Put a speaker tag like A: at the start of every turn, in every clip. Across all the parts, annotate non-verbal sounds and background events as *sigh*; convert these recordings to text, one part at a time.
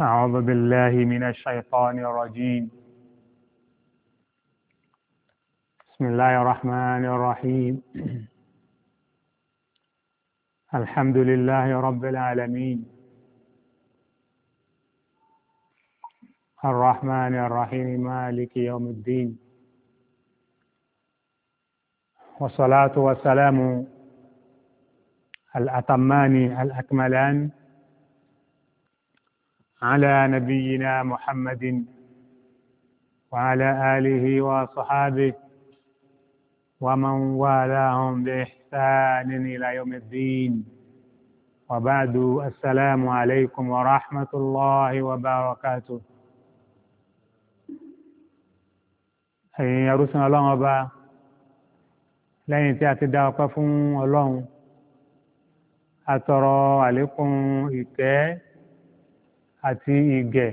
A: أعوذ بالله من الشيطان الرجيم بسم الله الرحمن الرحيم *clears throat* الحمد لله رب العالمين الرحمن الرحيم مالك يوم الدين والصلاة والسلام الأتمان الأكملان على نبينا محمد وعلى آله وصحابه ومن والاهم بإحسان إلى يوم الدين وبعد السلام عليكم ورحمة الله وبركاته ẹ̀yin ẹrúsìn ọlọ́run ọba lẹ́yìn tí a ti dá ọpẹ́ fún ọlọ́run a àlékún àti ìgẹ̀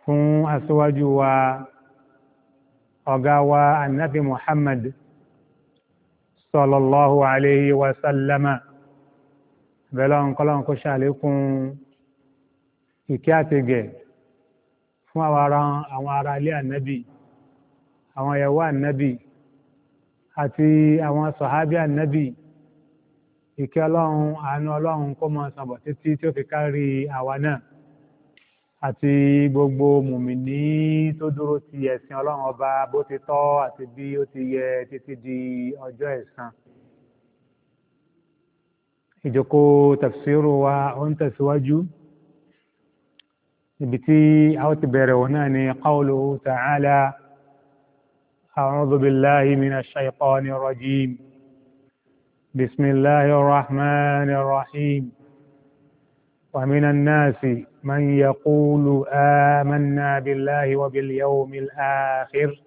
A: fún aṣíwájú wa ọ̀gá wa annabi muhammad sallallahu alayhi wa sallama bẹ̀lọ́ nkọ́lọ́n kó ṣàlékún ìkẹ́ àtẹ̀gẹ̀ fún àwọn ará ilé ànábì àwọn ìyàwó ànábì àti àwọn sọ̀hábí ànábì ìkẹ́ ọlọ́run àánú ọlọ́run kó máa sàbọ̀ títí tí ó fi kárí àwa náà àti gbogbo mùmìnì tó dúró ti ẹ̀sìn ọlọ́run ọba bó ti tọ́ àti bí ó ti yẹ títí di ọjọ́ ẹ̀san. ìjókòó tafsiru wa ó ń tẹ̀síwájú ibi tí a ó ti bẹ̀rẹ̀ wọn náà ni qawluhu ta'ala a'udhu billahi minash shaytanir rajim. بسم الله الرحمن الرحيم ومن الناس من يقول آمنا بالله وباليوم الآخر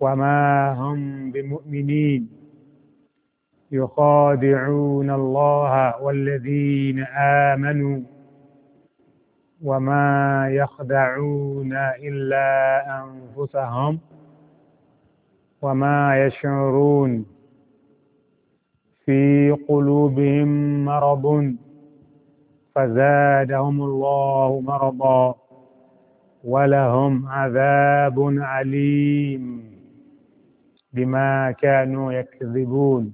A: وما هم بمؤمنين يخادعون الله والذين آمنوا وما يخدعون إلا أنفسهم وما يشعرون في قلوبهم مرض فزادهم الله مرضا ولهم عذاب عليم بما كانوا يكذبون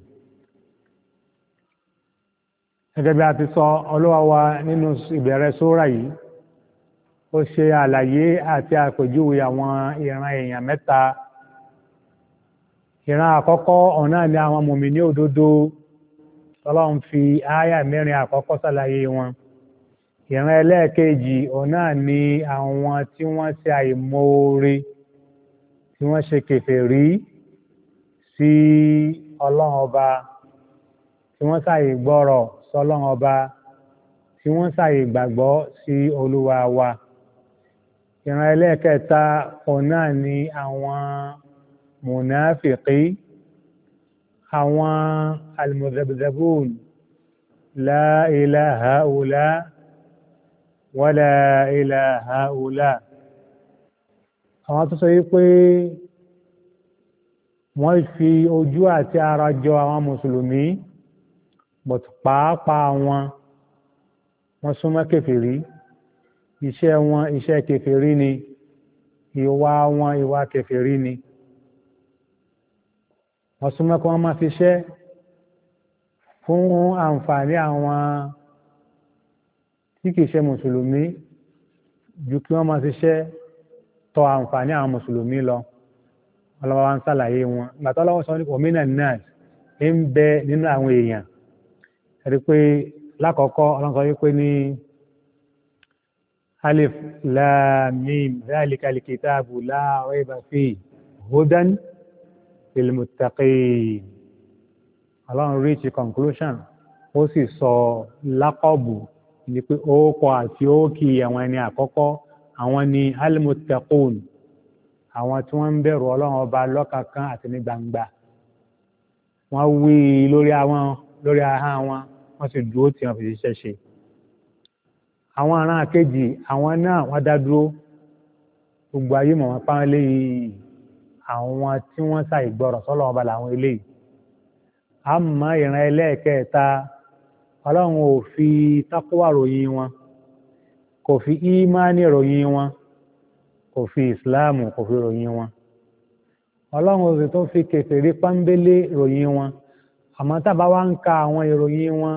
A: gẹ́gẹ́ bí a ti sọ Olúwa wa nínú ìbẹ̀rẹ̀ sóra yìí ó ṣe àlàyé àti àpèjúwe àwọn ìran èèyàn mẹ́ta ìran àkọ́kọ́ ọ̀nà ni àwọn mùmínì òdodo tọ́lọ́run fi ááyà mẹ́rin àkọ́kọ́ ṣàlàyé wọn ìran ẹlẹ́ẹ̀kejì òun náà ni àwọn tí wọ́n ṣe àìmoore tí wọ́n ṣe kèfèrí sí ọlọ́run ọba tí wọ́n ṣàì gbọ́rọ̀ sọlọ́run ọba tí wọ́n ṣàì gbàgbọ́ sí olúwa wa ìran ẹlẹ́ẹ̀kẹta òun náà ni àwọn mùnàfìkì àwọn almuzabzabun la ilaha ula wala ilaha ula àwọn tó sọ wípé wọ́n fi ojú àti ara jọ àwọn mùsùlùmí bọ̀t pàápàá wọn wọ́n súnmọ́ kèfèrí iṣẹ́ wọn iṣẹ́ kèfèrí ni ìwà wọn ìwà kèfèrí ni ọ̀sùnmọ́ kí wọ́n máa fi ṣẹ́ fún àǹfààní àwọn tí kìí ṣe mùsùlùmí ju kí wọ́n máa fi ṣẹ́ tọ àǹfààní àwọn mùsùlùmí lọ ọlọ́wọ́ wa ń sàlàyé wọn gbàtọ́ lọ́wọ́ sọ ní òmìnà náà ń bẹ nínú àwọn èèyàn ẹ̀rí pé lákọ̀ọ́kọ́ ọlọ́sọ wípé ní alif lam mim zalika alkitabu la rayba fihi hudan lilmuttaqin ọlọ́run reach conclusion ó sì sọ lákọ̀bù ní pé ókọ àti ókì àwọn ẹni àkọ́kọ́ àwọn ni almuttaqun àwọn tí wọ́n ń bẹ̀rù ọlọ́run ọba lọ́kankan àti ní gbangba wọ́n wí lórí àwọn lórí ahọ́n wọn wọ́n sì dúró tí wọ́n fi ṣiṣẹ́ ṣe àwọn ará kejì àwọn náà wọ́n dá dúró gbogbo ayé mọ̀ wọ́n pa wọ́n léyìí àwọn tí wọ́n sa ìgbọràn sọ́lọ́ ọba làwọn eléyìí àmọ́ ìran ẹlẹ́ẹ̀kẹta ọlọ́run ò fi tákùwà ròyìn wọn kò fi ímánì ròyìn wọn kò fi ìsìláàmù kò fi ròyìn wọn ọlọ́run òsì tó fi kèfèrí pọ́nbélé ròyìn wọn àmọ́ tábà wá ń ka àwọn ìròyìn wọn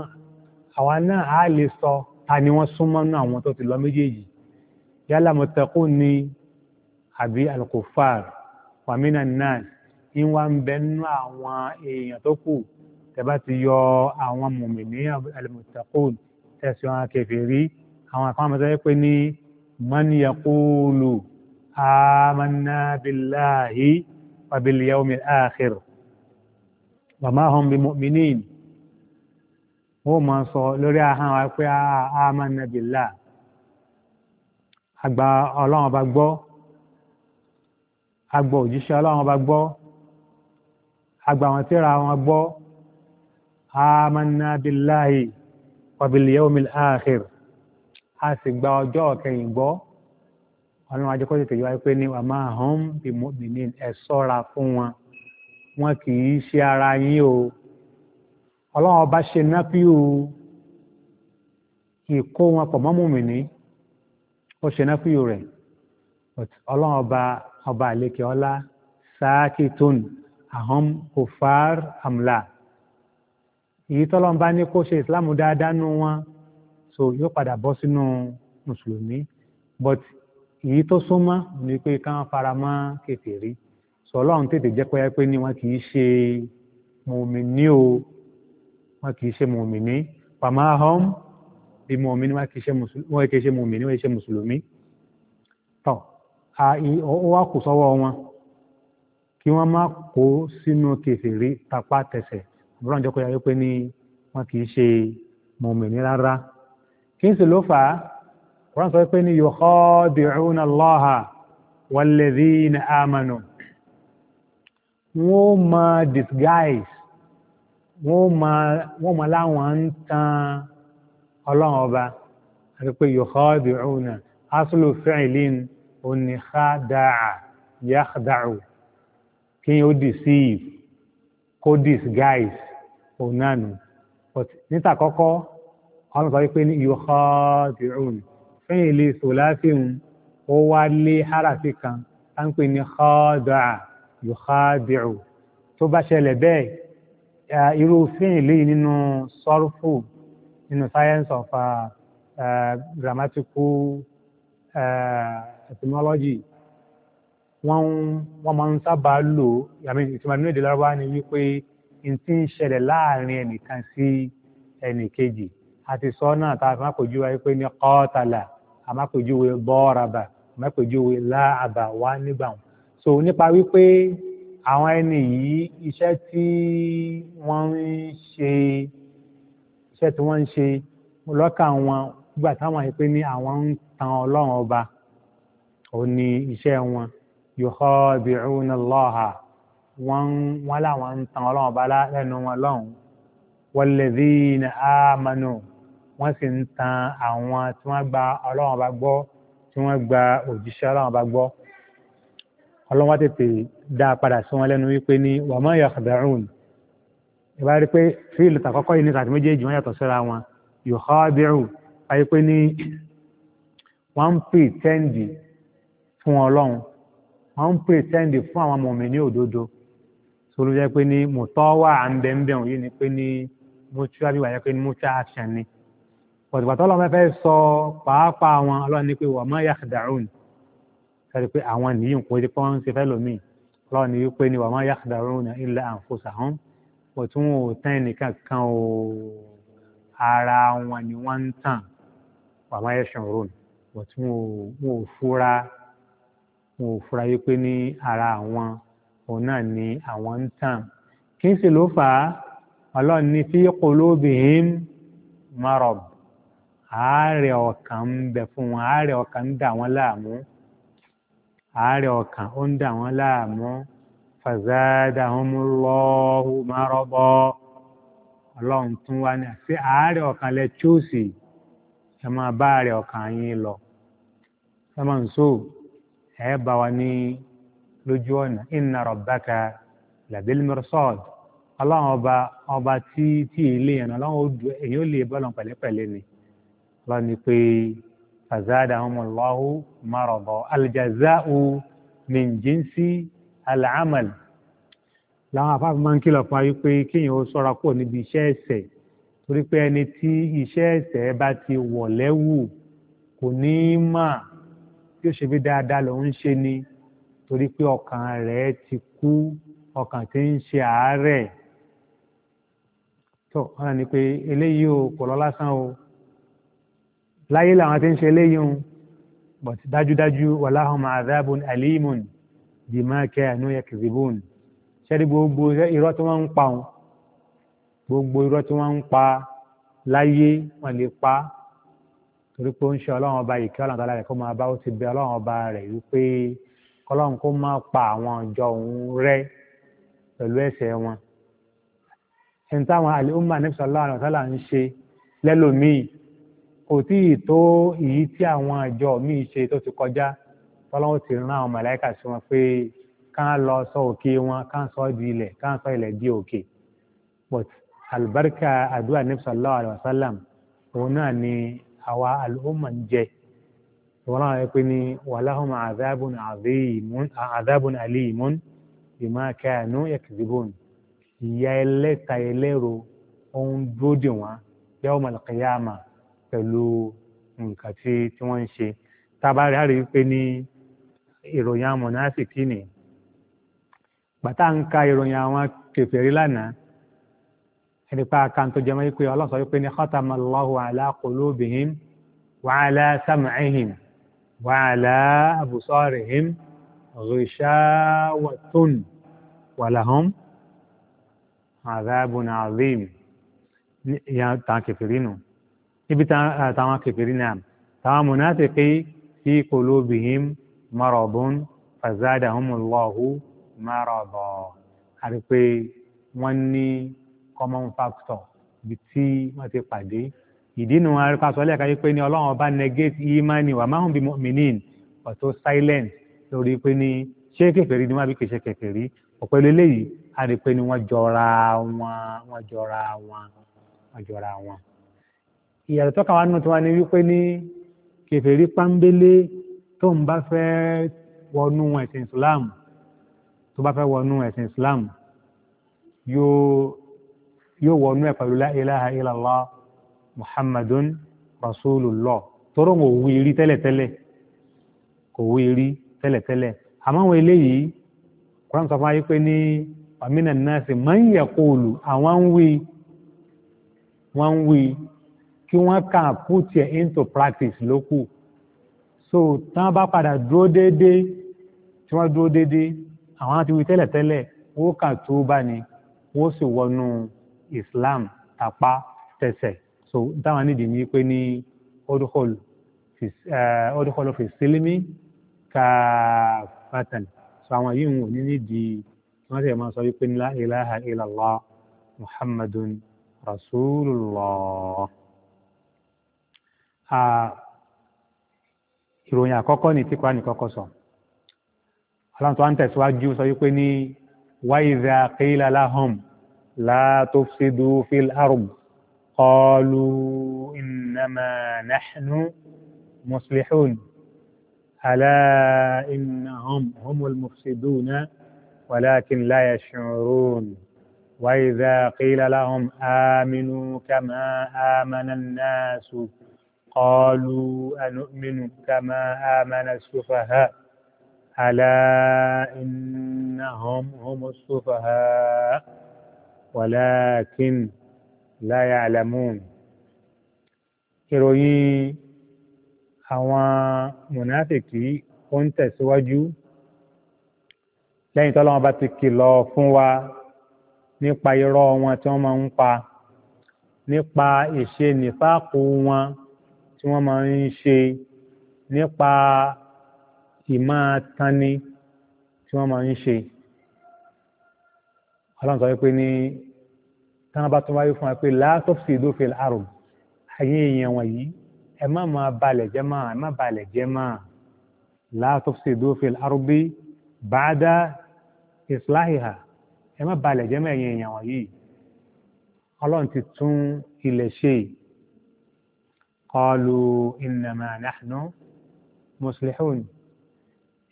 A: àwa náà á lè sọ ta ni wọ́n súnmọ́ nú àwọn tó ti lọ méjèèjì yálà mọ̀tẹ́kùn ni àbí alukófáàrì wàmínà náà ń wá ń bẹ nínú àwọn èèyàn tó kù tẹ́bá ti yọ àwọn mùmìnì al-muttaqun tẹ̀sí wọn kèfèrí àwọn àkàwọn àmọ́tọ́ yẹ pé ní man yaqulu amanna billahi wa bil yawmil akhir wa sọ lórí ahọ́n wa pé ah, amanna àgbà ọlọ́run bá gbọ́ agbọ́ òjíṣẹ́ ọlọ́run bá gbọ́ agbà wọn tíra wọn gbọ́ amanna billahi wa bil yawmil akhir a sì gba ọjọ́ kẹyìn gbọ́ ọlọ́run ajẹ́kọ́ tètè yọ wáyé pé ní wa ma hum bi mu'minin ẹ̀ fún wọn wọn kì í ṣe ara yín o ọlọ́run ọba ṣe nápíù ìkó wọn pọ̀ mọ́ mùmìnì ó ṣe nápíù rẹ̀ ọlọ́run ọba ọba àlekè ọlá sáàkì tóun àhọ́n kò fàár àmúlà èyí tọ́lọ́run bá ní kó ṣe ìsìláàmù dáadáa nù wọn so yóò padà bọ́ sínú mùsùlùmí but èyí tó súnmọ́ ni pé káwọn fara mọ́ kèfèrí sọ ọlọ́run tètè jẹ́ pé pé ni wọ́n kì í ṣe mùmíní o wọ́n kì í ṣe mùmíní pàmò àhọ́n bí mùmíní wọ́n kì í ṣe mùmíní wọ́n kì í ṣe mùsùlùmí ó wá kù sọ́wọ́ wọn kí wọ́n má kó sínú kèfèrí tapá tẹsẹ̀ àbúrò ìjọkọ̀ yà wípé ní wọn kì í ṣe mọ̀mìnì rárá kí n sì ló fà á Kùránì sọ wípé ní yukhadi'una Allaha walladhina amanu wọ́n máa disguise wọ́n máa láwọn ń tan ọlọ́run ọba àti pé yukhadi'una aslu fi'lin ó ní khada'a yakhda'u kí ó deceive kó disguise òun náà nù but níta kọ́kọ́ ọlọ́run sọ wípé ní yukhadi'un fẹ́yìn ilé sòláfíhùn ó wá lé háràfí kan tá ń pè ní khada'a yukhadi'u tó bá ṣẹlẹ̀ bẹ́ẹ̀ irú fíìn lè nínú sọ́rùfù nínú science of uh, uh, grammatical uh, etymology wọ́n wọ́n máa ń sábà lò yàmi ìtumọ̀ nínú èdè lárúbáwá ni wípé n ti ń ṣẹlẹ̀ láàrin ẹnìkan sí ẹnìkejì àti sọ náà tá a fi máa pèjú wa wípé ní kọ́ọ̀tàlà a máa pèjú wa bọ́ọ̀ràbà a máa pèjú wa láàbà wá nígbà wọn. so nípa wípé àwọn ẹni yìí iṣẹ́ tí wọ́n ń ṣe iṣẹ́ tí wọ́n ń ṣe lọ́kàn wọn gbà táwọn yìí pé ní àwọn ń tan ọlọ́run ọba ó ní iṣẹ́ wọn yukhaadi'una Allaha wọ́n wọ́n láwọn ń tan ọlọ́run bá lẹ́nu wọn lọ́hùn walladhina amanu wọ́n sì ń tan àwọn tí wọ́n gba ọlọ́run bá gbọ́ tí wọ́n gba òjíṣẹ́ ọlọ́run bá gbọ́ ọlọ́run wá tètè dá padà sí wọn lẹ́nu wípé ní wa ma yakhda'un ìbá rí pé fíìlù tàkọ́kọ́ yìí ní tàbí méjèèjì wọ́n yàtọ̀ síra wọn yukhaadi'u wáyé pé ní wọ́n ń pè tẹ́ǹdì fún ọlọ́run wọ́n ń pretend fún àwọn ọmọ mi ní òdodo tó ló jẹ́ pé ní mùtọ́wà à ń bẹ ń bẹ̀rùn yìí ni pé ní mutual bí wà jẹ́ pé ní mutual action ni pọ̀tùpà tó lọ́wọ́ fẹ́ sọ pàápàá wọn ọlọ́run ní pé wọ́n mọ́ yàkàdàrún sẹ́ni pé àwọn nìyí ń pèsè pé wọ́n ń ṣe fẹ́ lómìn ọlọ́run ní pé ní wọ́n mọ́ yàkàdàrún illa anfusahum òtún wọn ò tán ẹnìkan kan o ara wọn ni wọ́n ń tàn wàmọ́ ẹ̀ṣọ̀rún òtún wọn ò fura wọn ò fura wípé ní ara àwọn òun náà ni àwọn ń tàn kí sì ló fà á ọlọ́run ní fi qulubihim marab àárẹ̀ ọkàn ń bẹ fún wọn àárẹ̀ ọkàn ń dà wọ́n láàmú àárẹ̀ ọkàn ó ń dà wọ́n láàmú fazadahumullahu maraba ọlọ́run tún wá ní àti àárẹ̀ ọkàn lẹ ẹ máa bá àárẹ̀ ọkàn yín lọ ẹ máa ń sóòbù ẹ bá wa ní lójú ọ̀nà inna rabbaka labil mirsad ọlọ́run ọba ọba tí tí ilé yẹn náà ọlọ́run odò èyí ó lè bọ́lọ̀ pẹ̀lẹ́pẹ̀lẹ́ ni ọlọ́run ni pé fazadahumullahu marada aljaza'u min jinsi al'amal làwọn afáfẹ́ máa ń kìlọ̀ fún wa wípé kéèyàn ó sọ́ra kúrò níbi iṣẹ́ ẹ̀ṣẹ̀ torí pé ẹni tí iṣẹ́ ẹ̀ṣẹ̀ bá ti wọ̀ lẹ́wù kò ní í mà tí ó ṣe bí dáadáa lòun ń ṣe ni torí pé ọkàn rẹ̀ ti kú ọkàn tí ń ṣe àárẹ̀ tó hàn ní pé eléyìí ò kò lọ o láyé làwọn tí ń ṣe eléyìí o but dájúdájú wàláhùn àdábùn àlímùn dìmákẹ́ ànúyẹ kìrìbùn ṣẹ́rí gbogbo irọ́ tí wọ́n ń pa gbogbo irọ́ tí wọ́n ń pa láyé wọ́n lè pa torí pé ó ń ṣe ọlọ́run ọba yìí kí ọlọ́run tọ́lá rẹ̀ kó máa bá ó ti bẹ ọlọ́run ọba rẹ̀ wípé kọlọ́run kó má pa àwọn ìjọ òun rẹ́ pẹ̀lú ẹ̀ṣẹ̀ wọn. ẹni táwọn àlè ó máa nífẹ̀ẹ́ ọlọ́run ọ̀tọ́là ń ṣe lẹ́lòmíì kò tí ì tó èyí tí àwọn ìjọ míì ṣe tó ti kọjá tọ́lọ́run ti rán àwọn màláìkà sí wọn pé ká lọ sọ òkè wọn ká sọ di ilẹ̀ ká sọ ilẹ̀ di òkè but albarka àdúrà nífẹ̀ẹ́ ọlọ́run ọ̀tọ́là òun náà ni àwa àlùmọ̀ ń jẹ ìwọ́n náà wọ́n pè ní wàláhùn àdábùn àlìmún bima kanu yakzibun ìyá ẹlẹ́ta ẹlẹ́rọ ohun dúró dè wọ́n yawmal qiyama pẹ̀lú nǹkan tí wọ́n ń ṣe tábàárí àrí pé ní ìròyìn àwọn mọ̀násìkì nìyẹn bàtà ń ka ìròyìn àwọn kèfèrí lánàá ẹni pa àkàntó jẹmọ́ yìí pé ọlọ́sọ yìí pé ní khatama Allahu ala qulubihim wa ala sam'ihim wa ala absarihim ghishawatun wa lahum azabun azim ìyá tàn kẹfìrí nù ibi táwọn kẹfìrí náà táwọn munafiki fi qulubihim maradun fazadahumullahu marada àti pé wọ́n ní common factor ibi tí wọ́n ti pàdé ìdínú arípasọ lẹ́ẹ̀ka yìí pé ní ọlọ́run ọba negate imani wà máa ń bí minin ọ̀tún silent lórí pé ní ṣé kèfèrí ni wọ́n bí kìí ṣe kèfèrí ọ̀pọ̀ eléyìí a rí pé ní wọ́n jọra wọn wọ́n jọra wọn wọ́n jọra wọn. ìyàtọ̀ tọ́ka wa nù tí wọ́n ní wípé ní kèfèrí pánbélé tó ń bá fẹ́ wọnú ẹ̀sìn Islam tó bá fẹ́ wọnú ẹ̀sìn Islam yóò yóò wọnú ẹ̀ pẹ̀lú la ilaha illallah muhammadun rasulullah tọ́rọ̀ kò wí rí tẹ́lẹ̀tẹ́lẹ̀ kò wí rí tẹ́lẹ̀tẹ́lẹ̀ àmọ́ àwọn eléyìí kọ́ńtà fún ayé pé ní pàmínà náà sì máa ń yẹ kóòlù àwọn ń wí wọ́n ń wí kí wọ́n kàn put it into practice ló so tí wọ́n bá padà dúró déédéé tí wọ́n dúró déédéé àwọn ti wí tẹ́lẹ̀tẹ́lẹ̀ wọ́n kàn tó bá ní wọ́n sì wọnú islam tapá tẹsẹ̀ so táwọn nídìí ní pé ní ọdúnkọlù ọdúnkọlù fi eh, sílímì káfàtàn so àwọn yìí ń wò ní nídìí wọ́n sì máa sọ wípé la ilaha illallah muhammadun rasulullah ìròyìn àkọ́kọ́ ní tíkọ́ ní kọ́kọ́ sọ aláǹtọ́ à ń tẹ̀síwájú sọ wípé ní wáyé zá kéèlà láhùn لا تفسدوا في الأرض قالوا إنما نحن مصلحون ألا إنهم هم المفسدون ولكن لا يشعرون وإذا قيل لهم آمنوا كما آمن الناس قالوا أنؤمن كما آمن السفهاء ألا إنهم هم السفهاء ولكن لا يعلمون ìròyìn àwọn mùnáfìkì ó ń tẹ̀síwájú lẹ́yìn tọ́lọ́wọ́n bá ti kìlọ̀ fún wa nípa irọ́ wọn tí wọ́n máa ń pa nípa ìṣe nìfàkù wọn tí wọ́n máa ń ṣe nípa ìmáa tani tí wọ́n máa ń ṣe ọlọ́run sọ wípé ní tánà bá tún wáyé fún wa pé látọ́sí ìdófin àrùn ayé èèyàn wọ̀nyí ẹ má máa balẹ̀ jẹ́ máa ẹ má balẹ̀ jẹ́ máa látọ́sí ìdófin àrùn bí bàdá ìsìláhìhà ẹ má balẹ̀ jẹ́ máa ẹ̀yìn èèyàn wọ̀nyí ọlọ́run ti tún ilẹ̀ ṣe qalu innama nahnu muslihun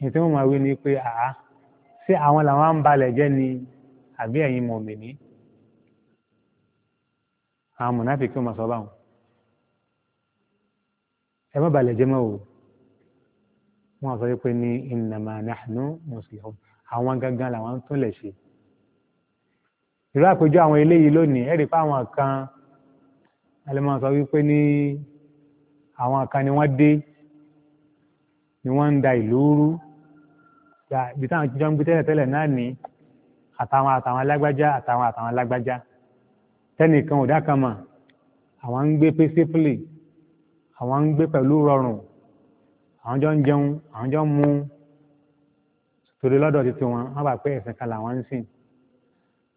A: ìtẹ́wọ̀n máa wí ni pé àá sí àwọn làwọn ń balẹ̀ jẹ́ ni àbí ẹ̀yin mọ̀mìnì àwọn mọ̀náfi kí wọ́n sọ báwọn ẹ má balẹ̀ jẹ́ mọ́ o wọ́n sọ wípé ní innama nahnu muslimun àwọn gangan làwọn tó lẹ̀ ṣe ìlú àpéjọ àwọn eléyìí lónìí ẹ̀rí pé àwọn kan alẹ́mọ̀ sọ wípé ní àwọn kan ni wọ́n dé ni wọ́n ń da ìlú rú ibi táwọn jíjọ́ ń gbé tẹ́lẹ̀ náà ní àtàwọn àtàwọn alágbájá àtàwọn àtàwọn alágbájá tẹnìkan ò dákan mọ̀ àwọn ń gbé pésífìlì àwọn ń gbé pẹ̀lú rọrùn àwọn jọ ń jẹun àwọn jọ ń mu torí lọ́dọ̀ títí wọn wọ́n bá pé ẹ̀sìn kan làwọn ń sìn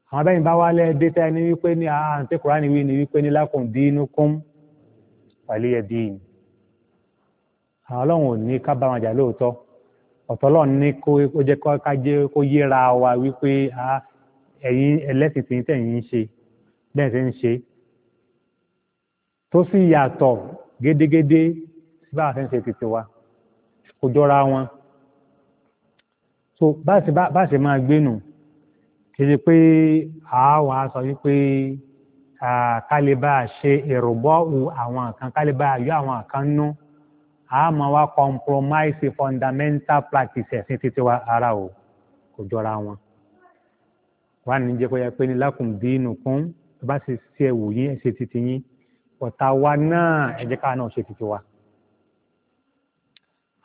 A: àwọn abẹ́yìn bá wálé dé tẹ́ ni wípé ní àǹtí kùránì wí ni wípé ní lákùn dínú kún pẹ̀lú ẹ̀dín àwọn ọlọ́run ò ní ká bá wọn jà lóòótọ́ ọ̀tọ́lọ́ ní kó ó jẹ́ ká jẹ́ kó yéra wa wípé ẹ̀yin ẹlẹ́sìn tí tẹ̀yìn ń ṣe bẹ́ẹ̀ ṣe ń ṣe tó sì yàtọ̀ gédégédé sí bá a ṣe ń ṣe tètè wa kò jọra wọn so bá a ṣe máa gbé nù kì í ṣe pé àáwá sọ wípé kálíbà ṣe èrò bọ́ọ̀hù àwọn kan kálíbà yọ àwọn kan nú. No a máa wá compromise fundamental practices ní títí wa ara o kò jọra wọn. wà ní jẹ́ kó yẹ pé ní lákùn dínú kún tó bá sì ṣe ẹ̀wù yín ẹ̀ṣẹ̀ títí yín ọ̀tá wa náà ẹ̀jẹ̀ ká náà ṣe títí wa.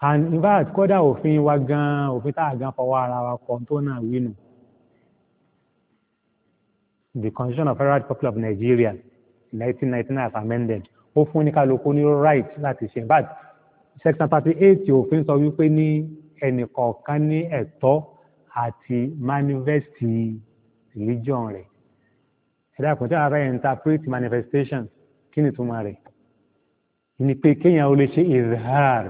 A: and in fact kódà òfin wa gan òfin tá a gan fọwọ́ ara wa kọ́ tó náà wí the constitution of federal republic of Nigeria 1999 amended ó fún ní kálukú ní right láti ṣe in fact section thirty eight òfin sọ wípé ní ẹnìkọ̀ọ̀kan ní ẹ̀tọ́ àti manifesti religion rẹ̀ ẹ̀dá àkùntà ara interpret manifestation kí ni ìtumọ̀ rẹ̀ ni pé kéèyàn ó lè ṣe izhar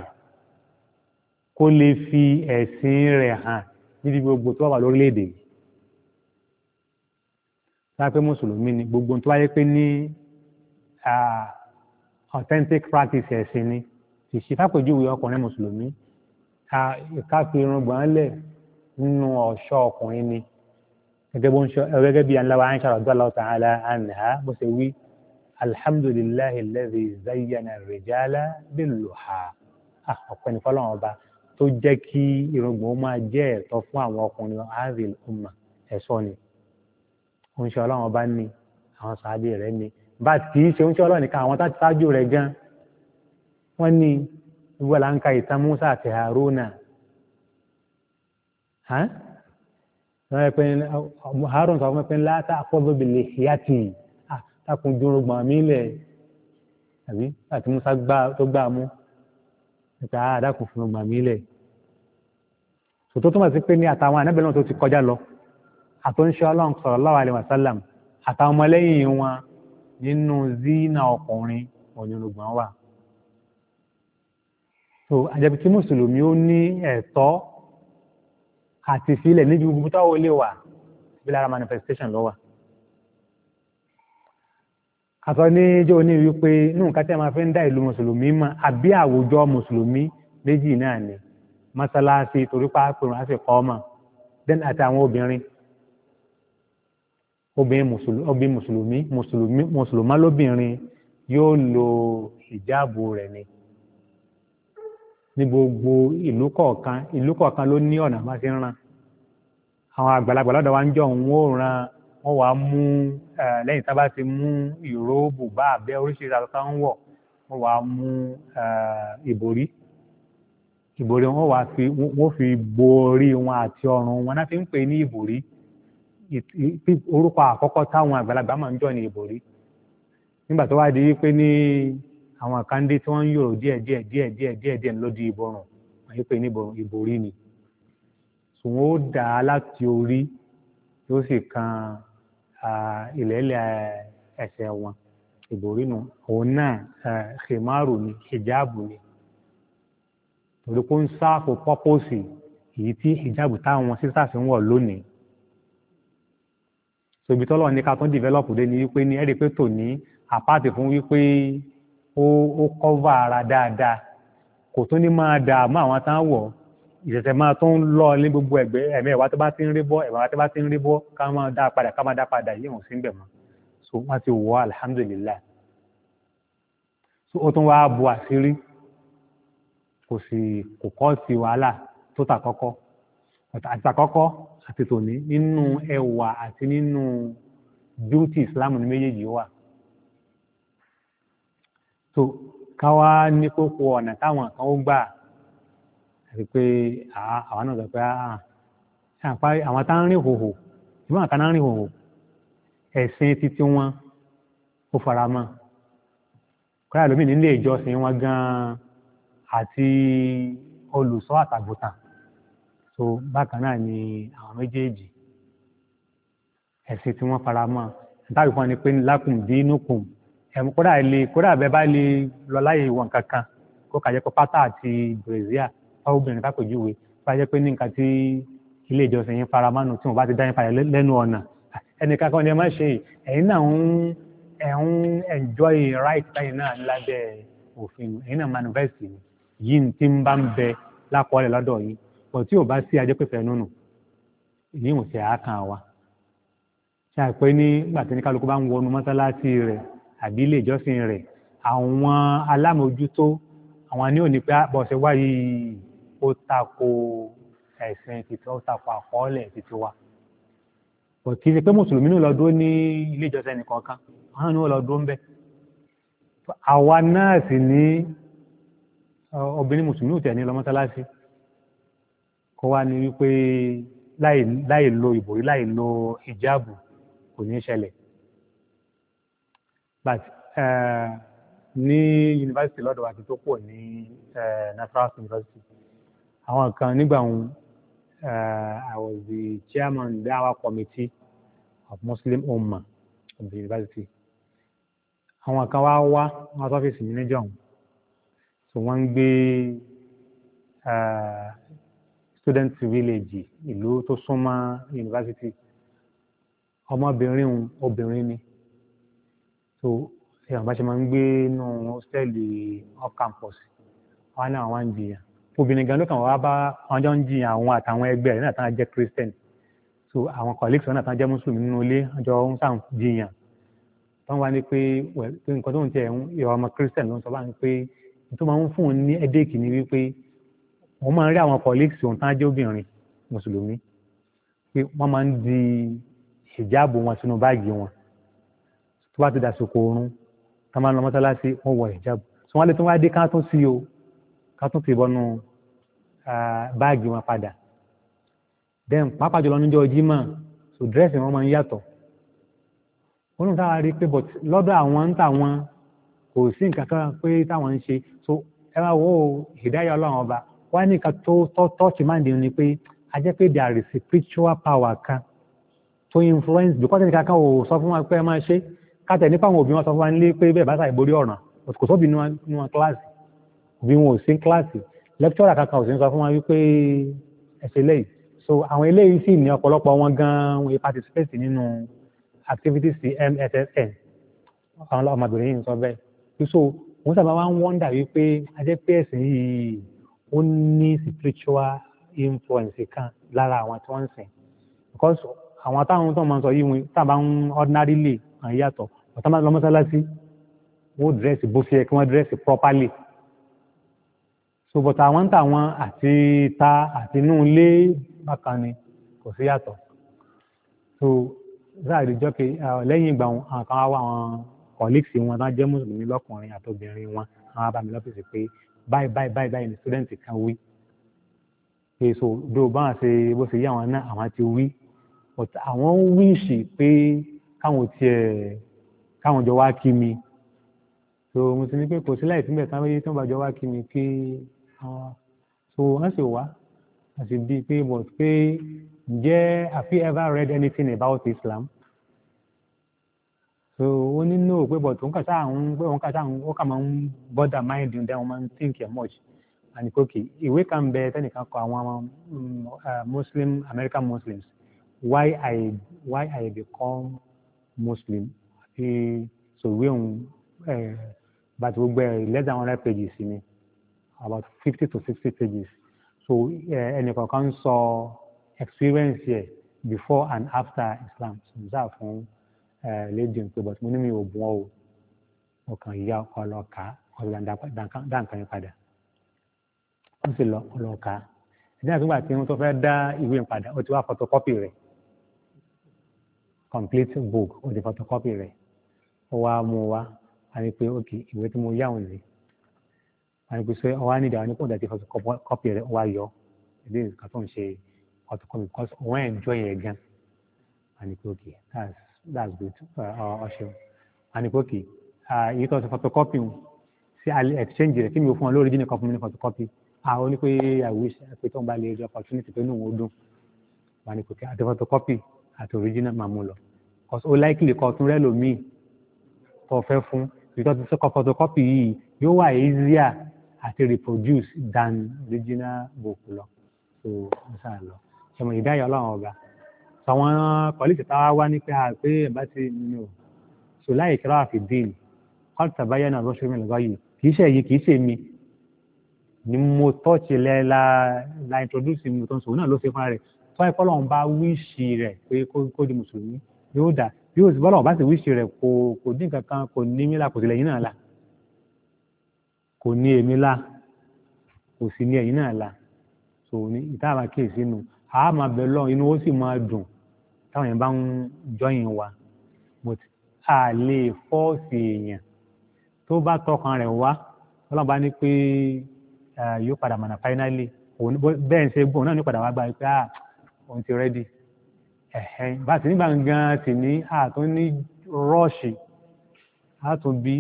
A: kó lè fi ẹ̀sìn rẹ̀ hàn níbi gbogbo tó wà lórílẹ̀‐èdè yìí sáfẹ́ mùsùlùmí ni gbogbo tó wáyé pé ní authentic practice ẹ̀sìn ni ìṣe fàpèjúwe ọkùnrin mùsùlùmí ká fi irùngbọ̀n lẹ̀ nínú ọ̀ṣọ́ ọkùnrin ni gẹ́gẹ́ bí aláwa aisha radiyallahu ta'ala anha bó ṣe wí alhamdulillahi alladhi zayyana ar-rijala bil ah, ọ̀pẹ́ni fọlọ́run ọba tó jẹ́ kí irùngbọ̀n ó máa jẹ́ ẹ̀tọ́ fún àwọn ọkùnrin azil umma ẹ̀ṣọ́ ni oúnṣẹ́ ọlọ́run ọba ní àwọn sàábì rẹ̀ ni bá kì í ṣe oúnṣẹ́ ọlọ́run nìkan àwọn tá wọ́n ní ìwọ là ń ka ìtàn Musa àti Haruna Harun sọ fún mi pé láta àkọ́bọ̀bìlì yàtì takùn dúró gbọ̀n mí lẹ̀ àbí àti Musa tó gbà mú nípa àdàkùn ah, fún gbọ̀n mí lẹ̀ tòtó túmọ̀ sí pé ní àtàwọn ànábẹ́ náà tó ti kọjá lọ àtúnṣe ọlọ́run sallallahu alaihi wasallam àtàwọn ọmọlẹ́yìn wọn nínú zina ọkùnrin òyìnbó wà so àjẹbí tí mùsùlùmí ó ní ẹ̀tọ́ àti sílẹ̀ níbi gbogbo táwọn ilé wà bí lára manifestation lọ́wà àtọ́ ní jẹ́ ní wípé nínú nǹkan tí a máa fi ń dá ìlú mùsùlùmí mọ̀ àbí àwùjọ mùsùlùmí méjì náà ni mọ́sálásí torí pápẹ́rún á sì kọ́ ọmọ then àtàwọn obìnrin obìnrin mùsùlùmí mùsùlùmí mùsùlùmá lóbìnrin yóò lo ìjáàbù rẹ̀ ni ní gbogbo ìlú kọ̀ọ̀kan ìlú kọ̀ọ̀kan ló ní ọ̀nà bá ṣe ń ran àwọn àgbàlagbà lọ́dọ̀ wa ń jọ òun ó ran wọ́n wàá mú lẹ́yìn tá a bá ti mú ìró bùbá abẹ́ oríṣiríṣi aṣọ táwọn ń wọ̀ wọ́n wàá mú ìbòrí ìbòrí wọn wàá fi wọ́n fi bo orí wọn àti ọrùn wọn náà fi ń pè ní ìbòrí orúkọ àkọ́kọ́ táwọn àgbàlagbà máa ń jọ ní ìbòrí nígbà tó wá di pé ní àwọn àkàndé tí wọ́n ń yòrò díẹ̀ díẹ̀ díẹ̀ díẹ̀ díẹ̀ díẹ̀ ló di àyè pé ní ìbòrí ni sùn ó dà á láti orí yóò sì kan ìlẹ́lẹ̀ ẹsẹ̀ wọn ìbòrí nu òun náà ṣèmárù ni hijabu ni torí pé ń sáàfù pọ́pọ́sì èyí tí hijabu táwọn sisters ń wọ̀ lónìí sobi tọ́lọ́ ní develop dé ni wípé ní ẹ̀rí pé tòní àpáàtì fún wípé ó kọ́va ara dáadáa kò tún ní máa dààmú àwọn tá ń wọ̀ ìṣẹ̀ṣẹ̀ máa tún lọ ní gbogbo ẹ̀gbẹ́ ẹ̀mí ẹ̀wá tó bá ti ń rí bọ́ ẹ̀wá tó bá ti ń rí bọ́ ká máa dá padà ká máa dá padà yìí ò sí ń bẹ̀ mọ́ so wọ́n ti wọ́ alhamdulillah so ó tún wáá bu àṣírí kò sì kò kọ́ sí wàhálà tó tà kọ́kọ́ àti àkọ́kọ́ àti tòní nínú ẹwà àti nínú beauty Islam ní méjèèjì wà so ká wá ní kókó ọ̀nà táwọn kan ó gbà àti pé àwọn náà sọ pé àwọn tá ń rìn hòhò ìbọn àkànná rìn hòhò ẹ̀sìn títí wọn ó fara mọ́ kọ́lá lómi nílé ìjọsìn wọn gan-an àti olùṣọ́ àtàgùtàn so bákan náà ni àwọn méjèèjì ẹ̀sìn tí wọ́n fara mọ́ àtàgùtàn ni pé lákùn dínúkùn ẹ̀mú kódà lè kódà bẹ́ẹ̀ bá lè lọ láyè wọn kankan kó kà jẹ́ pé pátá àti brazil fáwọn obìnrin kápẹ́júwe bá jẹ́ pé ní nǹkan tí ilé ìjọsìn yín fara mánu tí wọ́n bá ti dá yín padà lẹ́nu ọ̀nà ẹnì kankan ni ẹ má ṣe ẹ̀yin náà ń ẹ̀ ń enjoy right báyìí náà lábẹ́ òfin ẹ̀yin náà manifest yìí tí ń bá ń bẹ lákọọ́lẹ̀ lọ́dọ̀ yìí pọ̀ tí ò bá sí ajẹ́pẹ̀fẹ́ nùnù ìyíwọ̀n ṣe àákàn wa ṣe àpé ní gbàtẹ́ni kálukú bá ń wọnú mọ́sálásí rẹ̀ àbí ilé ìjọsìn rẹ̀ àwọn alámòójútó àwọn ni ò ní pé ah, bọ́ọ̀sẹ̀ wáyé ó tako ẹ̀sìn títí ó tako àkọọ́lẹ̀ títí wa kò kí ṣe pé mùsùlùmí náà lọ dúró ní ilé ìjọsìn ẹnì kọ̀ọ̀kan àwọn ni wọ́n lọ dúró ń bẹ̀ àwa náà sì ní obìnrin mùsùlùmí ò ní lọ kó wá ní wípé láì lo ìbòrí láì lo ìjáàbù kò ní ṣẹlẹ̀ but eh, ní yunifásitì lọ́dọ̀ wa ti tó pọ̀ ní eh, Nasarawa University àwọn kan nígbà wọn eh, I was the chairman of our committee of Muslim Ummah of the university àwọn kan wá wá wọn sọ fèsì mi níjọ so wọ́n ń gbé student village ìlú tó súnmọ́ yunifásitì ọmọbìnrin obìnrin ni so ṣe àwọn bá ṣe máa ń gbé inú hòtẹ́ẹ̀lì off campus wọn náà wọn ń jiyàn obìnrin gan ló kàn wá bá wọn jọ ń jiyàn àwọn àtàwọn ẹgbẹ́ rẹ̀ náà tán jẹ́ christian so àwọn colleagues wọn náà tán jẹ́ muslim nínú ilé ọjọ́ ń sàn jiyàn wọn wá ní pé nǹkan tó ń tẹ ìwà ọmọ christian ló ń sọ bá ń pé tó máa ń fún un ní headache ni wípé wọn máa ń rí àwọn colleagues òun tán jẹ́ obìnrin mùsùlùmí pé wọ́n máa ń di hijabu wọn sínú báàgì wọn tó bá ti dàsìkò oorun tá máa ń lọ mọ́sálásí wọ́n wọ hijab so wọ́n lè tún wá dé ká tún sí o ká tún ti bọ́nú báàgì wọn padà then pàápàá jùlọ níjọ́ jímọ̀ so dírẹ́sì wọn máa ń yàtọ̀ wọn nù táwa rí i pé but lọ́dọ̀ àwọn ń tà kò sí nǹkan kan pé táwọn ń ṣe so ẹ máa wo ìdáyà ọlọ́run ọba wá ní nǹkan tó tọ́ọ̀tì máa ń dìrún ni pé a jẹ́ pé there is a spiritual power kan to influence because ẹnìkan kan ò sọ fún wa pé ẹ máa ṣe é kátẹ̀ nípa àwọn òbí wọn sọ fún wa nílé pé bẹ́ẹ̀ bá sàì borí ọ̀ràn kò sọ́bì ní wọn kíláàsì òbí wọn ò sí kíláàsì lẹ́kítọ́rà kankan ò sí ń sọ fún wa wípé ẹ̀sẹ̀ lẹ́yìn so àwọn eléyìí sì ní ọ̀pọ̀lọpọ̀ wọn gan-an participate nínú activities ti MSSN àwọn ọmọbìnrin yìí ń sọ bẹ́ẹ̀ so wọ́n sábà máa ń wọ́ndà wípé ajẹ́ pé ẹ̀sìn yìí ó ní spiritual influence kan lára àwọn tí wọ́n ń sìn because àwọn táwọn tó máa ń sọ yìí wọn tábà ń ordinarily kọ̀ọ̀kan yàtọ̀ ọ̀tá máa lọ mọ́sálásí wọ́n dírẹ́sì bó ṣe yẹ kí wọ́n dírẹ́sì properly so but àwọn táwọn àti ta àti inú ilé bákan ni kò sí yàtọ̀ so záàrí jọ́kè lẹ́yìn ìgbà wọn àwọn kan wá àwọn colleagues wọn tán jẹ́ mùsùlùmí lọ́kùnrin àtobìnrin wọn àwọn abàmì lọ́fíìsì pé báyìí báyìí báyìí báyìí ni student kan wí pé so bí o bá wọn ṣe bó ṣe yí àwọn náà àwọn ti wí but àwọn wíṣì pé káwọn tiẹ̀ káwọn jọ wá kí mi so mo ti ní pé kò sí láì síbẹ̀ táwọn yé tí wọ́n bá jọ wá kí mi kí àwọn so wọ́n sì wá wọ́n sì bíi pé but pé ǹjẹ́ have you ever read anything about Islam so ó ní no pé but òun kà sáà ń pé òun kà sáà ń ó kà máa ń bother mind then wọ́n máa ń think much and kókè ìwé kan bẹ tẹnìkan kọ àwọn mm, uh, Muslim American Muslims why I why I become. Muslim àbí sòwé òun but we ẹ̀ less than 100 pages ni about 50 to 60 pages so ẹnìkọ̀ọ̀kan can saw experience here before and after Islam so n sáà fún lady n but mo ní mi ò bùn ọ́ o mo kàn yá ọkọ lọ kà á ọ̀rọ̀ dá nǹkan yẹn padà ó sì lọ ọ̀ka ẹ̀dá àtúgbà tí wọ́n tó fẹ́ dá ìwé padà ó ti wá photocopy rẹ̀ complete book ó di photocopy rẹ̀ ó wá mú a ní pé ok ìwé tí mo yá òun rèé a ní pé ṣé ọ wá nídàá ní kó dàtí photocopy rẹ̀ ó wá yọ ilé nǹkan tó ń ṣe photocopy because òun ẹ̀ ń jọ yẹn gan a ní pé ok that's that's good ọṣẹ a ní pé ok èyí tó ṣe photocopy sí exchange rẹ̀ kí mi ò fún ọ lórí jíjìn kan fún mi ní photocopy àwọn ní i wish pé tó ń bá lè rí opportunity pé inú òun ó dùn wọn ni kò kí àti photocopy at original mamulo, mú lọ because ó likely kọ tún rẹ́lòmíì tó fẹ́ fún because the second photocopy yìí yóò wà easier àti reproduce than original book lọ so n sá lọ ṣọmọ ìdáyà ọlọ́run ọba àwọn kọ́lẹ́tì táwa wá ní pé àpé ah, ẹ̀bá ti nù so láyé kíra àfi dín kọ́lẹ́tà báyà náà lọ́sọ̀rọ̀ mi lọ́gọ́ yìí kì í ṣe èyí kì í ṣe mi ni mo tọ́ọ̀tì lẹ́ la la introduce mi tó ń sọ òun náà ló ṣe tó wáyé pọ́lọ́ ń bá wíṣì rẹ̀ pé kó di mùsùlùmí yóò dà bí ó sì bọ́lọ̀ bá sì wíṣì rẹ̀ kò kò dín kankan kò ní mí la kò sì lẹ́yìn náà la kò ní èmi la kò sì ní ẹ̀yìn náà la so ní ìtàwọn akéèsí nu a máa bẹ lọ inú ó sì máa dùn táwọn yẹn bá ń jọyìn wa but a lè fọ́ọ̀sì èèyàn tó bá tọkàn rẹ̀ wá ọlọ́run bá ní pé yóò padà mọ̀nà finally bẹ́ẹ̀ ń ṣe gbọ́n náà ní padà wá gba pé òun ti rẹ́dì ẹ̀hẹ́n bá ti nígbà gan ti ní àtún ní rọ́ọ̀ṣì àtún bí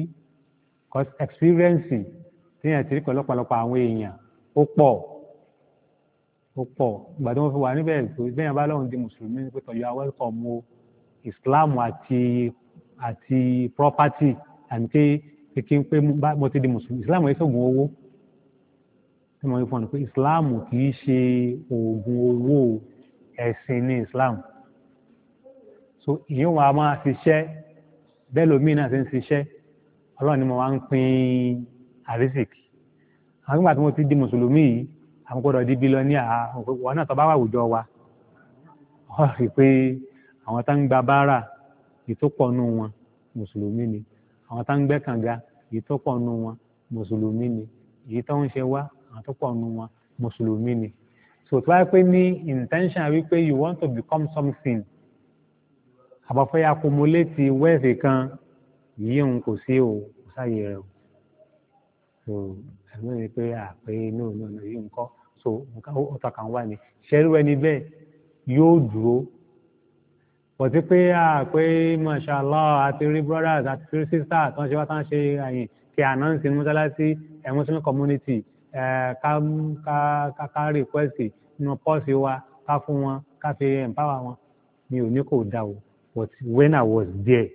A: cause experience téèyàn ti rí pẹ̀lú ọ̀pọ̀lọpọ̀ àwọn èèyàn ó pọ̀ ó pọ̀ ìgbà tí wọ́n fi wà níbẹ̀ tó bẹ́yàn bá lọ́hùn di mùsùlùmí pé tọ̀yọ̀ welcome o Islam àti àti property àti pé kí n pé mo ti di mùsùlùmí Islam yẹn sọ̀gùn owó tí mo rí fún pé Islam kì í ṣe oògùn owó ẹ̀sìn ní Islam so ìyẹn wọn a máa ṣiṣẹ́ bẹ́ẹ̀ lómi náà ti ń ṣiṣẹ́ ọlọ́run ni mo máa ń pín àrísìkì àwọn nígbà tí mo ti di mùsùlùmí yìí àwọn gbọ́dọ̀ di bílíọ̀nì àwọn náà tó bá wà àwùjọ wa wọ́n rí i pé àwọn tá ń gba báárà yìí wọn mùsùlùmí ni àwọn tá ń gbẹ́ kànga yìí wọn mùsùlùmí ni èyí tó ń ṣe wá àwọn tó pọ̀ nù wọn mùsùlùmí ni so tí wọ́n pè ní intention wípé you want to become something àbáfẹ́ accumulate wealth kan yìí òun kò sí o kò sáyé rẹ o so ẹ̀mí ni pé àpé no no no yìí nǹkan so nǹkan ọ̀tọ̀ kan wà ní ṣẹ́rú ẹni bẹ́ẹ̀ yóò dúró pọ̀tí pé àpé mashallah àti rí brothers àti rí sisters tó ń ṣe wá tó ń ṣe àyìn kí announce ní mọ́sálásí ẹ̀ Muslim community ẹ̀ ká ká ká request nínú pọ́ọ̀sì wa ká fún wọn ká fi empower wọn mi ò ní kò dá o but when I was there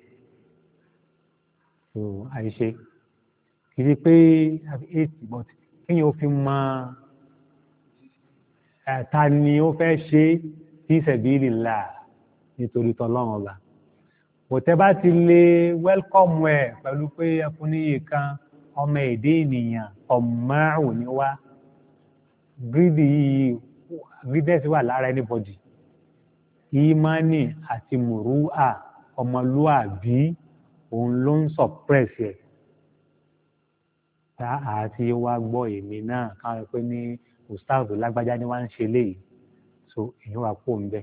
A: so àìṣe kì í ṣe pé eight but kéèyàn ó fi mọ ẹ̀ta ni ó fẹ́ ṣe tí ìṣẹ̀bílì là nítorí tọ́lọ́run ọba òtẹ́ bá ti lè wẹ́lkọ̀mù ẹ̀ pẹ̀lú pé ẹkùnníyì kan ọmọ èdè ènìyàn ọ̀mọ́rùn ni wá yìí greatness wà lára anybody ìmánì àti mùrúà ọmọlúàbí òun ló ń suppress ẹ̀ tá àti wá gbọ́ èmi náà káwọn pé ní gustavo lágbájá ni wọ́n ń ṣe léyìí so èyí wà kó ń bẹ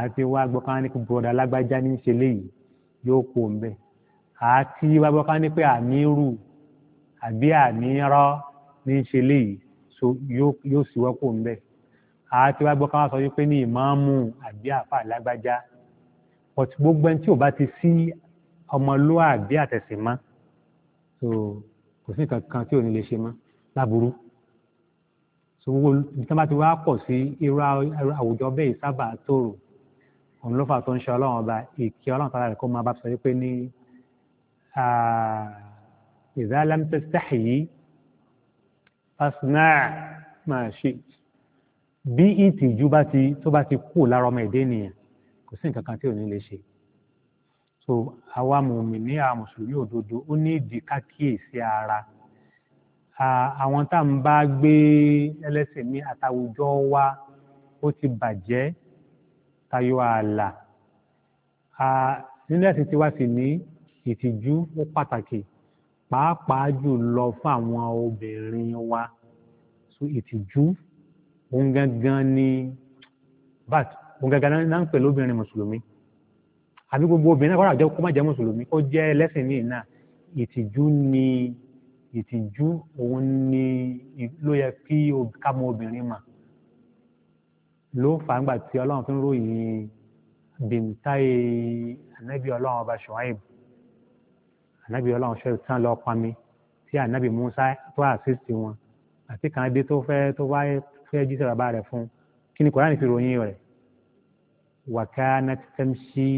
A: àti wá gbọ́ káwọn ní kí broda lágbájá ni ń ṣe léyìí yóò kó ń bẹ àti wá gbọ́ káwọn ní pé àmírù àbí àmírọ́ ní ń ṣe léyìí yóò sì wọ́pọ̀ ńbẹ àti wá gbọ́ ká wá sọ wípé ní ìmáàmù àbí àfà lágbájá but gbogbo ẹni tí ò bá ti sí ọmọlúwàbí àtẹ̀sìn mọ́ so kò sí nǹkan kan tí ò ní lè ṣe mọ́ láburú so gbogbo nǹkan bá ti wá pọ̀ sí irú àwùjọ bẹ́ẹ̀ sábà tòrò òun ló fà tó ń ṣe ọlọ́run ọba ìkẹ́ ọlọ́run tààrà rẹ̀ kó máa bá sọ wípé ní ìdá yìí fasna'a ma shi'ta bí ìtìjú bá ti tó bá ti kú lára ọmọ ẹ̀dẹ́ nìyẹn kò sí nǹkan kan tí ò ní lè ṣe so àwa mùmíní àwa mùsùlùmí òdodo ó ní ìdí kákíyèsí ara àwọn tá à ń bá gbé ẹlẹ́sìn ní àtàwùjọ wa ó ti bàjẹ́ tayọ ààlà nílẹ̀ ẹ̀sìn tiwa sì ní ìtìjú ó pàtàkì pàápàá jùlọ fún àwọn obìnrin wa so ìtìjú òun gangan ni but òun gangan náà ń pè lóbìnrin mùsùlùmí àbí gbogbo obìnrin náà kọ́ra àjọ kó má jẹ́ mùsùlùmí kó jẹ́ ẹlẹ́sìn míì náà ìtìjú ni ìtìjú òun ni ló yẹ kí ká mọ obìnrin mà ló fà ń gbà tí ọlọ́run fi ń ròyìn bìntáyé ànábì ọlọ́run ọba ṣùháìbù ànábì ọlọ́run ṣe tán lọ pami tí ànábì Musa tó àṣìṣì wọn àti kàndé tó fẹ́ tó wá fẹ́ jíṣẹ́ bàbá rẹ̀ fún kí ni Kùránì fi ròyìn rẹ̀ wàkánà tẹ́mṣí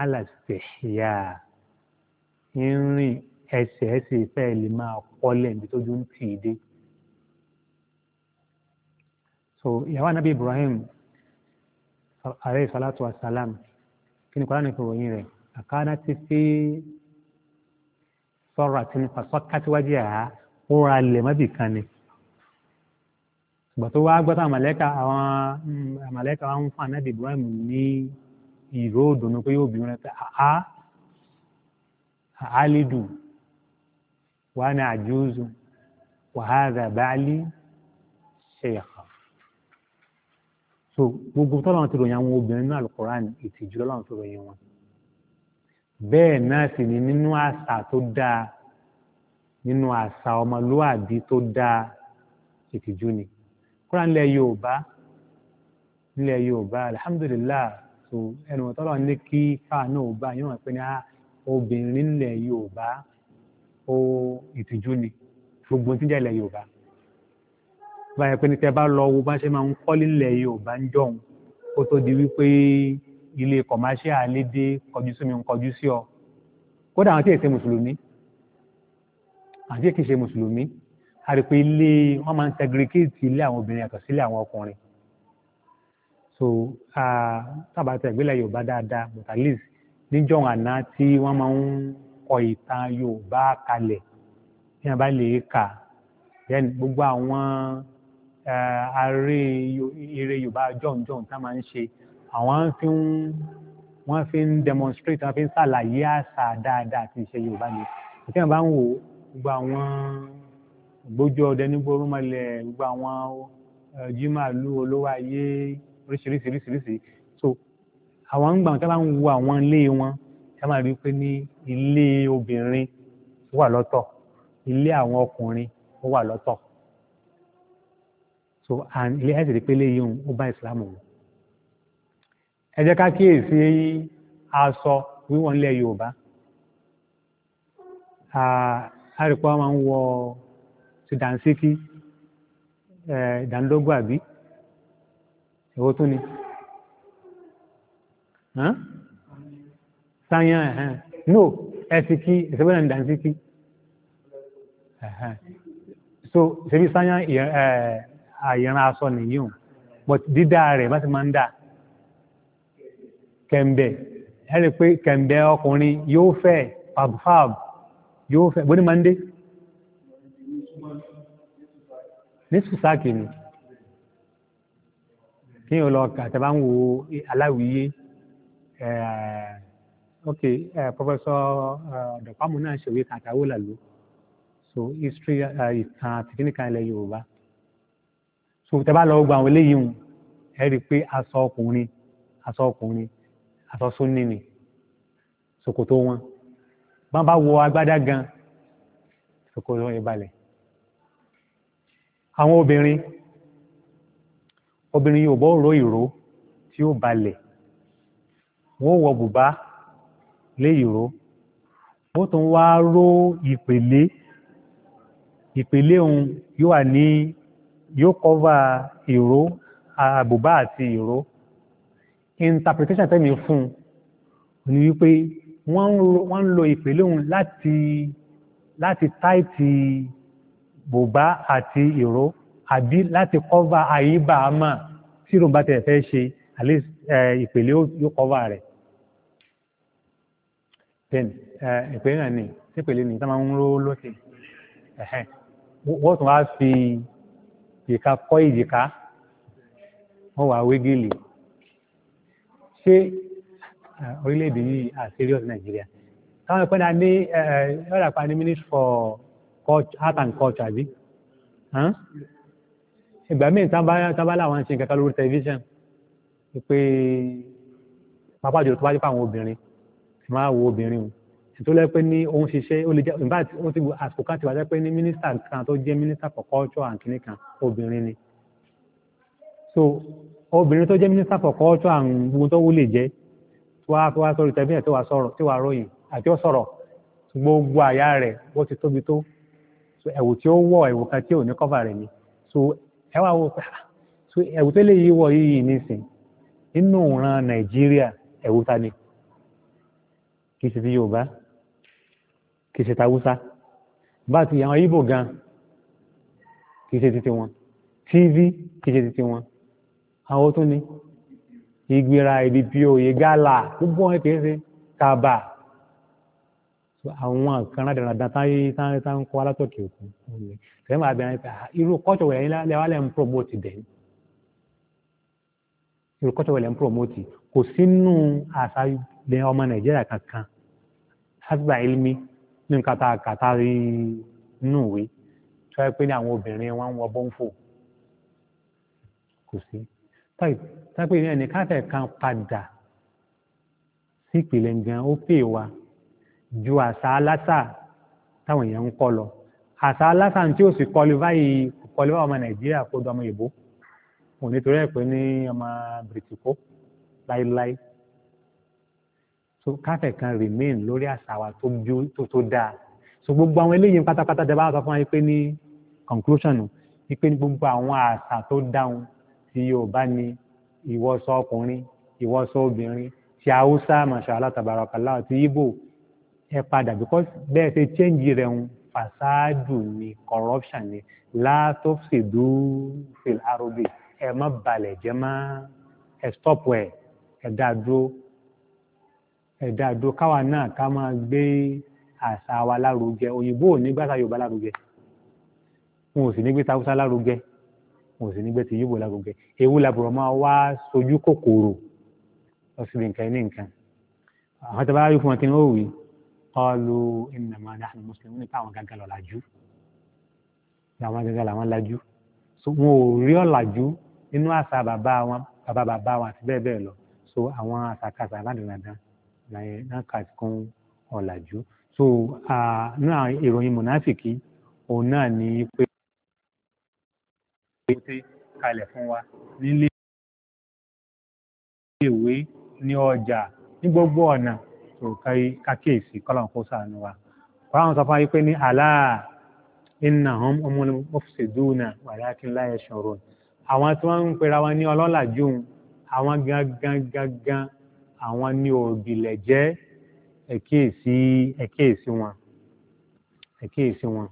A: àlàsìtẹ̀ṣíyà ìrìn ẹsẹ̀ ẹsẹ̀ ìfẹ́ lè máa kọ́lẹ̀ níbi tójú ń tì í dé. so ìyàwó ànábì Ibrahim alayhi salatu wa kí ni Kùránì fi ròyìn rẹ̀ àkánà ti fi sọ̀rọ̀ àti nípa sọ́kàtíwájú ẹ̀há ó ra lẹ̀ mọ́bì kan ni. ṣùgbọ́n tó wá gbọ́dọ̀ àmàlẹ́kà àwọn àmàlẹ́kà mm, wọn ń fún anábì Ibrahim ní ìró òdùnnú pé yóò bí wọn pé àá àálídù wà ní àjúzù wàhálà báálí ṣèyàkà. so gbogbo tọ́lọ́run ti ròyìn àwọn obìnrin náà al ìtìjú lọ́lọ́run ti ròyìn wọn bẹ́ẹ̀ náà sì ni nínú àṣà tó dáa nínú àṣà ọmọlúwàbí tó dáa ìtìjú ni kúrò nílẹ̀ yorùbá nílẹ̀ yorùbá alhamdulillah so ẹnu ọ̀tọ́lọ̀ ní kí fáà náà bá yín wọ́n pé ní ah, obìnrin nílẹ̀ yorùbá ó ìtìjú ni gbogbo tí ń jẹ́ ilẹ̀ yorùbá báyẹn pé ní tẹ́ bá lọ wo bá ṣe máa ń kọ́lé ilẹ̀ yorùbá ń jọ̀hún kó tó di wípé ilé kọ̀máṣíà lédè kọjú sí mi ń kọjú sí ọ kódà àwọn tí èsè mùsùlùmí àwọn tí èkìsè mùsùlùmí a rí ilé wọn máa ń segregate ilé àwọn obìnrin yàtọ̀ sílé àwọn ọkùnrin so tábà tẹ ìgbélẹ̀ Yorùbá dáadáa but at least níjọ́ àná tí wọ́n máa ń kọ ìtàn Yorùbá kalẹ̀ tí wọ́n bá lè kà then gbogbo àwọn eh, aré eré Yorùbá jọ̀ǹjọ̀ǹ tá máa ń ṣe àwọn fi ń wọ́n fi ń demonstrate wọ́n fi ń ṣàlàyé àṣà dáadáa àti ìṣe Yorùbá ni àti àwọn bá ń wò gbogbo àwọn gbójú ọdẹ ní gbórúmọlẹ̀ gbogbo àwọn eh, jimalu olówó ayé oríṣiríṣi oríṣiríṣi so àwọn ń gbà wọn tí wọ́n bá ń wo àwọn ilé wọn tí wọ́n máa rí pé ní ilé obìnrin wà lọ́tọ̀ ilé àwọn ọkùnrin wà lọ́tọ̀ so and ilé ẹ̀sìn ìpele yìí ó bá ìsìlámù wọn ẹ jẹ́ ká kíyèsí aṣọ wíwọ̀ ńlẹ̀ Yorùbá àrípọ̀ máa ń wọ ṣìdánsíkí ìdánilógún àbí èwo tún ni sáyẹn ẹ̀hẹ́n no ẹ̀sìkí ìṣẹ́bẹ̀rẹ̀ ìdánilógún so ṣe bí sáyẹn àyẹ̀rán aṣọ nìyí o but dídá rẹ̀ bá ti máa ń dáa kẹ̀m̀bẹ̀ ẹ rí i pé kẹ̀m̀bẹ̀ ọkùnrin yóò fẹ̀ fàbfàb yóò fẹ̀ bó ní máa ń dé ní sùsáàkì ni kí yóò lọ kà tẹ́ bá ń wo aláwìyé ok pọfẹsọ dọ̀pámù náà ṣèwé kan làlú so history ìtàn àti kíníkan ilẹ̀ Yorùbá so tẹ́ bá lọ gba àwọn eléyìí hùn ẹ rí i pé aṣọ ọkùnrin aṣọ ọkùnrin aṣọ súnni ni ṣòkòtò wọn bọ́n bá wọ agbádá gan ṣòkòtò wọn ìbalẹ̀ àwọn obìnrin obìnrin yóò bọ́ ró ìró tí ó balẹ̀ wọ́n wọ bùbá lé ìró wọ́n tún wá ró ìpèlé ìpèlé òun yóò wà ní yóò kọ́va ìró àbùbá àti ìró interpretation tẹ́mi fún un ni wípé wọ́n ń lo ìpele òun láti láti táìtì bùbá àti ìró àbí láti kọ́va àyíbá àmà tí ìròǹbá tẹ̀ fẹ́ ṣe àlẹ́ ìpele yóò kọ́va rẹ̀ then ìpele náà ni tí ìpele ni tá máa ń ró lókè wọ́n tún wá fi ìka kọ́ ìjìká wọ́n wà wégélì ṣé orílẹ̀-èdè yìí are serious Nigeria táwọn ìpínlẹ̀ ní ọ̀rọ̀ àpá ní ministry for art and culture àbí ìgbà míì tábà làwọn ń ṣe nǹkan kan lórí tẹlifíṣàn pé pápá jùlọ tó bá jẹ́ pé àwọn obìnrin máa wo obìnrin o tó lẹ́ pé ní òun ṣiṣẹ́ ó lè jẹ́ in fact ó ti àsìkò kan ti pé ní mínísítà kan tó jẹ́ mínísítà for culture and kìnnì kan obìnrin ni so obìnrin tó jẹ́ mínísítà fọ̀kọ́ tó àwọn gbogbo tó wúlè jẹ́ tó wá tó wá sórí tẹ̀bí ẹ̀ tó wá sọ̀rọ̀ tó wá ròyìn àti ó sọ̀rọ̀ gbogbo àyà rẹ̀ bó ti tóbi tó ẹ̀wù tí ó wọ̀ ẹ̀wù kan tí ò ní kọ́fà rẹ̀ ni so ẹ wá wo pé so ẹ̀wù tó lè yíwọ yìí nísìn nínú ìran nàìjíríà ẹ̀wù ta ni kì í ṣe ti yorùbá kì í ṣe tàwùsá bá ti àwọn ibo gan kì í ṣe ti tiwọn tv kì í ṣe ti tiwọn àwọn tún ni ìgbéra ìdìpọ̀ òye gálà gbogbo wọn kìí ṣe kaba àwọn kan náà dandan táyé táyé táyé ń kọ́ alátọ̀kì òkun ṣẹ́yìn máa bẹ̀rẹ̀ pé irú kọ́tọ̀ wẹ̀ lẹ́wà lẹ́ ń promote dẹ̀ irú kọ́tọ̀ wẹ̀ lẹ́ promote kò sínú àṣà ilẹ̀ ọmọ nàìjíríà kankan hasba ilmi ní nǹkan tá a kà tá a rí inú ìwé tó yẹ pé ní àwọn obìnrin wọn ń wọ bọ́ńfò kò sí táì tápé ẹnìkan fẹ́ kan padà sí ìpìlẹ̀ gan ó pè wá ju àṣà aláṣà táwọn èèyàn ń kọ́ lọ àṣà aláṣà tí ó sì kọlu báyìí kọlu báwọn ọmọ nàìjíríà kó do ọmọ ìbò kò nítorí ẹ̀ pé ní ọmọ bìrìtìkó láíláí so káfẹ̀ kan remain lórí àṣà wa tó ju tó tó dáa so gbogbo àwọn eléyìí pátápátá dẹ sọ fún wa pé ní conclusion pé ní gbogbo àwọn àṣà tó dáhùn ti Yorùbá ni ìwọṣọ ọkùnrin ìwọṣọ obìnrin ti Haúsá masha Allah tabarakallah ti Igbo ẹ padà because bẹ́ẹ̀ ṣe change rẹ̀ ń fasádù ni corruption ni látọ́fṣèdú fil ardi ẹ má balẹ̀ jẹ́ má ẹ stop ẹ ẹ dá dúró ẹ dá dúró káwa náà ká máa gbé àṣà wa lárugẹ òyìnbó ò ní gbàṣà Yorùbá lárugẹ wọn ò sì ní gbé tàwùsá lárugẹ wọn ò sì nígbẹ́ tí yíbo lágògẹ́ ewu làbùrọ̀ máa wá sojú kòkòrò lọ síbi nǹkan ní nǹkan àwọn tó bá rí fún wọn kí ni ó wí qalu innama nahnu muslimun nípa àwọn gángan lọ làjú làwọn gángan làwọn làjú wọn ò rí ọ̀làjú nínú àṣà bàbá wọn bàbá bàbá wọn àti bẹ́ẹ̀ bẹ́ẹ̀ lọ so àwọn àṣàkáṣà aládùnàdàn náà kà kún ọ̀làjú so nínú ìròyìn mùnáfìkì òun náà ní pé pété kalẹ̀ fún wa nílé ìwé ní ọjà ní gbogbo ọ̀nà tó kákíyèsí kọ́lọ̀ kó sànù wa. Kọ́lọ̀ sọ fún wa pé ní àlá innahum humul mufsiduna walakin la yash'urun. Àwọn tí wọ́n ń pera wọn ní ọlọ́làjú àwọn gangan gangan àwọn ní òbílẹ̀ jẹ́ ẹ̀kíyèsí ẹ̀kíyèsí wọn ẹ̀kíyèsí wọn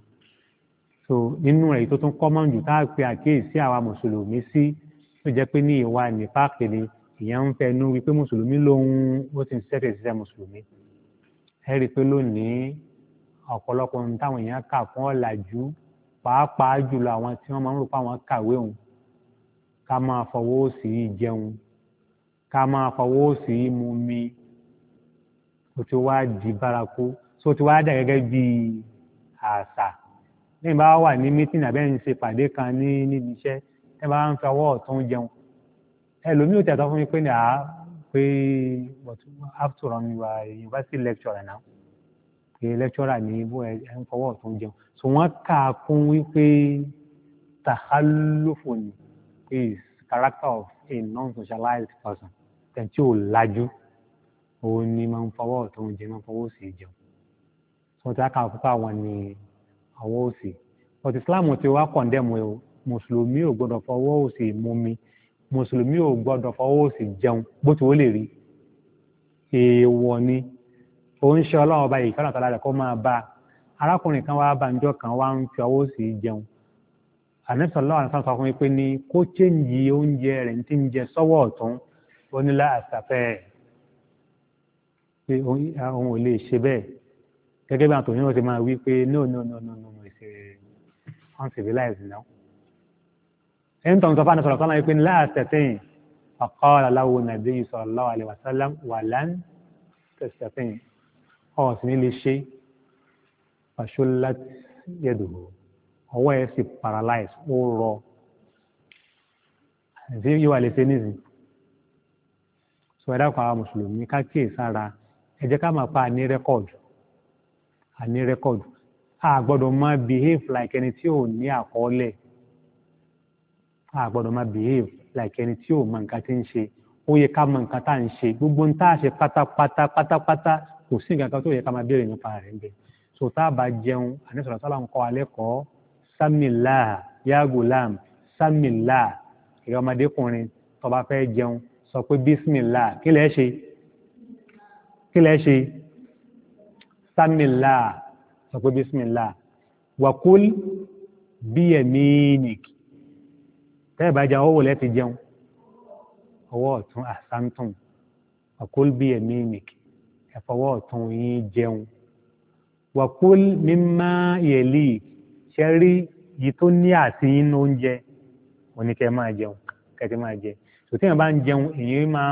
A: so nínú èyí tó tún common jù tá a pe àkíyèsí àwa mùsùlùmí sí tó jẹ́ pé ní ìwà nípáàkì ni ìyẹn ń fẹnu wípé mùsùlùmí lòun ó ti ń ṣẹ́fẹ̀ẹ́ síṣẹ́ mùsùlùmí ẹ rí i pé lónìí ọ̀pọ̀lọpọ̀ ohun táwọn èèyàn kà fún ọ̀làjú pàápàá jùlọ àwọn tí wọ́n máa ń rò pé àwọn kàwé òun ká máa fọwọ́ sí i jẹun ká máa fọwọ́ sí i mu mi ó ti wá di bárakú tó ti wá dà gẹ́gẹ́ bíi àṣà ní bá wà ní mítìnì àbẹ́yìn ṣe pàdé kan ní níbi iṣẹ́ ẹ bá ń fi ọwọ́ ọ̀tún jẹun ẹlòmíì ò tẹ̀tọ́ fún mi pé ní àá pé after all mi wà university lecturer náà pé lecturer ní bó ẹ ń fọwọ́ ọ̀tún jẹun so wọ́n kà á kún wípé tàhálùfò is character of a non-socialized person ẹ̀ ò lajú òun ni máa ń fọwọ́ ọ̀tún jẹun máa ń fọwọ́ òsì jẹun so tí a kà á fún àwọn ni ọwọ́ òsì but Islam ti wá kọ̀ndẹ́mù ẹ̀ o mùsùlùmí ò gbọ́dọ̀ fọwọ́ òsì mumi mùsùlùmí ò gbọ́dọ̀ fọwọ́ òsì jẹun bó ti wó lè rí èèwọ̀ ni ó ń ṣe ọlọ́run ọba yìí kọ́nà tọ́lá rẹ̀ kó máa bá arákùnrin kan wá banjọ́ kan wá ń fi ọwọ́ òsì jẹun àníṣọ́lọ́ àníṣọ́ sọ fún mi pé ní kó chéǹjì oúnjẹ rẹ̀ ti ń jẹ sọ́wọ́ ọ̀tún onílà àṣàfẹ́ pé òun ò lè ṣe bẹ́ẹ̀ gẹ́gẹ́ bí àwọn tòun náà ṣe máa wí pé no no no no no no it's a uncivilized now. ẹni tó ń sọ fáwọn sọ̀rọ̀ sọ́nà wípé láàtẹ̀tẹ̀yìn faqala lahu nabiyyu sallallahu alaihi wasallam walan tastati'a ọ̀sìn ní lè ṣe fashullat yaduhu ọwọ́ ẹ̀ sì paralyze ó rọ àti yóò wà lè ṣe nísìn sọ ẹ̀dá kan àwọn mùsùlùmí ká kíyè sára ẹ jẹ́ ká máa pa ní rẹ́kọ̀dù a ní rẹ́kọ̀dù a gbọ́dọ̀ máa behave like ẹni tí ò ní àkọọ́lẹ̀ a gbọ́dọ̀ máa behave like ẹni tí ò mọ nǹkan tí ń ṣe ó yẹ ká mọ nǹkan tá à ń ṣe gbogbo ń tá a ṣe pátápátá pátápátá kò sí nǹkan kan tó yẹ ká máa béèrè nípa rẹ̀ ńbẹ so tá a bá jẹun àní sọ̀rọ̀ sọ́la ń kọ́ alẹ́ kọ́ samila yagulam samila ìyá ọmọdékùnrin tó bá fẹ́ jẹun sọ pé bísímìlá kí lẹ́ ṣe kí lẹ́ ṣe sámìlá sọ pé bísmìlá wàkúl bíyẹmínik tẹ́ẹ̀ bá jẹ ọwọ́ lẹ́ti jẹun ọwọ́ ọ̀tún àsántùn wàkúl bíyẹmínik ẹ̀fọwọ́ ọ̀tún yín jẹun wàkúl mímá yẹlí ṣẹ́rí yìí tó ní àti inú oúnjẹ oníkẹ́ máa jẹun kẹ́kẹ́ máa jẹ tòtí yẹn bá ń jẹun èyí máa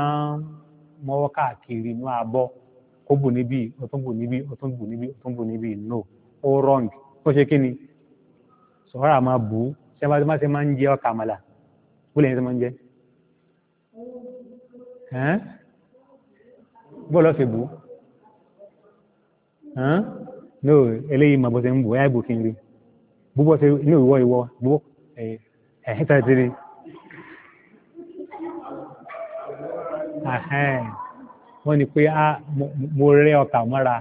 A: mọ́wọ́ káàkiri inú abọ́ ó bù níbí ó tún bù níbí ó tún bù níbí ó tún bù níbí no ó wrong ó ṣe kí ni sọ̀rọ̀ àmà bù ú ṣé bá má ṣe máa ń jẹ ọkà àmàlà bó lẹ́yìn tó máa ń jẹ bó lọ́ọ́ ṣe bù ú no eléyìí mà bó ṣe ń bù ẹ́ àìbò kí n rí búbọ̀ ṣe ní ìwọ ìwọ bó ẹ̀hìn tàbí tẹ́lẹ̀ wọ́n ní pé a ah, mo rẹ́ ọkà mọ́ra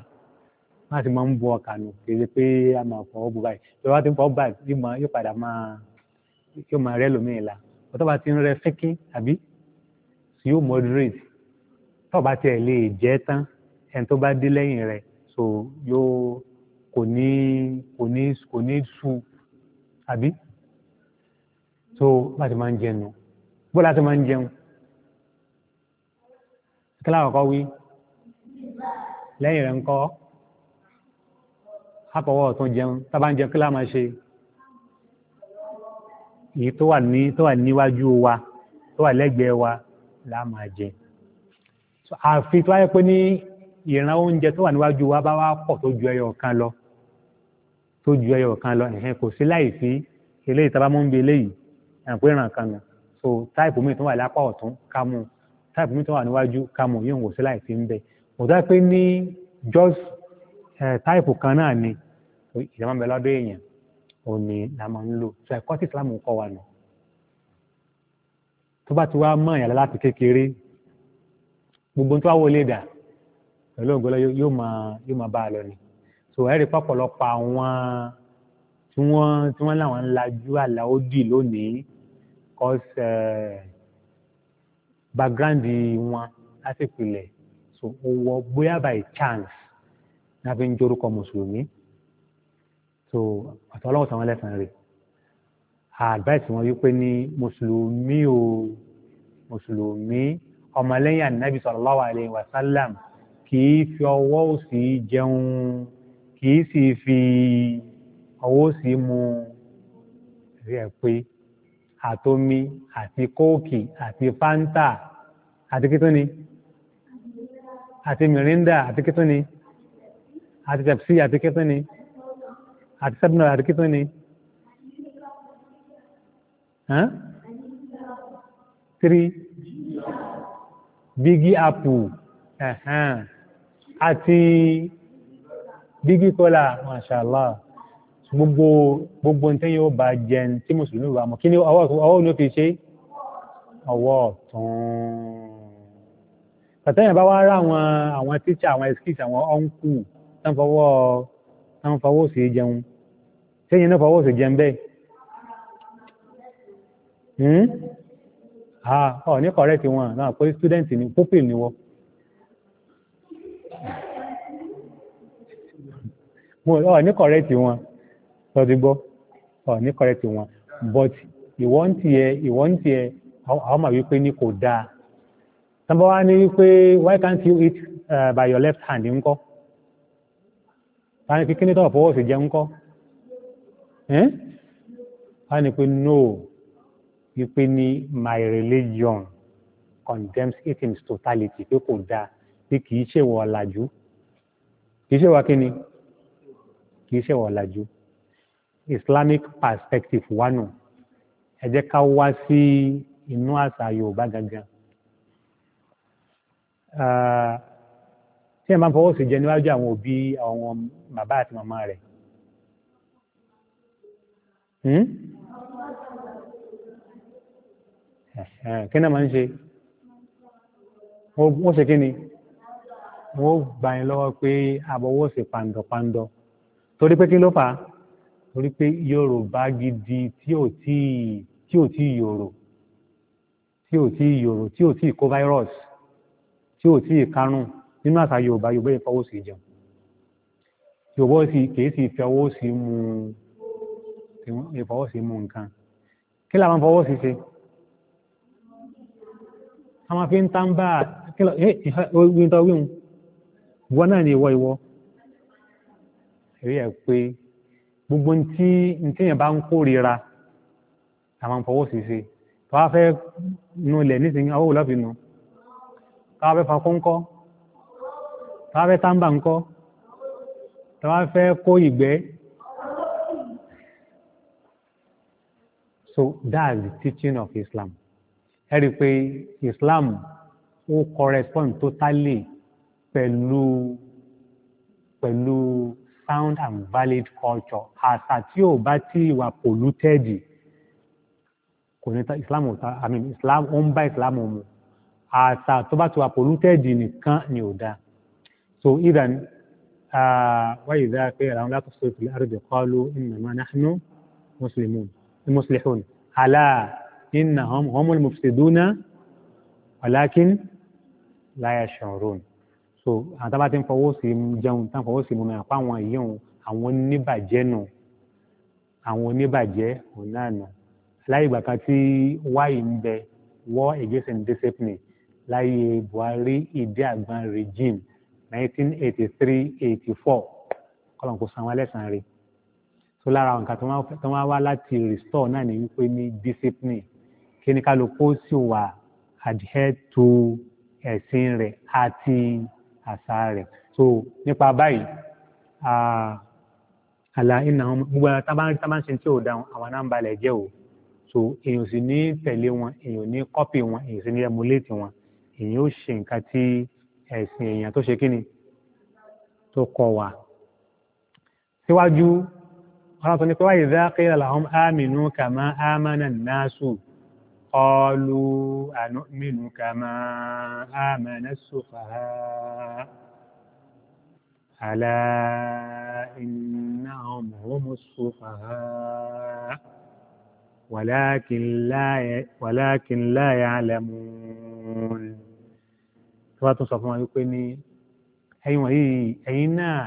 A: wọ́n sì máa ń bu ọkà nù kì í ṣe pé a máa fọwọ́ bu báyìí tó bá ti ń fọwọ́ bá yóò padà máa yóò máa rẹ́ lómìn ìlà tó bá ti ń rẹ́ fẹ́kí àbí yóò moderate tó bá tiẹ̀ lè jẹ́ tán ẹni tó bá dé lẹ́yìn rẹ̀ so yóò kò ní kò ní kò ní su àbí so bá ti máa ń jẹun bó láti máa ń jẹun kílá àkọ́kọ́ wí lẹ́yìn rẹ̀ ń kọ́ àpọ̀wọ́ ọ̀tún jẹun tábà ń jẹun kílá máa ṣe èyí tó wà ní tó wà níwájú wa tó wà lẹ́gbẹ̀ẹ́ wa là máa jẹ àfi tó wáyé pé ní ìran oúnjẹ tó wà níwájú wa bá wá pọ̀ tó ju ẹyọ kan lọ tó ju ẹyọ kan lọ ẹ̀hẹ́n kò sí láì sí eléyìí tábà mú ń bi eléyìí àpéràn kan nù so táìpù míì tó wà lápá ọ̀tún ká mú un táàpù mi tó wà níwájú kámò yóò wò sí láì fi ń bẹ òtá pé ní just eh, táàpù kan náà ni ìjọba ń bẹ lọ́dọ̀ èèyàn òní la máa ń lò so ẹ̀kọ́ tí Islam ń kọ́ wa nù tó bá ti wá mọ̀ ìyàlá láti kékeré gbogbo tó wá wọlé dà pẹ̀lú ògbọ́lọ́ yóò máa yóò máa bá a lọ ni so ẹ̀rí pọ̀pọ̀lọpọ̀ àwọn tí wọ́n tí wọ́n láwọn ń lajú àlà ó dì lónìí background wọn lásìkò ilẹ̀ so ó wọ bóyá by chance náà fi ń jorúkọ mùsùlùmí so ọ̀tọ̀ ọlọ́wọ́ sàwọn lẹ́sàn-án rẹ̀ advice wọn wípé ní mùsùlùmí o mùsùlùmí ọmọlẹ́yìn ànábì sallallahu alaihi wasallam kì í fi ọwọ́ òsì jẹun kì í sì fi ọwọ́ òsì mu rí ẹ pé àtomi àti kóòkì àti fanta àti kító ni àti mìríndà àti kító ni àti pepsi àti kító ni àti sẹ́bùnà àti kító ni tírí bígí àpù àti bígí kọ́là mashallah gbogbo gbogbo nǹkan yóò bá jẹ tí mùsùlùmí wà mọ́ kí ni ọwọ́ ọ̀tún ni ó fi ṣe ọwọ́ ọ̀tún pàtẹ́yìn bá wá rá àwọn àwọn tíṣà àwọn ẹ̀skíṣ àwọn ọ́nkù tán fọwọ́ tán fọwọ́ sí jẹun sẹ́yìn náà fọwọ́ sí jẹun bẹ́ẹ̀ hmm? ọ̀ ní kọ̀rẹ́tì wọn náà pé student ni pupil ni wọ́n ọ̀ ní kọ̀rẹ́tì wọn sọdígbọ́ ọ̀ ní correct wọn but ìwọ ń tiẹ̀ ìwọ ń tiẹ̀ àwọn máa wípé ní kò dáa tọ́bọ̀ wá ní wípé why can't you eat uh, by your left hand ńkọ́ láti kíkí ní tọ́wọ̀ fọwọ́ sí jẹ ńkọ́ wọ́n ní pé no wípé ní my religion condemns it in totality pé kò dáa pé kìí ṣèwọ̀ ọ̀làjú kìí ṣèwọ̀ kíni kìí ṣèwọ̀ ọ̀làjú islamic perspective wa nù ẹ jẹ́ ká wá sí inú àṣà yorùbá gangan ah, tí ẹ máa fọwọ́ sí jẹ níwájú àwọn òbí àwọn bàbá àti màmá rẹ̀ hmm? kí náà máa ń ṣe wọ́n ṣe kí ni wọ́n gbà yín lọ́wọ́ pé àbọ̀wọ́ pàǹdọ̀pàǹdọ̀ torí pé kí ló fà á torí pé yorùbá gidi tí ò tí tí ò tí yòrò tí ò tí yòrò tí ò tí kó virus tí ò tí kánú nínú àṣà yorùbá yorùbá yìí fọwọ́ sí jẹun yorùbá sì kìí sì fọwọ́ sí mu ìfọwọ́ sí mu nǹkan kí la máa fọwọ́ sí ṣe a máa fi ń tán bá kí la ẹ ìwé ìtọ́wé wọn náà ni ìwọ ìwọ èrè ẹ pé gbogbo tí tíyàn bá ń kórira àwọn fọwọ́ sí ṣe tó wá fẹ́ nú ilẹ̀ nísìnyí owó lọ́fi nù tó wá fẹ́ fakọ́ ńkọ́ tó wá fẹ́ táǹbà ńkọ́ tó wá fẹ́ kó ìgbẹ́ so that's the teaching of Islam ẹ rí pé Islam ó correspond totally pẹ̀lú pẹ̀lú sound and valid culture àṣà tí ò bá tí ìwà polluted kò ní islam ò ta i mean islam ó ń bá islam mu àṣà tó bá ti wà polluted nìkan ni ò da so idan wáyé dá pé àwọn látọ̀ sọ ìpìlẹ̀ àrùbẹ̀ qalu innama nahnu muslihun ala innahum humul mufsiduna walakin la yash'urun so àwọn tábà ti ń fọwọ́ sí jẹun tán fọwọ́ sí mọ́mọ́ àpá àwọn èyí òun àwọn oníbàjẹ́ nù àwọn oníbàjẹ́ òun náà nù láyé ìgbà kan tí wáyé ń bẹ war against indiscipline láyé Buhari ìdí àgbọn regime 1983-84 three eighty four kọ́lọ̀n kò san wọn lẹ́sàn-án rẹ̀ so lára nǹkan tó wá wá láti restore náà ni wípé ní discipline kí ni kálukú sì wà adhere to ẹ̀sìn rẹ̀ àti àṣà rẹ̀ so nípa báyìí àlà iná gbogbo ara tábà ń tábà ń ṣe tí ò dáhùn àwọn náà ń balẹ̀ jẹ́ o so èèyàn sì ní tẹ̀lé wọn èèyàn ní kọ́pì wọn èèyàn sì ní ẹmuléètì wọn èèyàn ó ṣe nǹkan tí ẹ̀sìn èèyàn tó ṣe kí ni tó kọ wà síwájú ọlọ́run tó ní pé wáyé zákèrè làwọn àmì nù kàmá àmánà náà sùn. قالوا أنؤمن كما آمن السفهاء ألا إنهم هم السفهاء ولكن لا ولكن لا يعلمون tí wọ́n tún sọ fún wa wípé ní ẹ̀yin wọ̀nyí ẹ̀yin náà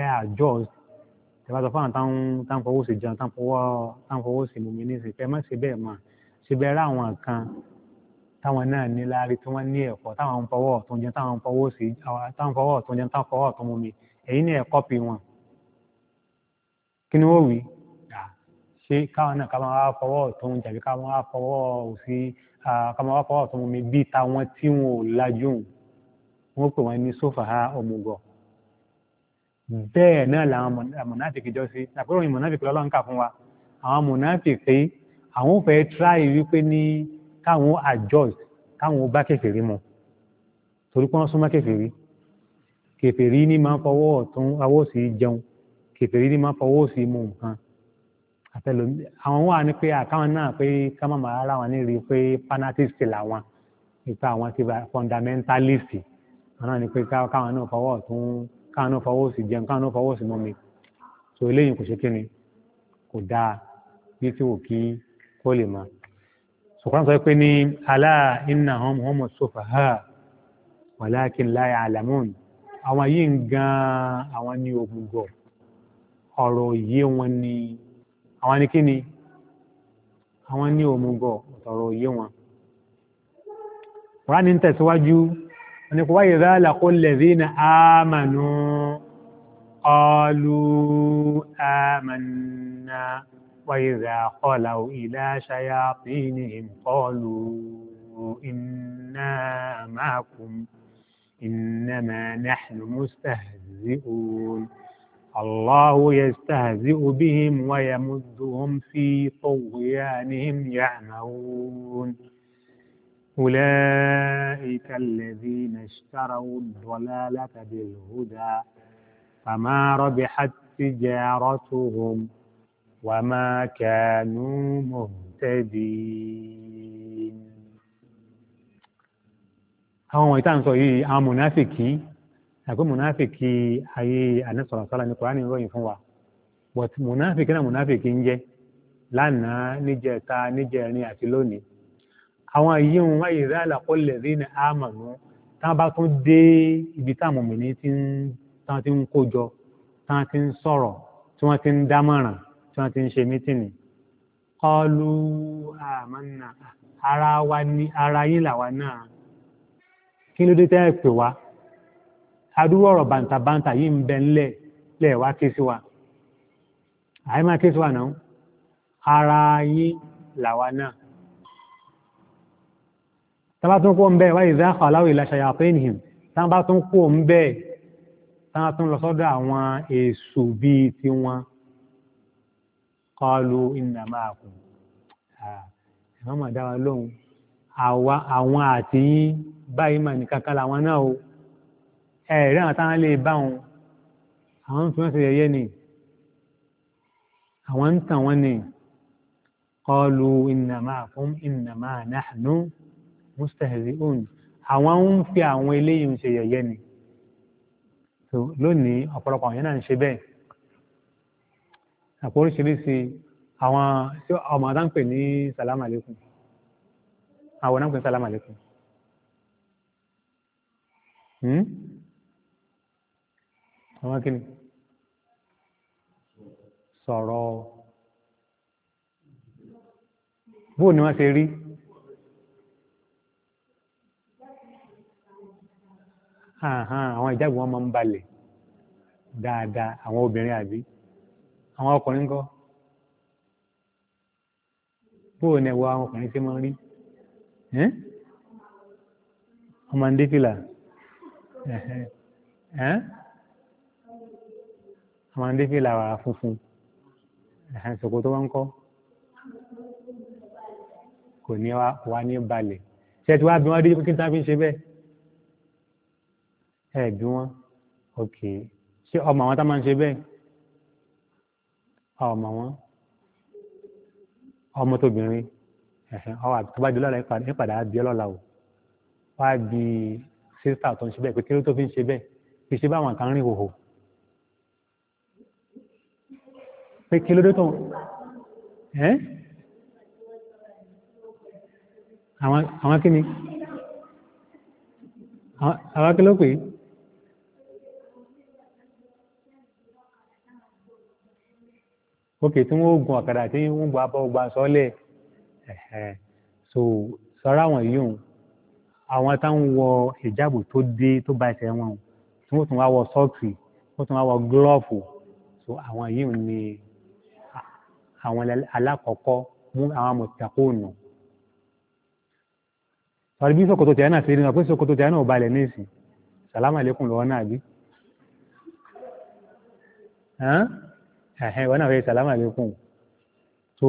A: ẹ àjọ tí wọ́n sọ fún àwọn táwọn táwọn fọwọ́ sí jẹun táwọn fọwọ́ sí mọ̀mí ní ìsìnkú ẹ má ṣe bẹ́ẹ̀ máa síbẹ̀ rá àwọn kan táwọn náà ní láàárín tí wọ́n ní ẹ̀kọ́ táwọn ń fọwọ́ ọ̀tún jẹun táwọn ń fọwọ́ sí táwọn fọwọ́ ọ̀tún jẹun táwọn fọwọ́ ọ̀tún mumi èyí ni ẹ̀kọ́ pè wọn kí ni ó wí ṣé káwọn náà ká máa wá fọwọ́ ọ̀tún jàbí ká máa wá fọwọ́ òsì ká máa wá fọwọ́ ọ̀tún mumi bíi táwọn tí wọn ò lajú wọn pè wọn ní sófàá òmùgọ̀ bẹ́ẹ̀ náà làwọn mọ̀nàfìkì àwọn ò fẹ́ try wípé ní káwọn adjust káwọn bá kèfèrí mu torí pé wọ́n súnmọ́ kèfèrí kèfèrí ní máa ń fọwọ́ ọ̀tún awọ́sì jẹun kèfèrí ní máa ń fọwọ́ òsì mu nǹkan àtẹlómi àwọn wà ní pé àkáwọn náà pé ká má máa rárá wọn ní rí i pé fanatist làwọn nípa àwọn ti fundamentalist àwọn náà ní pé káwọn náà fọwọ́ ọ̀tún káwọn náà fọwọ́ òsì jẹun káwọn náà fọwọ́ òsì mọ́mi so eléyìí kò ṣe kí ni kò dáa bí tí wò kí kó lè máa sọ̀kọ́n sọ pé ní alā innahum humu sufahā walākin lā ya'lamūn àwọn yìí ń gan àwọn ní òmùgọ̀ ọ̀rọ̀ òye wọn ni àwọn ní kíni àwọn ní òmùgọ̀ ọ̀rọ̀ òye wọn. Kùránì ń tẹ̀síwájú ni kò wáyé idhā laqū alladhīna āmanū qālū āmannā. وإذا خلوا إلى شياطينهم قالوا إنا معكم إنما نحن مستهزئون الله يستهزئ بهم ويمدهم في طغيانهم يعمهون أولئك الذين اشتروا الضلالة بالهدى فما ربحت تجارتهم وما كانوا مهتدين àwọn ìta ń sọ yìí àwọn mùnáfìkì àgbẹ̀ mùnáfìkì ayé ànẹ́sọ̀rọ̀ sọ́la ní kòránì ròyìn fún wa but mùnáfìkì náà mùnáfìkì ń jẹ́ lánàá níjẹta níjẹrin àti lónìí àwọn yìí ń wáyé rálà kọlẹ̀ rí ní àmàlú táwọn bá tún dé ibi táwọn mọ̀mìnì tí ti ń kó jọ tí ti ń sọ̀rọ̀ tí wọ́n ti ń dámọ̀ràn tí wọ́n ti ń ṣe mítìnì kọlu àmàna ara wa ni ara yín làwa náà kí ló dé tẹ́ ẹ pè wá adúrú ọ̀rọ̀ bàǹtàbàǹtà yìí ń bẹ ńlẹ̀ lẹ̀ wá sí wa àyè máa ké sí wa náà ara yín làwa náà tábà tún kó ń bẹ́ẹ̀ wáyé záàkọ̀ aláwọ̀ ìlà ṣayatinihim tábà tún kó ń bẹ́ẹ̀ tábà tún lọ sọ́dọ̀ àwọn èṣù bíi tiwọn kọlu inna ma'akum ẹ̀wọ́n mà dá wa lóhùn àwọn àti yín báyìí mà ní kankan làwọn náà o ẹ̀rí àwọn táwọn lè bá wọn àwọn fi wọ́n ṣe yẹ̀yẹ́ ni àwọn ń tàn wọ́n ni kọlu inna ma'akum innama nahnu mustahzi'un àwọn ń fi àwọn eléyìí ń ṣe yẹ̀yẹ́ ni lónìí ọ̀pọ̀lọpọ̀ àwọn yẹn náà ń ṣe bẹ́ẹ̀ àpò oríṣiríṣi àwọn tí ọmọ adá ń pè ní sàlámù àlékún àwọn náà ń pè ní sàlámù àlékún. Hmm? àwọn kìíní sọ̀rọ̀ bóò ni wọ́n ṣe rí. àwọn ìjágbọ̀n wọn máa ń balẹ̀ dáadáa àwọn obìnrin àbí àwọn ọkùnrin kọ́ bóò ní ẹwà àwọn ọkùnrin tí máa rí ọmọ ń dé fìlà ọmọ ń dé fìlà wà funfun ṣòkò tó wọ́n ń kọ́ kò ní wá ní balẹ̀ ṣe ti wá bí wọ́n rí kí n tá fi ṣe bẹ́ẹ̀ ẹ̀ bí wọ́n ok ṣé ọmọ àwọn tá máa ń ṣe bẹ́ẹ̀ ọmọ wọn ọmọ tóbìnrin ẹ̀hẹ̀n ọwọ́ àti tó bá di lọ́la ẹ̀ padà á bí ẹ lọ́la o wá di sísítà tó ń ṣe bẹ́ẹ̀ pé kí ló tó fi ń ṣe bẹ́ẹ̀ kì í ṣe báwọn kan rìn hòhò pé kí ló dé tó ẹ́ àwọn kí ni àwọn kí ló pè é. Okay, tí wọ́n gun ọ̀kadà tí wọ́n gba abọ́ gba sọ́lẹ̀ so sọ́ra wọn yìí àwọn táwọn wọ ìjáàbù tó dé tó bá ẹsẹ̀ wọn tí wọ́n tún wá wọ sọ́ọ̀kì wọ́n tún wá wọ gílọ́ọ̀fù so àwọn yìí ni àwọn alákọ̀ọ́kọ́ mú àwọn mọ̀tàkùnù sọ̀rọ̀ bí sọ̀kòtò tẹ̀yẹ́ náà ṣe rí náà pé sọ̀kòtò tẹ̀yẹ́ náà balẹ̀ ní ìsìn sàlámà lẹ́kùn lọ́wọ́ náà bí ẹ̀hẹ́n wọn náà fẹ́ sàlámà lẹ́kùn so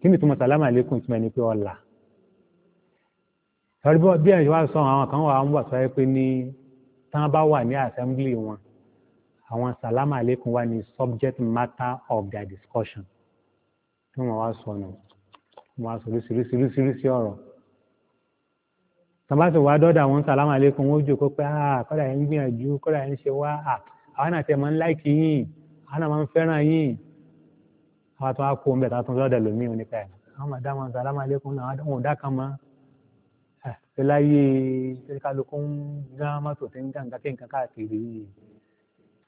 A: kí ni túmọ̀ sàlámà lẹ́kùn túmọ̀ ẹni pé ọ̀la sọ̀rọ̀ bí ẹ̀yìn wá sọ àwọn kan wà wọ́n sọ pé ní tí wọ́n bá wà ní assembly wọn àwọn sàlámà lẹ́kùn wà ní subject matter of their discussion tí wọ́n wá sọ nù wọ́n wá sọ oríṣiríṣiríṣiríṣi ọ̀rọ̀ tàbá sì wá dọ́dọ̀ àwọn sàlámà lẹ́kùn wọ́n jòkó pé ah kọ́dà yẹn ń gbìyànjú kọ́dà yẹn ń ṣe wá ah àwọn àti ẹ̀ máa ń láìkì yìí Ana máa ń fẹ́ràn yín àwọn tó wá kó ń bẹ̀ tá a tún lọ́dẹ̀ lómi ò nípa ẹ̀ àwọn màdá wọn sàlámà lẹ́kùn náà àwọn òdá kan mọ́ ẹ̀ kálukú ń gán mọ́tò tí ń gán nǹkan káàkiri yìí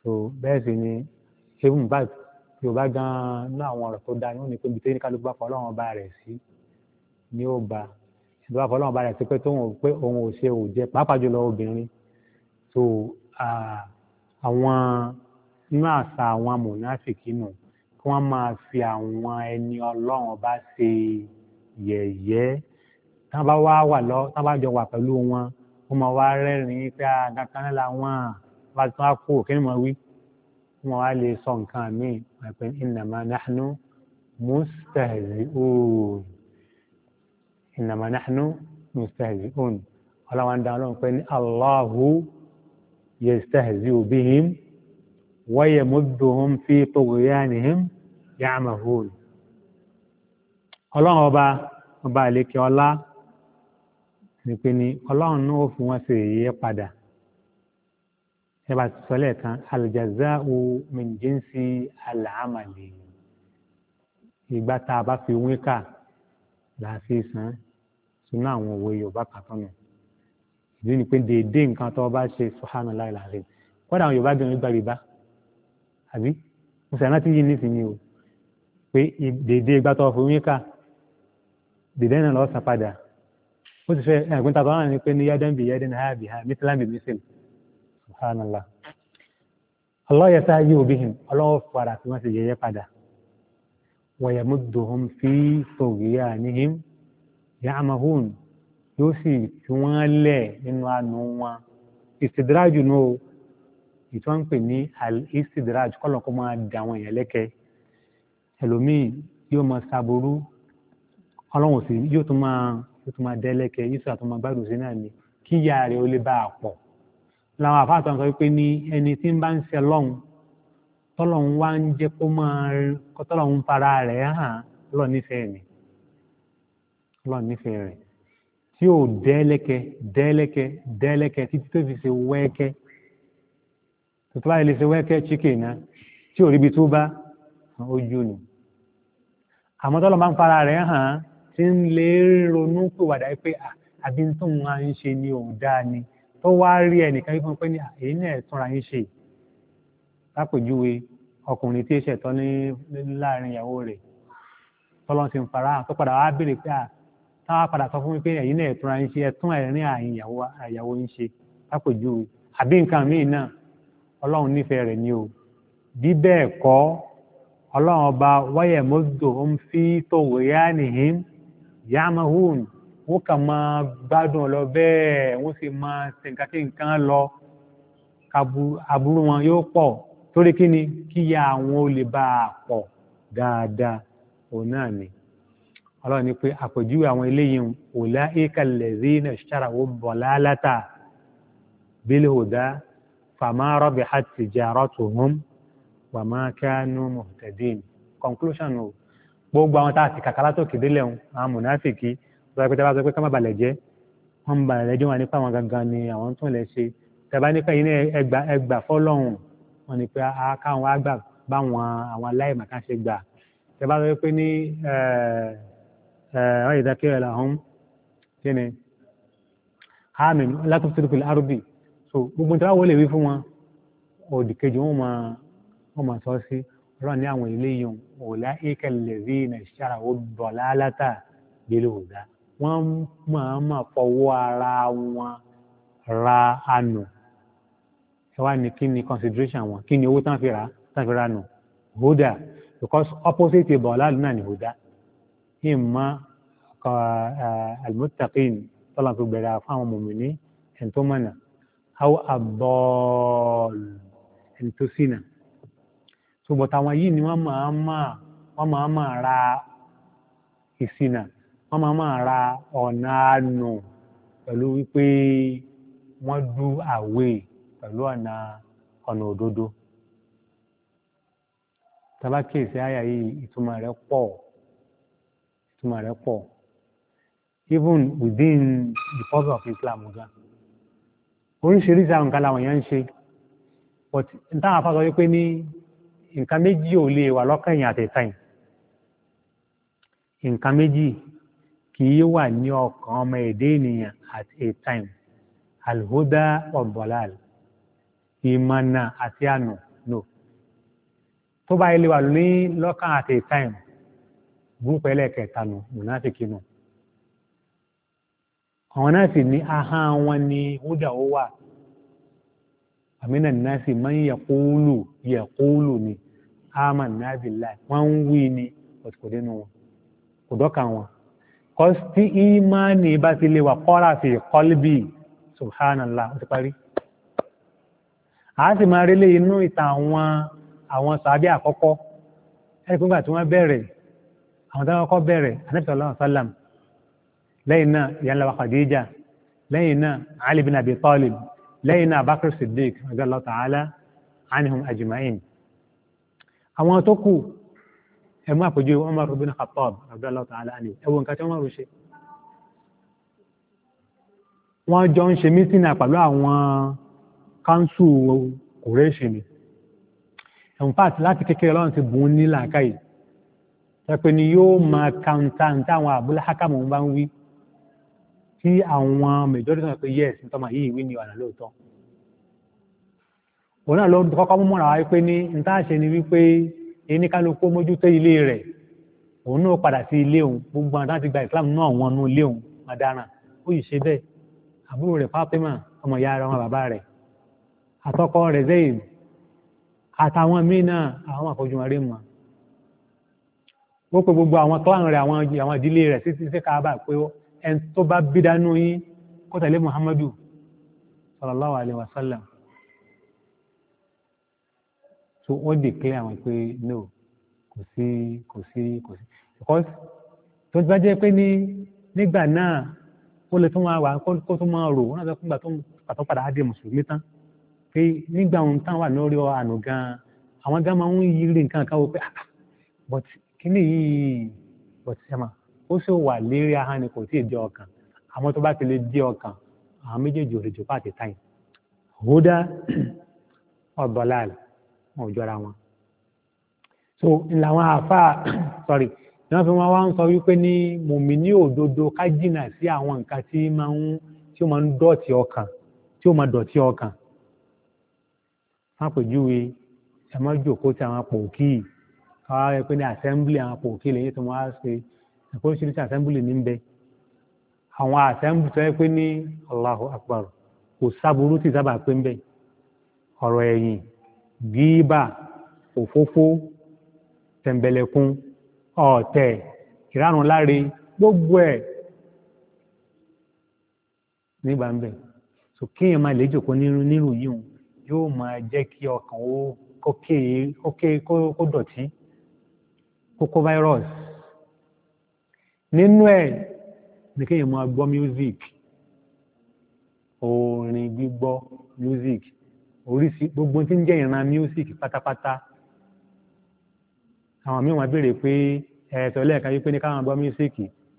A: so bẹ́ẹ̀ sì ni ṣébùn bá yorùbá gan-an ní àwọn ọ̀rọ̀ tó dáa ní òní pé ibi tí kálukú bá fọ ọlọ́run ọba rẹ̀ sí ni ó ba ìdúrà fọ ọlọ́run ọba rẹ̀ sí pé tóun pé òun ò ṣe òun nínú àṣà àwọn amọ̀nàfìkì nù kí wọ́n máa fi àwọn ẹni ọlọ́run bá ṣe yẹ̀yẹ́ tán bá wá wà lọ tán bá jọ wà pẹ̀lú wọn wọ́n máa wá rẹ́rìn-ín pé àgàkan náà làwọn bá ti wá kú òkè ni wí wọ́n wá lè sọ nǹkan míì pẹ̀lú innama nahnu mustahzi'un innama nahnu mustahzi'un ọlọ́wọ́n dá ọlọ́run pé ní Allahu yastahzi'u bihim wayamudduhum في طغيانهم ya'mahun ọlọ́run ọba ọba àlékè ọlá nìpe ni ọlọ́run náà ó fún wọn sí èyí padà ẹ bá ti sọ lẹ́ẹ̀kan al-jazā'u min jinsi al-'amali ìgbà tá a bá fi wín kà là á fi san sínú àwọn òwe yorùbá kan tán nù ìdí ni pé déédéé nǹkan tó bá ṣe subhanallahi al-'azim kódà àwọn yorùbá bìnrin gbàgbé bá àbí mo sàrán tí yìí nísìnyí o pé dèdè ìgbà tó fún yín kà dèdè náà lọ́ọ́ san padà ó sì fẹ́ ẹ̀gbọ́n tàbá wà ní pé ní yádẹ́n bí yádẹ́n náà bí ha mísílámì mísíl subhanallah Allah yẹ sáà yíò bíhìn ọlọ́wọ́ ìtọ́ ń pè ní al-istidraj kọ́lọ̀ kó máa da àwọn èèyàn lẹ́kẹ̀ ẹlòmíì yóò máa ṣàbòrú ọlọ́run sì yóò tún máa yóò tún máa dẹ́lẹ́kẹ̀ yóò sì àtúnmọ̀ gbádùn sí náà ni kí ìyá rẹ̀ ó lè bá a pọ̀ làwọn àfáàtọ̀ sọ pé ní ẹni tí ń bá ń ṣe lọ́hùn tọ́lọ́hún wá ń jẹ́ kó máa kó tọ́lọ́hún fara rẹ̀ hàn lọ́ọ̀ nífẹ̀ẹ́ mi lọ́ọ̀ nífẹ̀ẹ́ rẹ̀ tí ò dẹ́lẹ́kẹ̀ dẹ́lẹ́kẹ̀ dẹ́lẹ́kẹ̀ títí tó fi ṣe wẹ́ẹ́kẹ́ tó bá ilé ṣe wẹ́kẹ́ chicken eh, tí o ríbi tó bá ojú nù àmọ́ máa ń fara rẹ hàn tí ń lè ronú pé àbí tó ń ṣe ni ò dáa ni tó wá rí ẹnìkan yìí fún pé ní èyí náà yín ṣe lápèjúwe ọkùnrin tí ní láàrin ìyàwó ti ń fara hàn tó padà wá béèrè pé táwa padà sọ fún mi pé èyí ọlọ́run nífẹ̀ẹ́ rẹ̀ ni o bí bẹ́ẹ̀ kọ́ ọlọ́run ọba wáyẹ̀ mọ́tò ń fi tòwé yá nìyí yamahun wọ́n kàn máa gbádùn ọ lọ bẹ́ẹ̀ wọ́n sì máa ṣe nǹkan kí nǹkan lọ aburú wọn yóò pọ̀ torí kí ni kíyà àwọn olè bá a pọ̀ dáadáa òun náà ni ọlọ́run ní pé àpèjúwe àwọn eléyìí ọ̀la ìkàlẹ̀ zina ṣàràwọ̀ bọ̀ lálátà bílẹ̀ òdá فما ربحت تجارتهم وما كانوا مهتدين conclusion o gbogbo àwọn tá a ti kàkà látòkè délẹ̀ ń àwọn mùnáfìkì tó bá pẹ́ tẹ́ bá sọ pé ká má balẹ̀ jẹ́ wọ́n ń balẹ̀ jẹ́ wọn nípa àwọn gangan ni àwọn tó lè ṣe tẹ́bá nípa yìí ní ẹgbà ẹgbà fọ́lọ́hùn wọn ni pé a káwọn àgbà báwọn àwọn aláìmọ̀ká ṣe gbà tẹ́bá sọ pé ní ọ̀yẹ̀dá kí ọ̀yẹ̀dá ọ̀hún kí ni hàmì látòkè tó kìlọ̀ arúbì so gbogbo tí wọ́n wọlé wí fún wọn òdì kejì wọn máa wọn máa sọ sí ọlọ́run ní àwọn ilé yòó òòlà ìkẹlẹ̀rí nà ìṣàrà ó bọ̀ lálátà délé òòlà wọ́n máa máa fọwọ́ ara wọn ra ànù ẹ wá ní kí ni consideration wọn kí ni owó tán fi rà tán fi rà nù hódà because opposite bọ̀ọ̀lá lónà ni hódà ìmọ̀ àlùmọ́tàkìn tọ́lá fi gbẹ̀rẹ̀ fún àwọn mòmìnì ẹ̀ tó aw abọ́ọ̀l ẹni tó ṣìnà ṣùgbọ́n àwọn yìí ni wọ́n máa máa wọ́n máa máa ra ìṣìnà wọ́n máa máa ra ọ̀nà àánú pẹ̀lú wípé wọ́n dú àwẹ̀ pẹ̀lú ọ̀nà ọ̀nà òdodo tàbá kíyèsí àyà yìí ìtumọ̀ rẹ̀ pọ̀ ìtumọ̀ rẹ̀ pọ̀ even within the purpose of Islam gan. Okay? oríṣiríṣi àwọn nǹkan làwọn èèyàn ń ṣe but n táwọn afá sọ wípé ní nǹkan méjì ò lè wà lọ́kàn èèyàn àtẹ̀ka yìí nǹkan méjì kì í wà ní ọkàn ọmọ èdè ènìyàn at a time alhuda ọ̀bọ̀láàl ìmọ̀nà àti ànà no tó bá ilé wà ní lọ́kàn at a time gúnpẹ̀lẹ̀ nù mùnáfíkì nù àwọn náà sì ní aha wọn ni húdà ó wà àmínà náà sì máa ń yẹ̀kúlù yẹ̀kúlù ni ama náà sì láì wọ́n ń wí ni kò dénú wọn kò dọ́ka wọn kọ́sí tí ìmánì bá ti lè wà kọ́ra fi kọ́lbì subhanallah ó ti parí a sì máa relé inú ìtàn àwọn àwọn sàábí àkọ́kọ́ ẹni pé nígbà tí wọ́n bẹ̀rẹ̀ àwọn tí wọ́n kọ́ bẹ̀rẹ̀ anábìsọ̀ aláwọ̀ sálàmù lẹ́yìn náà ìyànlá wa Khadija lẹ́yìn náà Ali bin Abi Talib lẹ́yìn náà Bakr Siddiq radiyallahu ta'ala anhum ajma'in àwọn tó kù ẹ̀mú àpèjú Umar bin Khattab radiyallahu ta'ala anhu ẹwọ nǹkan tí wọ́n rú ṣe wọ́n jọ ń ṣe mítínà pẹ̀lú àwọn káńsù Kùrẹ́ṣì ni in láti kékeré lọ́nà ti bùn ní làákàyè ẹ̀pẹ̀ ni yóò máa kàńtà táwọn Abul Hakam bá ń wí tí àwọn majority náà pé yes nítorí yìí wí ni ọ̀nà lóòótọ́ òun náà lọ kọ́kọ́ mú mọ́ra wáyé pé ní n a ṣe ni wípé ẹni kálukú mójútó ilé rẹ̀ òun padà sí ilé gbogbo àwọn gba Islam náà wọn nú ilé òun ọ̀daràn ó yìí ṣe bẹ́ẹ̀ àbúrò rẹ̀ ọmọ ìyá bàbá rẹ̀ ẹn tó bá bídánú yín kó tẹ̀lé muhammadu sallallahu alaihi wasallam so wọ́n dè clear àwọn pé no kò sí kò sí kò sí because tó bá jẹ́ pé ní nígbà náà ó lè tún máa wà kó tún máa rò wọ́n náà sọ fún ìgbà tó pàtó padà á di mùsùlùmí tán pé nígbà ohun táwọn wà lórí àánú gan-an àwọn gan máa ń yí rí nǹkan kan wò pé ah, ah, but kí ni yìí but ṣe máa ó sì wà lérí ahọ́n ni kò tí ì dé ọkàn àmọ́ tó bá ti lè dé ọkàn àwọn méjèèjì ò lè jòkó àti táyìn hódà ọ̀bọ̀láàlì wọn ò jọra wọn. so làwọn àáfàá *coughs* sorry ni wọ́n fi wọ́n wá ń sọ wípé ní mùmíní òdodo ká jìnnà sí àwọn nǹkan tí máa ń tí ó máa ń dọ̀tí ọkàn tí ó máa dọ̀tí ọkàn fápèjúwe ẹ má jòkó tí àwọn pòkì káwá rẹ pé ní assembly àwọn pòkì lẹ́yìn tí wọ́n á ṣe oríṣiríṣi assembly ní ń bẹ àwọn assembly tó yẹ pé ní Allahu Akbar kò sábúrú tí sábà pé ń bẹ ọ̀rọ̀ ẹ̀yìn gíbà òfófó tẹ̀m̀bẹ̀lẹ̀kun ọ̀tẹ̀ ìránù láre gbogbo ẹ̀ nígbà ń bẹ so kéèyàn máa lè jòkó nírú yìí o yóò máa jẹ́ kí ọkàn ó kókè kó dọ̀tí kókó virus nínú ẹ̀ ní kéèyàn máa gbọ́ music orin gbígbọ́ music oríṣi gbogbo tí ń jẹ́ ìran music pátápátá àwọn míì wọ́n béèrè pé ẹ̀ẹ́sọ̀ lẹ́ẹ̀ka wípé ní káwọn gbọ́ music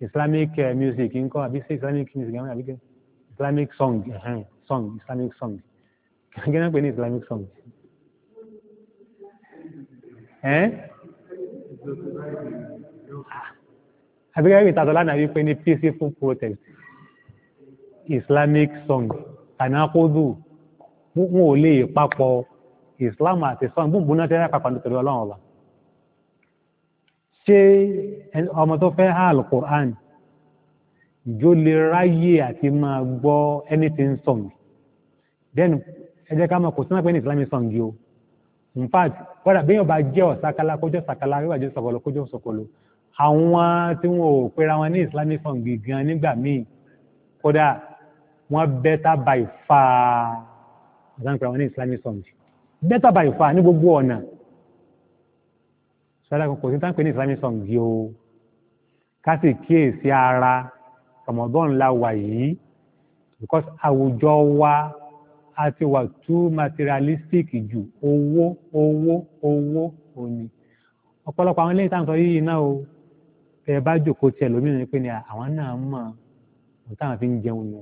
A: islamic eh, music ńkọ́ àbí islamic music àwọn àbí islamic song song islamic song kí wọ́n pè ní islamic song ẹ́n àbíkẹ́ ìwé ìtàtọ̀ lánàá wípé ní peaceful protest islamic song tànákódù wọn ò lè papọ̀ islam àti song bùnbùn náà tẹ́lẹ̀ papọ̀ nítorí ọlọ́run ọba ṣé ọmọ tó fẹ́ hà alukur'an ìjó lè ráyè àti máa gbọ́ anything song then ẹ jẹ́ ká mọ̀ kò sí náà pé ní islamic song yìí o in fact kódà bí yóò bá jẹ́ ọ̀sákálá kójọ́ sàkálá yóò bá jẹ́ sọ̀kọ̀lọ̀ kójọ́ sọ̀kọ̀lọ̀ àwọn tí wọn ò pera wọn ní islamic song gan nígbà míì kódà wọn better by far àtàwọn pera wọn ní islamic song better by far ní gbogbo ọ̀nà sọ́dá kan kò sí táǹpẹ̀ ní islamic song yìí o ká sì kíyèsí ara ọmọdún la wà yìí because àwùjọ wa a ti wà too materialistic jù owó owó owó òní ọ̀pọ̀lọpọ̀ àwọn ilé ìtàn sọ yìí náà o tẹ ẹ bá jòkó tiẹ̀ lómìnira pé ni àwọn náà mọ̀ ohun táwọn fi ń jẹun nù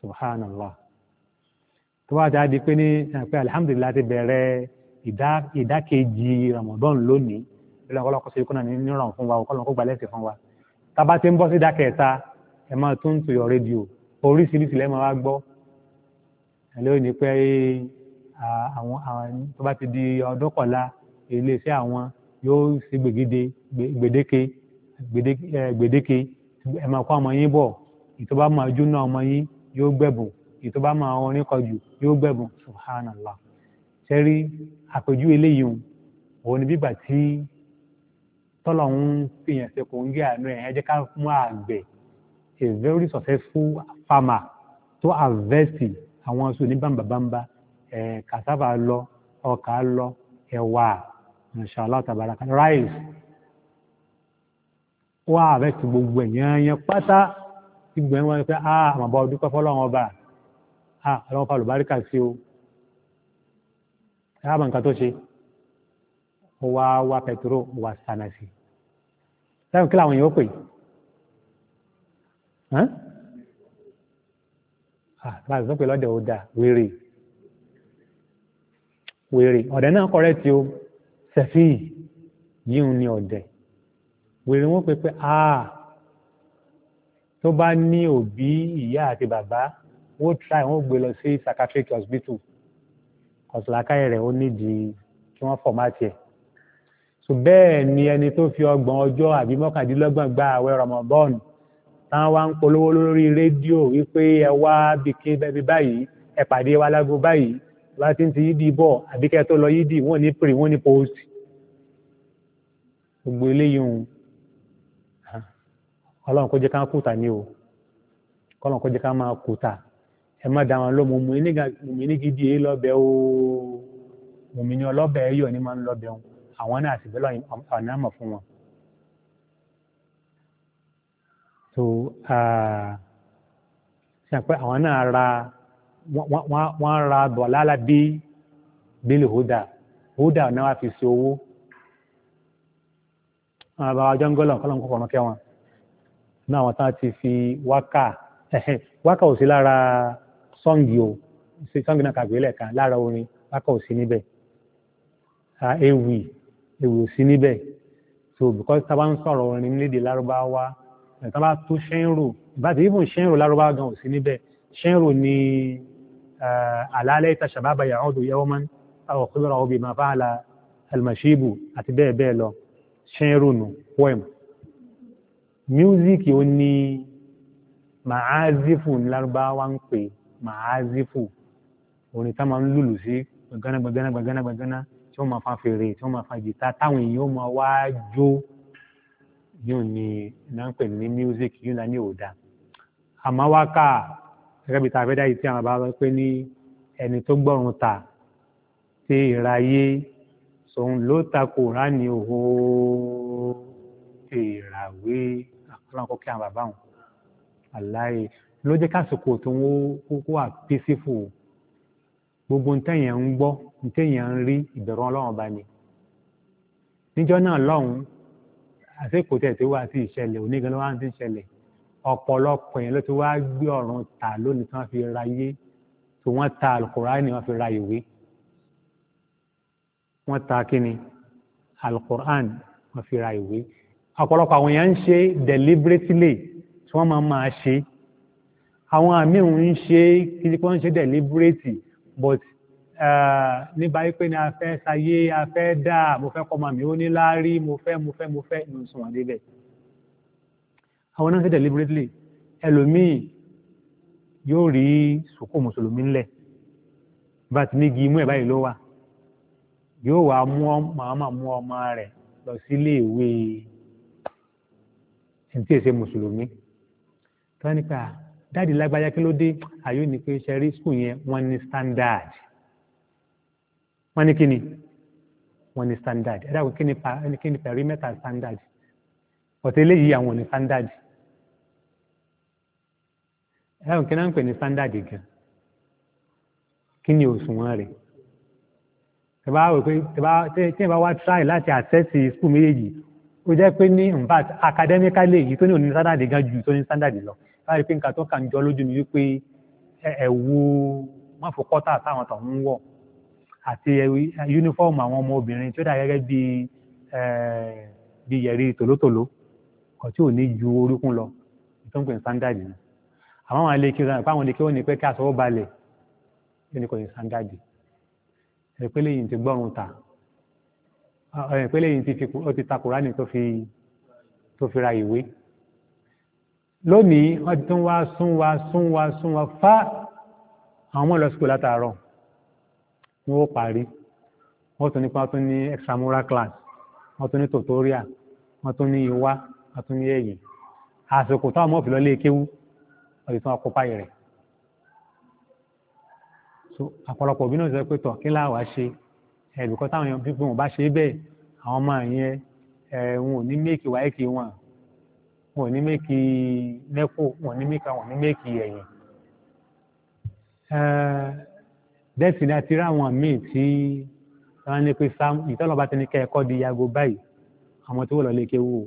A: subhanallah tó bá jáde pé ní pé alihamudulilayi ti bẹ̀rẹ̀ ìdákejì ramadan lónìí lọ́wọ́ ọlọ́kọ́ sí ikú náà ní níràn fún wa ọkọ́ kó gbalẹ̀ sí fún wa tábà tí ń bọ́ sí ìdákẹ́ta ẹ máa tún tù yọ rédíò oríṣiríṣi lẹ́ẹ̀ máa wá gbọ́ ẹ ni pé àwọn tó bá ti di ọdún kọ̀la iléeṣẹ́ àwọn yóò ṣe gbègede gbèdéke gbèdéke ẹ máa kó ọmọ yín bọ̀ ìtọ́ bá máa jóná ọmọ yín yóò gbẹ̀bùn ìtọ́ bá máa orin kọjú yóò gbẹ̀bùn subhanallah ṣẹ́rí àpèjú eléyìí òun ni bígbà tí tọ́lọ̀ ń fìyàn ṣe kò ń gé àánú ẹ̀ ẹ jẹ́ ká mú àgbẹ̀ a very successful farmer tó harvest àwọn oṣù ní bámbàbámbá ẹ̀ cassava lọ ọkà lọ ẹ̀wà mashallah tabaraka rice wá ààrẹ ti gbogbo ẹ̀yàn yẹn pátá gbogbo ẹ̀yàn wọn ni pé a ah, àmàbọ̀ dúpẹ́ fọlọ́run ọba a ah, ọlọ́run fa lùbáríkà sí o ẹ àmọ̀ nǹkan tó ṣe ó wá wá pẹ̀túrò wá sànà sí lẹ́yìn kí làwọn èèyàn ó pè ẹ́ láti ah, sọ pé lọ́dẹ̀ ó dà wéré wéré ọ̀dẹ̀ náà kọ̀rẹ́ tí ó sẹ̀fíì yíun ní ọ̀dẹ̀ wèrè wọn pé pé aa ah, tó bá ní òbí ìyá àti bàbá wọ́n try wọ́n gbé lọ sí psychiatric hospital kọ̀sìlákàyè rẹ̀ ó nídìí kí wọ́n fọ̀mátì ẹ̀ so bẹ́ẹ̀ ni ẹni tó fi ọgbọ̀n ọjọ́ àbí mọ́kàndínlọ́gbọ̀n gba àwẹ̀ rọmọbọ́ọ̀nù táwọn wá ń polówó lórí rédíò wípé ẹ wá bìkí bẹ́bí báyìí ẹ pàdé wa lágbo báyìí bá ń ti yídì bọ̀ àbíkẹ́ tó lọ yídì wọ́n ní pre wọ́n ní post gbogbo eléyìí ọlọ́run kó jẹ́ ká kùtà ní o kọ́lọ́n kó jẹ́ ká máa kùtà ẹ má da wọn lọ mo mú ní gidi èyí lọ́bẹ̀ o mo mú ní ọlọ́bẹ̀ yọ̀ ní máa ń lọ́bẹ̀ o àwọn náà sì bẹ́ẹ̀ ọ̀nà fún wọn. so ṣe pé àwọn náà ra wọ́n ra bọ̀ lálá bí bílì hódà hódà náà wá fi ṣe owó. àwọn àbáwájọ́ ń gọ́lọ̀ kọ́lọ́n kọ́kọ́ ọ̀nà kẹwọn ní àwọn tán ti fi wákà wákà ò sí lára sọ́ǹgì o ṣe sọ́ǹgì náà kàgbé lẹ́ẹ̀kan lára orin wákà ò níbẹ̀ ewì ewì ò níbẹ̀ so because tá a bá ń sọ̀rọ̀ orin lédè lárúbáwá tá a bá tó ṣẹ́ńrò ìbáṣe ibùn ṣẹ́ńrò lárúbáwá gan ò níbẹ̀ ṣẹ́ńrò ni àlàálẹ̀ ìta ṣàbábà yàrá ọdún yẹ́wọ́ máa ń àwọn òkúlọ́rọ̀ ọbẹ̀ máa bá àlà àlùmọ̀ṣíbù àti bẹ́ẹ̀ bẹ́ẹ̀ lọ ṣẹ́ńrò nù poem music ó ní màázífù lárúbáwá ń pè màázífù orin tá máa ń lùlù sí gbàgánà gbàgánà gbàgánà tí wọ́n máa fa fèrè tí wọ́n máa fa jìtá táwọn èèyàn máa wá jó yóò ní náà ń pè ní music yóò náà ní òòdà àmọ́ wá kà gẹ́gẹ́ bí tàbí dáyìí tí àwọn bá wọ́n pé ní ẹni tó gbọ́run ta ti ìráyé sòun ló ta kò rá ní òhó ìràwé ọlọ́run kó kí àwọn bàbá wọn aláì ló jẹ́ kásìkò tó ń kó wà písífù gbogbo ntẹ̀yìn ń gbọ́ ntẹ̀yìn ń rí ìbẹ̀rù ọlọ́run bá ní níjọ́ náà lọ́hùn àsìkò tẹ̀ tó wá sí ìṣẹ̀lẹ̀ onígan ló wá sí ìṣẹ̀lẹ̀ ọ̀pọ̀lọpọ̀ yẹn ló ti wá gbé ọ̀run ta lónìí tí wọ́n fi ra yé tí wọ́n ta alukur'ani wọ́n fi ra ìwé wọ́n ta kíni alukur'ani wọ́n fi ra ìwé ọ̀pọ̀lọpọ̀ àwọn èèyàn ń ṣe deliberately tí wọ́n máa máa ṣe àwọn àmì ń ṣe kiri pé ṣe deliberate but eh, ní báyìí pé ní a fẹ́ sayé a fẹ́ dà mo fẹ́ kọ́ màmí ó ní láárí mo fẹ́ mo fẹ́ mo fẹ́ ní oṣù wọn débẹ̀ àwọn náà ṣe deliberately ẹlòmíì yóò rí sòkò mùsùlùmí ńlẹ̀ bá ti ní igi imú ẹ̀ báyìí ló wà yóò wá mú ọmọ ọmọ rẹ̀ lọ sí ìwé ẹni tí èsè mùsùlùmí tọ́wọ́n nípa dáàdi lágbájá kí ló dé àyò ní pé ṣe rí skul yẹn wọ́n ní standard wọ́n ní kíni wọ́n ní standard ẹ̀dá kò kíni pa kíni perimeter standard ọ̀tẹ̀ eléyìí àwọn ní standard ẹ̀dá kò kíni à ń pè ní standard gan kíni òṣùwọ̀n rẹ̀ tẹ bá wò pé tẹ bá tẹ bá wá try láti access skul méjèèjì ó jẹ́ pé ní in fact academically èyí tó ní òní standard gan ju tó ní standard lọ láti pé nǹkan tó kà ń jọ lójú ni wípé ẹ̀wù wọ́n táwọn tó ń wọ̀ àti uniform àwọn ọmọ obìnrin tí ó dà gẹ́gẹ́ bí bí yẹ̀rí tòlótòló kò tí ò ní ju orúkún lọ tó ń pè ní standard ni àwọn àwọn ilé kí àwọn ilé kí wọ́n ní pé kí aṣọ ó balẹ̀ yóò ní kò ní standard ẹ̀ lẹ́yìn ti gbọ́run ta ìpele ah, eh, yìí ti fi ó ti ta kùránì tó fi tó fi ra ìwé lónìí wọ́n ti tún wá sún wa sún wa sún wa fá àwọn ọmọ ìlọsíkò látàárọ̀ wọ́n ó parí wọ́n tún nípa tún ní extramural class wọ́n tún ní tutorial wọ́n tún ní ìwá wọ́n tún ní ẹ̀yìn àsìkò táwọn ọmọ òfin kéwú wọ́n ti tún akópa rẹ̀ so àpọ̀lọpọ̀ òbí náà sọ pé tọ̀ kí láwàá ṣe ẹ̀ bìkọ́ táwọn èèyàn pípé wọn bá ṣe bẹ́ẹ̀ àwọn ọmọ yẹn ẹ̀ wọn ò ní méèkì wáìkì wọn wọn ò ní méèkì nẹ́kò wọn ò ní méèkì àwọn ò ní méèkì ẹ̀yìn. bẹ́ẹ̀ sì ni a ti rí àwọn míì tí wọ́n ní pé sam ìtọ́lọ́ba ti ní kẹ́ ẹ̀kọ́ di yago báyìí àwọn tó wọ̀ lọ́lé kéwù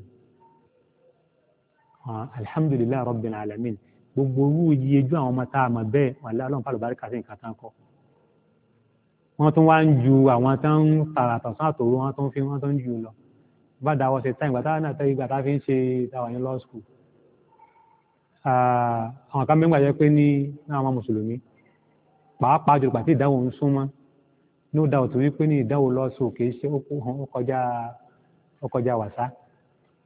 A: alhamdulilayi rabbil alamin gbogbo owó iye àwọn ọmọ tá a mọ̀ bẹ́ẹ̀ wà lálọ́n pàlọ́ bá rí kàtí nǹkan tán kọ́ wọ́n tún wá ń ju àwọn tó ń tààràtọ̀ sán àtòrò wọ́n tún fi wọ́n tún jù lọ bá dáwọ́ ṣe táyìn gbàtà náà tẹ́lẹ̀ gbàtà fi ń ṣe ìdáwà ní law school àwọn kan mẹ́gbàá jẹ́ pé ní náà àwọn mùsùlùmí pàápàá jùlọ pàtí ìdáwò ń súnmọ́ ní ó dáwò tó wípé ní ìdáwò law school kì í ṣe ó kọjá wàsá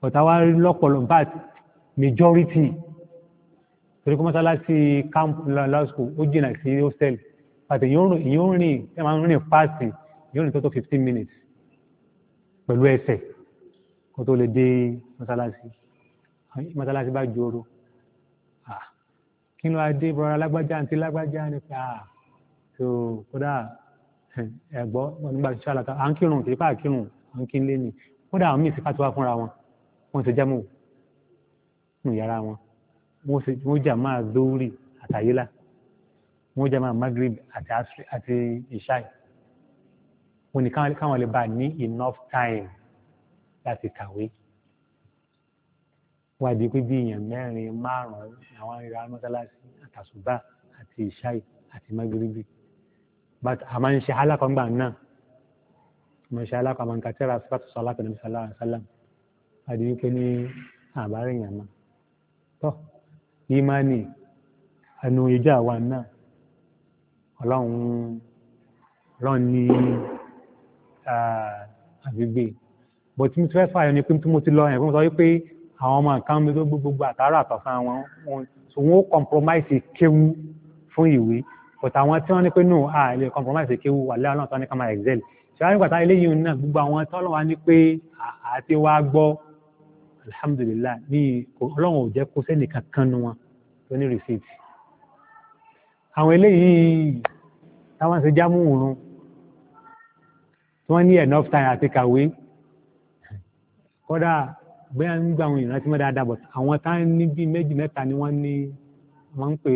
A: ọ̀tá wá rí lọ́pọ̀lọpọ̀ but majority torí kọ́mọ́sálásí camp law school ó jìnà sí hostel pàtẹ ìyóò rìn ẹ máa ń rìn pàṣẹ ìyóò rìn tó fifteen minutes pẹ̀lú ẹsẹ̀ kó tó lè dé mọ́sálásí mọ́sálásí bá joro kí ló adé bọ́ra lágbájá àti lágbájá ni ah so kódà ẹ̀gbọ́ nígbà tí sàlàtà à ń kírun kì í pàà kírun à ń kí lé ni kódà àwọn míì sì fàtúwà fúnra wọn wọn ti jẹ́mu nù yàrá wọn wọn jà máa dórí àtàyélá wọ́n jẹ́ máa Maghrib àti asri àti ishai wọ́n ní káwọn lè bá ní enough time láti kàwé wọ́n àdé pé bí èèyàn mẹ́rin márùn àwọn ìran mọ́sálásí àtàṣùbà àti ishai àti Maghrib but a máa ń ṣe alákọ̀ọ́gbà náà a máa ń ṣe alákọ̀ọ́gbà nǹkan tẹ́ra sípàtì sọlá pẹ̀lú sọlá sálàm àdé wípé ní àbárẹ̀yàn náà tọ́ ìmánì ànú ìjà wa náà ọlọ́run ọlọ́run ní àgbègbè bó tí mo ti fẹ́ fààyàn ni pé tí mo ti lọ yẹn pé mo sọ wípé àwọn ọmọ nǹkan mi tó gbogbo àtàrà àtọ̀sán wọn so wọn ó compromise kéwu fún ìwé but àwọn tí wọ́n ní pé no a lè compromise kéwu wà lẹ́yìn ọlọ́run tó ní ká máa excel ṣé wàá nígbà tá eléyìí náà gbogbo àwọn tí ọlọ́run wá ní pé àti wá gbọ́ alhamdulillah ní ọlọ́run ò jẹ́ kó sẹ́nìkan kan nu wọn tó ní receipt àwọn eléyìí táwọn ṣe jámù òrun tí wọ́n ní enough time àti kàwé kódà bóyá ń gba àwọn ìrántí mọ́ dáadáa but àwọn tá ní bíi méjì mẹ́ta ni wọ́n ní wọ́n ń pè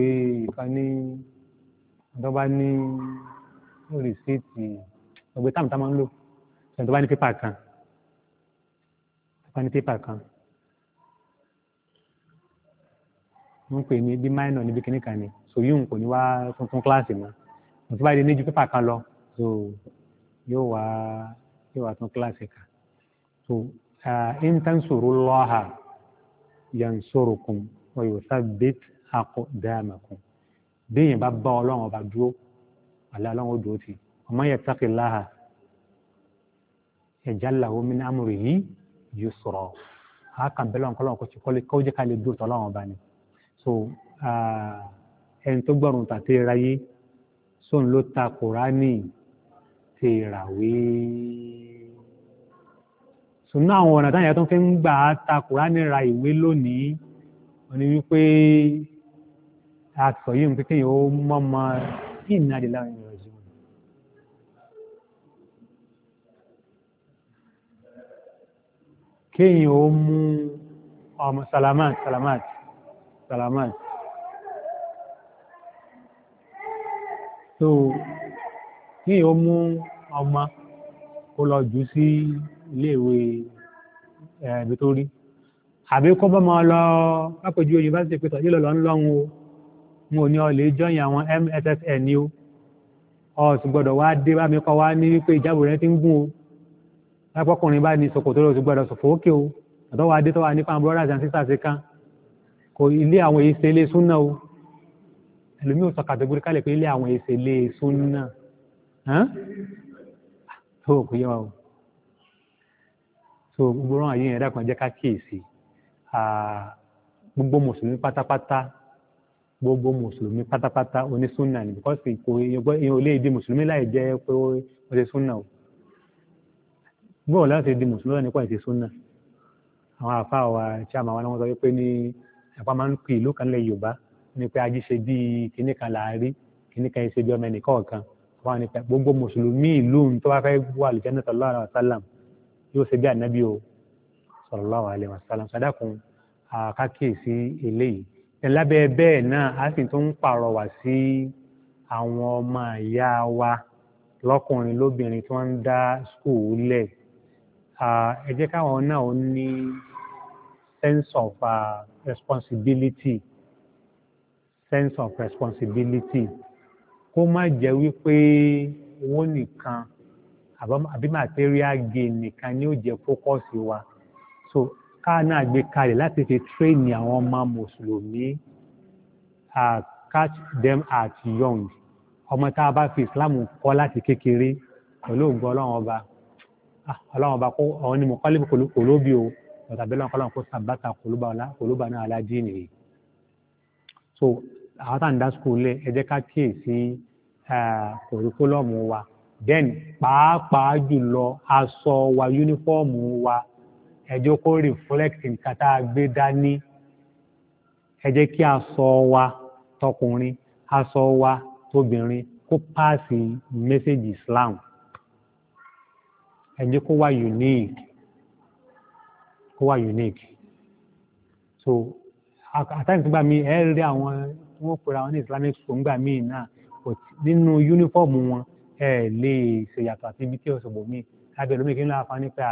A: ìkan ní ìjọba ní rìsíìtì ọ̀gbẹ́ táàmù táwọn ń lò ìjọba ní pépà kan ìjọba ní pépà kan wọ́n ń pè ní bí minor níbi kíníkan ni so yóò kò ní wá tuntun kíláàsì mọ́ mo ti bá di ní ju pépà kan lọ so yóò wá yóò wá tún kíláàsì kan so uh, in tansurullaha yansurukum wa yuthabbit aqdamakum béèyàn bá bá ọlọ́run ọba dúró àlẹ́ ọlọ́run ó dúró tì ọmọ yattaqillaha yaj'al lahu min amrihi yusra àákàn bẹ́lẹ̀ ọ̀nkọ́lọ́run kò jẹ́ ká lè dúró tọ́lọ́run ọba ni so. Uh, ẹni tó gbọ́rùn tàtí ráyé sóun ló ta kùránì tèràwé sùnú àwọn ọ̀nà táyà tó fi ń gbà á ta kùránì ra ìwé lónìí wọ́n ní wípé àtọ̀ yìí ń pé kéèyàn ó mọ́mọ́ ìnà àdìlá ìrìnàjò kéèyàn ó mú ọmọ salamat salamat salamat so kí o mú ọmọ kó lọ jù sí iléèwé ẹ̀ẹ́dẹ̀ tó rí àbí kó bọ́ mọ́ lọ lápèjú yunifásitì pẹ̀tọ̀ yìí lọ́lọ́ ń lọ́hùn o mo ní ọ lè jọyìn àwọn MSSN ni o ọ sì gbọ́dọ̀ wá dé bá mi kọ́ wá ní wípé ìjábò rẹ ti ń gún o lápọ́kùnrin bá ní ṣòkòtò lọ sí gbọ́dọ̀ sòfò ókè o àtọ́wọ́ adé tọ́wọ́ nípa brothers and sisters kan kò ilé àwọn èyí ṣe ilé súnà o ẹlòmíì ò sọ kàtẹ́górí kálẹ̀ pé ilé àwọn èsè lè so náà tó kò yẹ wa o so gbogbo ọ̀rọ̀ àyè yẹn ẹ̀dá kan jẹ́ ká kíyèsí gbogbo mùsùlùmí pátápátá gbogbo mùsùlùmí pátápátá onísúnà ni because kò èèyàn ò lè di mùsùlùmí láì jẹ́ pé ó ṣe súnà o bọ́ọ̀ láti di mùsùlùmí láì nípa ìṣe súnà àwọn àfa wa tí a máa wá ní wọ́n sọ pé ní ẹ̀pá máa ń pè ìlú kan Yorùbá ní pé ají ṣe bí kinní kan láàrí kinní kan ṣe bí ọmọ ẹnìkan ọ̀kan wọn ní pé gbogbo mùsùlùmí ìlú tó bá fẹ́ wà lù jẹ́nà sallallahu alaihi wasallam yóò ṣe bí ànábì o sallallahu alaihi wasallam sàdákùn àkákìsí eléyìí lábẹ́ bẹ́ẹ̀ náà a sì tún ń pàrọwà sí àwọn ọmọ ìyá wa lọ́kùnrin lóbìnrin tí wọ́n ń dá skul lẹ̀ ẹ jẹ́ káwọn náà ó ní sense of uh, responsibility sense of responsibility kó má jẹ́ wípé owó nìkan àbí material gain nìkan ni ó jẹ́ focus wa so káà náà gbé kalẹ̀ láti fi train àwọn ọmọ mùsùlùmí catch them at young ọmọ tá a bá fi Islam kọ́ láti kékeré pẹ̀lú ọlọ́run ọba ah, ọlọ́run ọba kó àwọn ni mo kọ́ lébi kò o ọ̀tàbí ọlọ́run kọ́ lọ́run kó sàbátà kòlóbà náà aládìní so àwọn tá ẹ ká kíyèsí wa then pàápàá jùlọ aṣọ wa yúnífọ́ọ̀mù wa ẹ jẹ́ kó reflect nǹkan tá a gbé dání ẹ jẹ́ kí aṣọ wa tọkùnrin aṣọ wa tóbìnrin kó paasi mẹ́sẹ̀gì Islam ẹ unique kó unique so gbà mí ẹ rí wọ́n pera wọn ní islamic school ńgbà míì náà nínú yúnífọ́ọ̀mù wọn ẹ lè ṣèyàtọ̀ àti ibi tí ọ̀sọ̀ bò mí lábẹ́ lómi kí n láfa nípa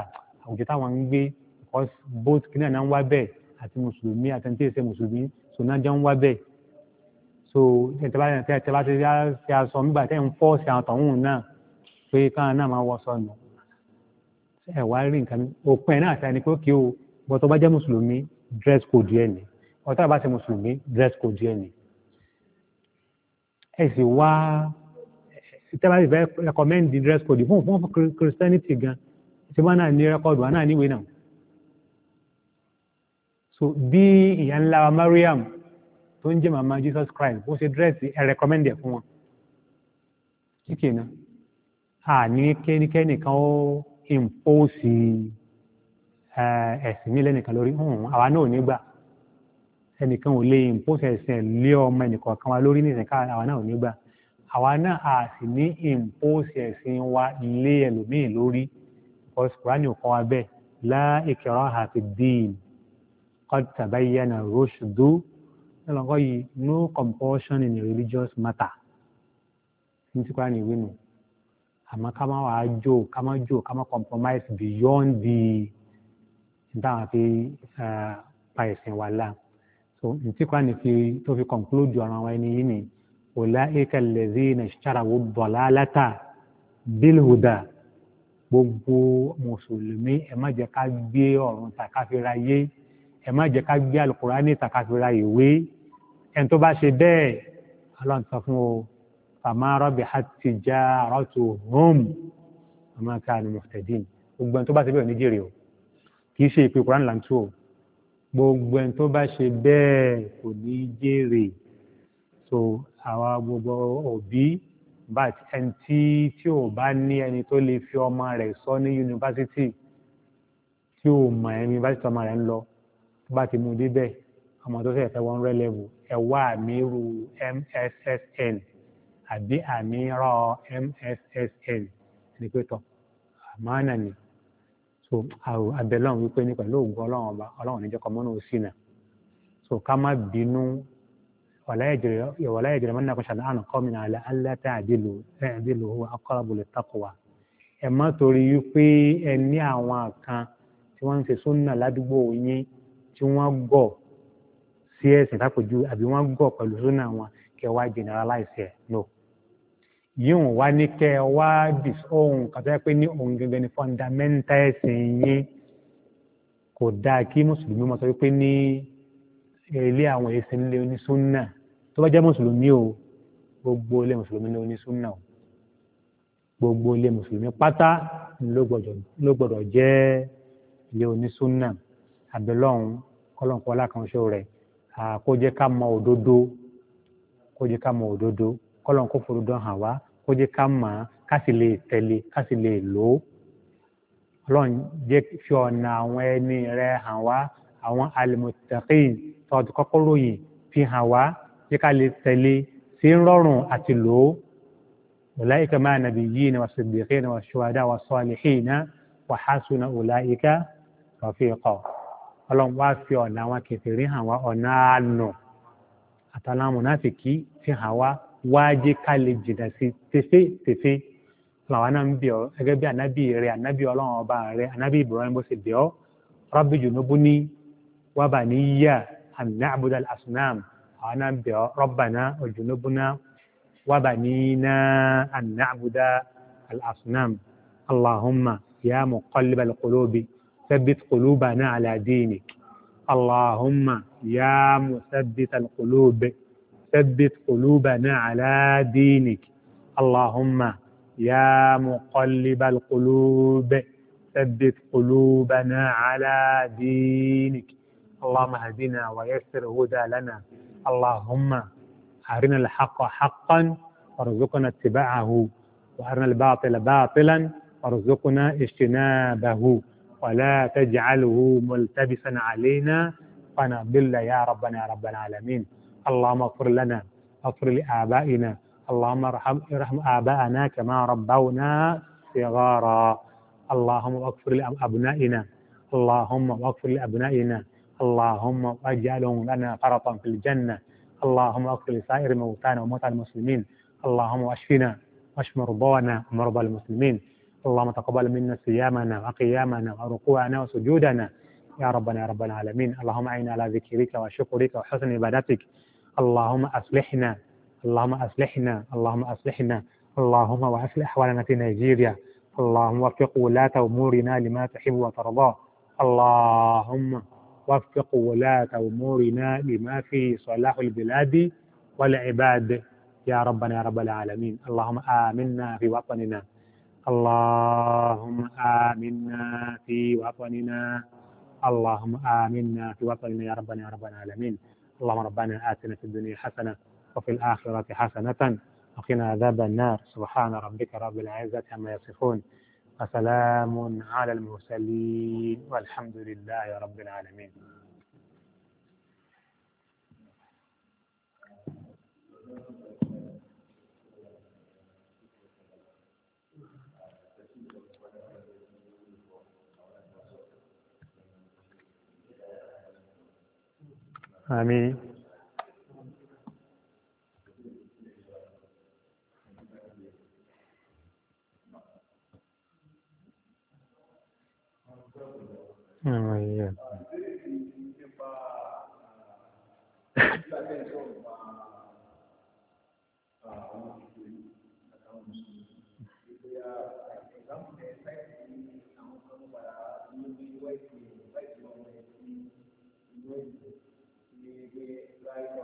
A: àwùjọ táwọn ń gbé because kí náà ń wá bẹ́ẹ̀ àti mùsùlùmí àti ẹni tí èsè mùsùlùmí so náà jọ ń wá bẹ́ẹ̀ so tẹ̀tẹ̀ bá ti ṣe aṣọ nígbà tẹ̀ ń fọ́ọ̀sì àwọn tọ̀hún náà pé káwọn náà máa wọ sọnù ẹ wá rí nǹkan òpin náà àti ẹni pé ó o bọ́tọ̀ bá jẹ́ mùsùlùmí dress code yẹn ni ọ̀tá bá ṣe mùsùlùmí dress code yẹn ni ẹ sì wá tẹ́lẹ̀ fẹ́ recommend the dress code fún fún christianity gan ṣé wọ́n náà ní record wọn náà níwèé náà so bí ìyá ńlá wa Mariam tó ń jẹ́ màmá Jesus Christ bó ṣe dress ẹ recommend ẹ fún wọn kíkì náà àní kẹ́nìkan ó impose ẹ̀sìn nílẹ̀ nìkan lórí àwa náà ò ní gbà ẹnìkan ò lè impose ẹ̀sìn lé ọmọ ẹnìkọ̀ọ̀kan wa lórí nìsín ká àwa náà ò ní gbà àwa náà a sì ní impose ẹ̀sìn wa lé ẹlòmíì lórí because Qur'an ò kọ́ wa bẹ́ẹ̀ la ikraha fid din qad tabayyana rushdu ẹlọ́gọ́ yìí no compulsion in a religious matter ní ti Qur'an ìwé nù àmọ́ ká má wàá jò ká má jò ká má compromise beyond the dáhùn àti eh, pa ẹ̀sìn wa láà so ntí kwan ni fi tó fi conclude ọ̀ràn wa ẹni yìí ni ulaika allazina ishtarawu dalalata bilhuda gbogbo mùsùlùmí ẹ má jẹ́ ká gbé ọ̀run tàkàfìrà yé ẹ má jẹ́ ká gbé alukurani tàkàfìrà ìwé ẹni tó bá ṣe bẹ́ẹ̀ ọlọ́run sọ fún o fama rabihat tijaratuhum àmọ́ ká ni muhtadin gbogbo ẹni tó bá ṣe bẹ́ẹ̀ ò ní jèrè o kì í ṣe ìpè kuran lantu o gbogbo ẹni tó bá ṣe bẹ́ẹ̀ kò ní í jèrè so àwa gbogbo òbí but ẹni tí tí ò bá ní ẹni tó lè fi ọmọ rẹ̀ sọ ní yunifásitì tí ò mọ ẹni yunifásitì ọmọ rẹ̀ ń lọ tó bá ti mú débẹ̀ ọmọ tó ṣẹ̀ fẹ́ wọ́n rẹ́ lẹ́wọ̀ ẹ wá àmì irú MSSN àbí àmì rọ MSSN ẹni pé tọ̀ àmọ́ ànàní. so abẹ lọ́run wípé ní pẹ̀lú ògùn ọlọ́run ọba ọlọ́run níjẹ́ kọ́mọ́ náà sí nà so ká má bínú wàláyé jẹrẹ mọ́nà kọ́ṣà láàánú kọ́ mi náà alẹ́ alẹ́tà àdìlù akọ́rọ̀bùlẹ̀ ẹ má torí wípé ẹ ní àwọn tí wọ́n ń ṣe ládùúgbò yín tí wọ́n gọ̀ sí ẹ̀sìn àbí wọ́n gọ̀ pẹ̀lú wọn kẹwàá no. yíò wá ní kẹ́ ẹ wá dis ohun kàtà pé ní ohun gẹ́gẹ́ ní fọ́ndámẹ́ńtà ẹ̀sìn yín kò dáa kí mùsùlùmí mọ̀ sọ pé ní ilé àwọn ẹ̀sìn nílé onísúnnà tó bá jẹ́ mùsùlùmí o gbogbo ilé mùsùlùmí ní onísúnnà o gbogbo ilé mùsùlùmí pátá ló gbọ́dọ̀ jẹ́ ilé onísúnnà àbẹ̀lọ́hún kọ́lọ́nkọ́lá kan ṣó rẹ̀ kó mọ òdodo kó jẹ́ ká hàn wá kó jẹ́ ká mọ̀ ọ́n ká sì lè tẹ̀lé ká sì lè lò ó ọlọ́run jẹ́ fi ọ̀nà àwọn ẹni rẹ hàn wá àwọn alimuttaqin tọ́jú kọ́kọ́ ròyìn fi hàn wá jẹ́ ká lè tẹ̀lé sí rọrùn àti lò ó ulaika ma'a nabiyyina wa siddiqina wa shuhada wa salihina wa hasuna ulaika rafiqa ọlọ́run wá fi ọ̀nà àwọn kèfèrí hàn wá ọ̀nà àánú àtàlámùnáfìkì fi hàn wá wá jẹ́ ká lè jìnà sí tẹ́fẹ́ tẹ́fẹ́ làwọn náà ń bẹ̀ ọ́ gẹ́gẹ́ bí ànábì rẹ ànábì ọlọ́run ọba rẹ ànábì Ibrahim bó ṣe bẹ̀ ọ́ rabbi junubuni wa baniya an na'buda al-asnam àwọn náà ń bẹ̀ ọ́ rabbana wa junubuna wa banina an na'buda al-asnam allahumma ya muqallibal qulubi thabbit qulubana ala dinik allahumma ya musabbital qulubi. ثبت قلوبنا على دينك اللهم يا مقلب القلوب ثبت قلوبنا على دينك اللهم اهدنا ويسر هدى لنا اللهم أرنا الحق حقا وارزقنا اتباعه وأرنا الباطل باطلا وارزقنا اجتنابه ولا تجعله ملتبسا علينا فنضل يا ربنا يا رب العالمين اللهم اغفر لنا اغفر لآبائنا اللهم ارحم ارحم آبائنا كما ربونا صغارا اللهم اغفر لأبنائنا اللهم اغفر لأبنائنا اللهم اجعلهم لنا فرطا في الجنة اللهم اغفر لسائر موتانا وموتى المسلمين اللهم اشفنا واشف مرضانا ومرضى المسلمين اللهم تقبل منا صيامنا وقيامنا وركوعنا وسجودنا يا ربنا يا رب العالمين اللهم أعنا على ذكرك وشكرك وحسن عبادتك اللهم أصلحنا اللهم أصلحنا اللهم أصلحنا اللهم وأصلح أحوالنا في نيجيريا اللهم وفق ولاة أمورنا لما تحب وترضى اللهم وفق ولاة أمورنا لما في صلاح البلاد والعباد يا ربنا يا رب العالمين اللهم آمنا في وطننا اللهم آمنا في وطننا اللهم آمنا في وطننا يا ربنا يا رب العالمين اللهم ربنا آتنا في الدنيا حسنة وفي الآخرة حسنة وقنا عذاب النار سبحان ربك رب العزة عما يصفون وسلام على المرسلين والحمد لله رب العالمين Oh yeah.
B: life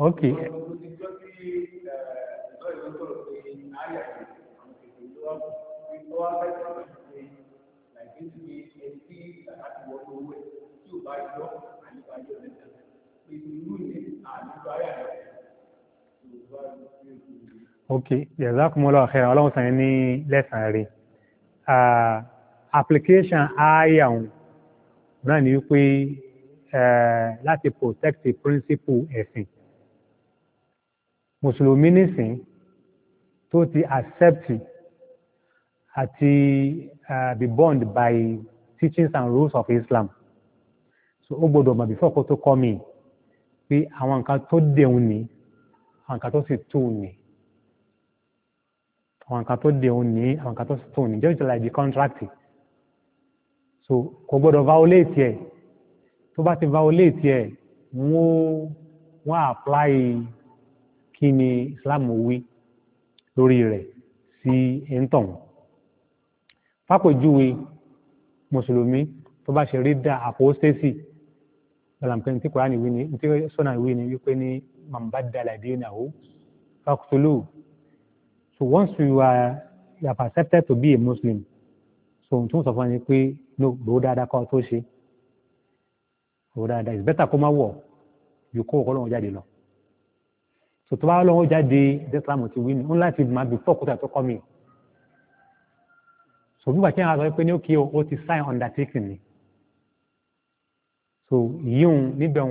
B: okay
A: ok jazakumullahu khairan ọlọ́run sàn ní lẹ́sàn-án rẹ̀ application aya òun náà ni wípé láti protect the principle ẹ̀sìn mùsùlùmí nísìn tó ti accept àti be bound by teachings and rules of Islam so ó gbọdọ̀ mọ̀ before kó tó kọ́ mi pé àwọn nǹkan tó dẹ̀hùn ni àwọn nǹkan tó sì tù ni àwọn nǹkan tó de òun ní àwọn nǹkan tó tó òun ní just like the contract so kò gbọdọ̀ violate ẹ̀ tó bá ti violate ẹ̀ wọ́n wọ́n apply kí ni Islam wí lórí rẹ̀ sí ẹ̀ńtọ̀n fàpèjúwe mùsùlùmí tó bá ṣe rí dá apostasy gbàlàmpé ní tí Kùránì wí ni ní tí sọ́nà wí ni wípé ní màmbá dàlàdé náà ó so once you are you have accepted to be a muslim so ohun tí wọ́n sọ fún ẹni pé no gbòó dáadáa kọ́ tó ṣe gbòó dáadáa it's better kó má wọ̀ ju kó ọkọ lọ́wọ́ jáde lọ so tó bá lọ́wọ́ jáde islam ti wí ni ó ń láti máa before kótó àtọ́kọ́ mi so bí wàá sọ pé ní ó kí o ó ti sign undertaking ni so yíyún níbẹ̀ ń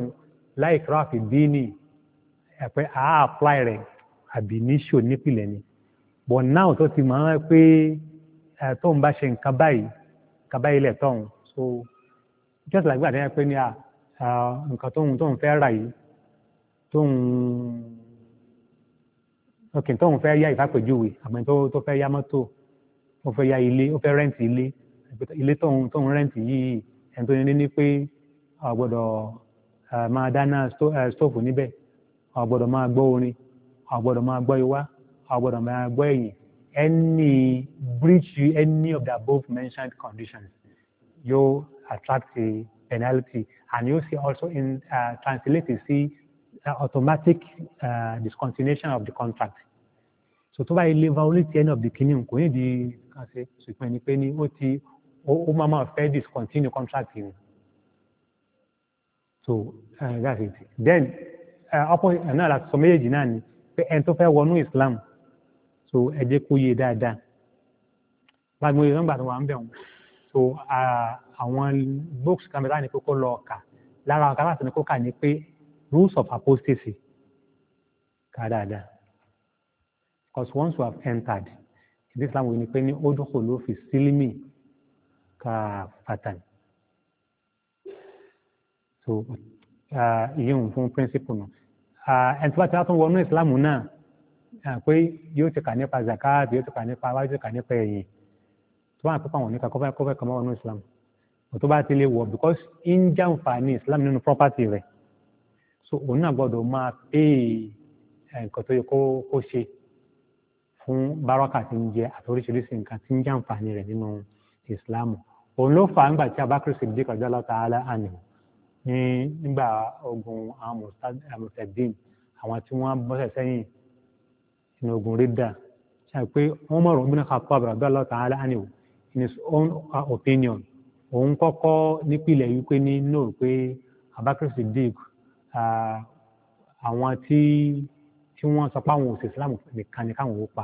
A: láì kíláàfì dín ní ẹ̀pẹ́ àá apply rẹ̀ àbí níṣò nípìnlẹ̀ ni but now tó ti mọ̀ pé eh, tóun bá ṣe nǹkan báyìí nǹkan báyìí lẹ̀ tóun so just like that ẹ pé ní à ah, ah, nǹkan tóun tóun fẹ́ rà yìí tóun ok tóun fẹ́ yá ìfàpèjúwe àmọ́ tó tó fẹ́ yá mọ́tò ó fẹ́ yá ilé ó fẹ́ rẹ́ǹtì ilé ilé tóun tóun rẹ́ǹtì yìí ẹni tó ní ní pé a gbọ́dọ̀ eh, máa dáná stóòfù eh, níbẹ̀ a gbọ́dọ̀ máa gbọ́ orin a gbọ́dọ̀ máa gbọ́ iwá. àgbọ̀dọ̀ máa any breach any of the above mentioned conditions you attract a penalty and you see also in uh, translate uh, automatic uh, discontinuation of the contract so tó bá yẹ any of the kinní kò ní say, so if any ẹni pé ni ó ti ó discontinue contract so uh, that's it then uh, another uh, some la sọ méjèèjì náà tó Islam so ẹ jẹ́ kó yé dáadáa gbàgbọ́n yìí nígbà tó wà ń bẹ̀ wọ́n so àwọn books kan bẹ̀rẹ̀ ní kókó lọ kà lára àwọn kan láti ní kó kà ní pé rules of apostasy kà dáadáa because once you have entered in this language ni pé ní ó dúkò ló fi sílímì kà fàtàn so ìyẹn òun fún principle náà ẹni tí wọ́n ti wá tún wọnú ìsìlámù náà pé yóò ti kà nípa zakat yóò ti kà nípa wájú ti kà nípa ẹ̀yìn tó wà pípa àwọn oníkà kọ́fẹ́ kọ́fẹ́ kọ́mọ́ ọ̀nà islam tó bá ti lè wọ̀ because in jàǹfààní islam nínú property rẹ̀ so òun náà gbọ́dọ̀ máa pé eh, nǹkan tó yẹ kó ṣe fún bárọ́kà tí ń jẹ àti oríṣiríṣi nǹkan tí ń jàǹfààní rẹ̀ nínú islam òun ló fà á ńgbà tí Abubakar Siddiq radiyallahu ta'ala anhu ní nígbà ogun àwọn àwọn tí wọ́n bọ́sẹ̀ sẹ́yìn in ogun ridda ṣàpé Umar ibn Khattab radiyallahu ta'ala anhu in his own uh, opinion òun kọ́kọ́ nípìnlẹ̀ yìí pé ní no pé Abubakar Siddiq uh, àwọn tí tí wọ́n sọ pé àwọn òsè Islam nìkan ni káwọn ó pa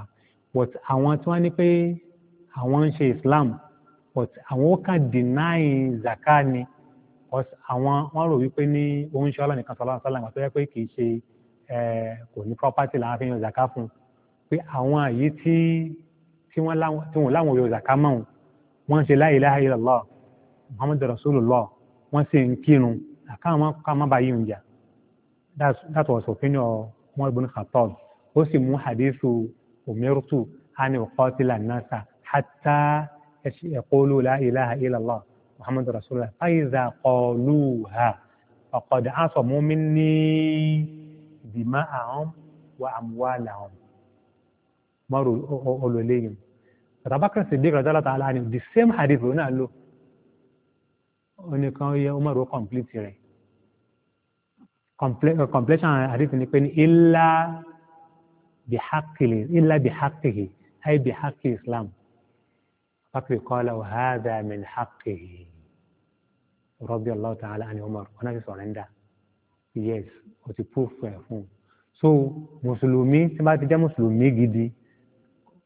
A: but àwọn tí wọ́n ní pé àwọn ń ṣe Islam but àwọn ó kàn deny zakat ni because àwọn wọ́n rò wípé ní òun ṣe ọlọ́nìkan sọlá sọlá nígbà tó yẹ pé kì í ṣe eh, kò ní property làwọn fi yan zakat fún un pé àwọn àyè tí tí wọ́n láwọn yóò zàká mọ́ wọn ṣe la ilaha illallah muhammadu rasulullah wọ́n sì ń kírun àkáwọn káwọn bá yíyun jà that was opinion of Umar ibn Khattab ó sì mú hadithu umirtu ani uqatila nasa hatta yaqulu la ilaha illallah muhammadu rasulullah fa iza qaluha faqad asamu minni dima'ahum wa amwalahum. Umaru ọlọ eléyìí Abubakar Siddiq radiyallahu ta'ala anhu the same hadith ló náà lò onìkan yẹ Umaru ó complete rẹ̀ uh, completion hadith ni pé ní ilá bihaqqil ilá bihaqqihi ay bihaqqi Islam Abubakar qala wa hadha min haqqihi radiyallahu ta'ala anhu Umar wọn náà ti yes o ti proof ẹ̀ fún un so mùsùlùmí tí bá ti jẹ́ mùsùlùmí gidi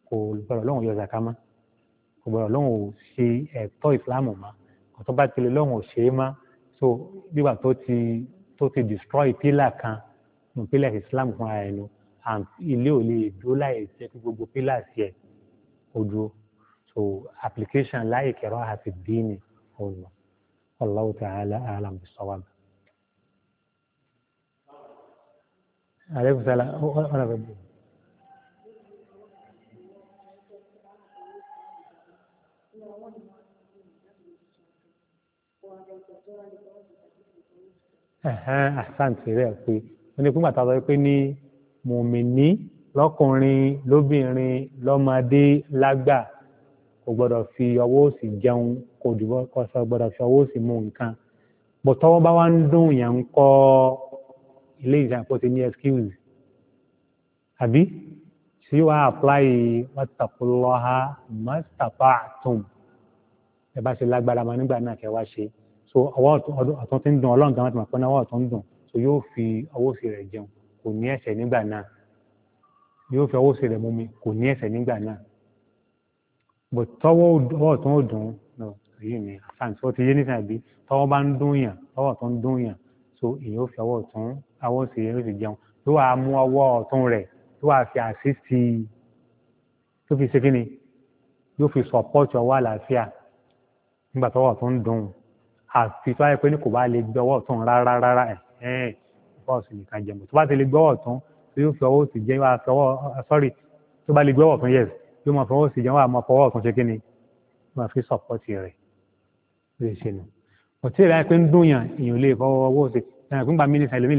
A: kò gbọ́dọ̀ lọ́hùn yọ zaka mọ́ kò gbọ́dọ̀ lọ́hùn ò ṣe ẹ̀tọ́ ìsìláàmù mọ́ kò tó bá ti lè lọ́hùn ò ṣe é mọ́ so nígbà tó ti tó ti destroy pílà kan nù pílà ìsìláàmù fún ara ẹ̀ nu ilé ò lè dúró láì jẹ́ kí gbogbo pílà sí ẹ̀ kó dúró so application láì kẹ̀rọ àti díìnì òun nù Allahu ta'ala a'lam bis-sawab. عليكم السلام أنا àṣàǹtì rẹ̀ pé wọ́n ní fúngbà a sọ pé ní mùmìnì lọ́kùnrin lóbìnrin lọ́mọdé lágbà kò gbọ́dọ̀ fi ọwọ́ òsì jẹun kò dùbọ́ kò sọ gbọ́dọ̀ fi ọwọ́ òsì mú nǹkan bó tọwọ́ bá wá ń dùn yẹn ń kọ́ ilé ìjà kó ti ní excuse àbí tí wàá apply wattaqullaha mastata'tum ẹ bá ṣe lágbára mọ́ nígbà náà kẹ́ wá ṣe é so ọwọ́ ọ̀tún ti ń dùn ọlọ́run gan-an ti mọ̀ pé ọwọ́ ọ̀tún ń dùn so yóò fi ọwọ́ òsì rẹ̀ jẹun kò ní ẹ̀ṣẹ̀ nígbà náà yóò fi ọwọ́ òsì rẹ̀ mumi kò ní ẹ̀ṣẹ̀ nígbà náà but tọwọ́ ọ̀tún ò dùn yìí ni àfàǹ tí ó ti yé nísìnyí àbí tọwọ́ bá ń dún yàn tọwọ́ ọ̀tún ń dún yàn so èyí ó fi ọwọ́ ọ̀tún ọwọ́ òsì rẹ̀ yóò fi jẹun tó wàá mú ọwọ́ ọ̀tún rẹ̀ tó wàá fi àṣìṣì tó fi ṣe kí ni yóò fi support ọwọ́ àlàáfíà nígbà tọwọ́ ọ̀tún ń dùn àfi tó yẹ pé ní kò bá lè gbé ọwọ́ ọ̀tún rárá rárá ẹ̀hẹ́n ọwọ́ ọ̀tún nìkan jẹ̀mọ̀ tó bá ti lè gbé ọwọ́ ọ̀tún tó yóò fi ọwọ́ òsì jẹ́ wá fi ọwọ́ sọ́rí tó bá lè gbé ọwọ́ ọ̀tún yẹ̀ yóò máa fọwọ́ òsì jẹ́ wá máa fọwọ́ ọ̀tún ṣe kí ni máa fi sọ̀pọ̀tì rẹ̀ lè ṣe nù. kò tí ì ráyè pé ń dùnyàn èèyàn lè fọwọ́ ọwọ́ òsì ẹ̀hìn pínpà mínísà ẹlòmí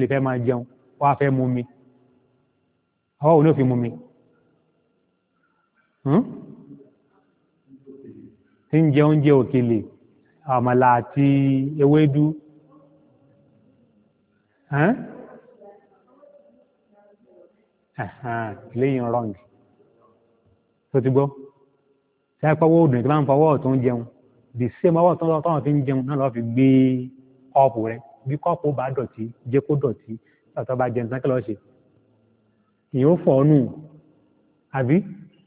A: lè àmàlà àti ewédú lẹ́yìn rọ́ǹgì tó ti gbọ́ tí a pọ́wọ́ òdùn ìgbà ń fọwọ́ ọ̀tún jẹun the same ọwọ́ ọ̀tún tọ́wọ́ fi ń jẹun náà lọ́ọ́ fi gbé kọ́ọ̀pù rẹ bí kọ́ọ̀pù bá dọ̀tí jẹ́ kó dọ̀tí tọ́tọ́ bá jẹun tán kí lọ́ọ́ ṣe ìyẹn ó fọ̀ ọ́ nù àbí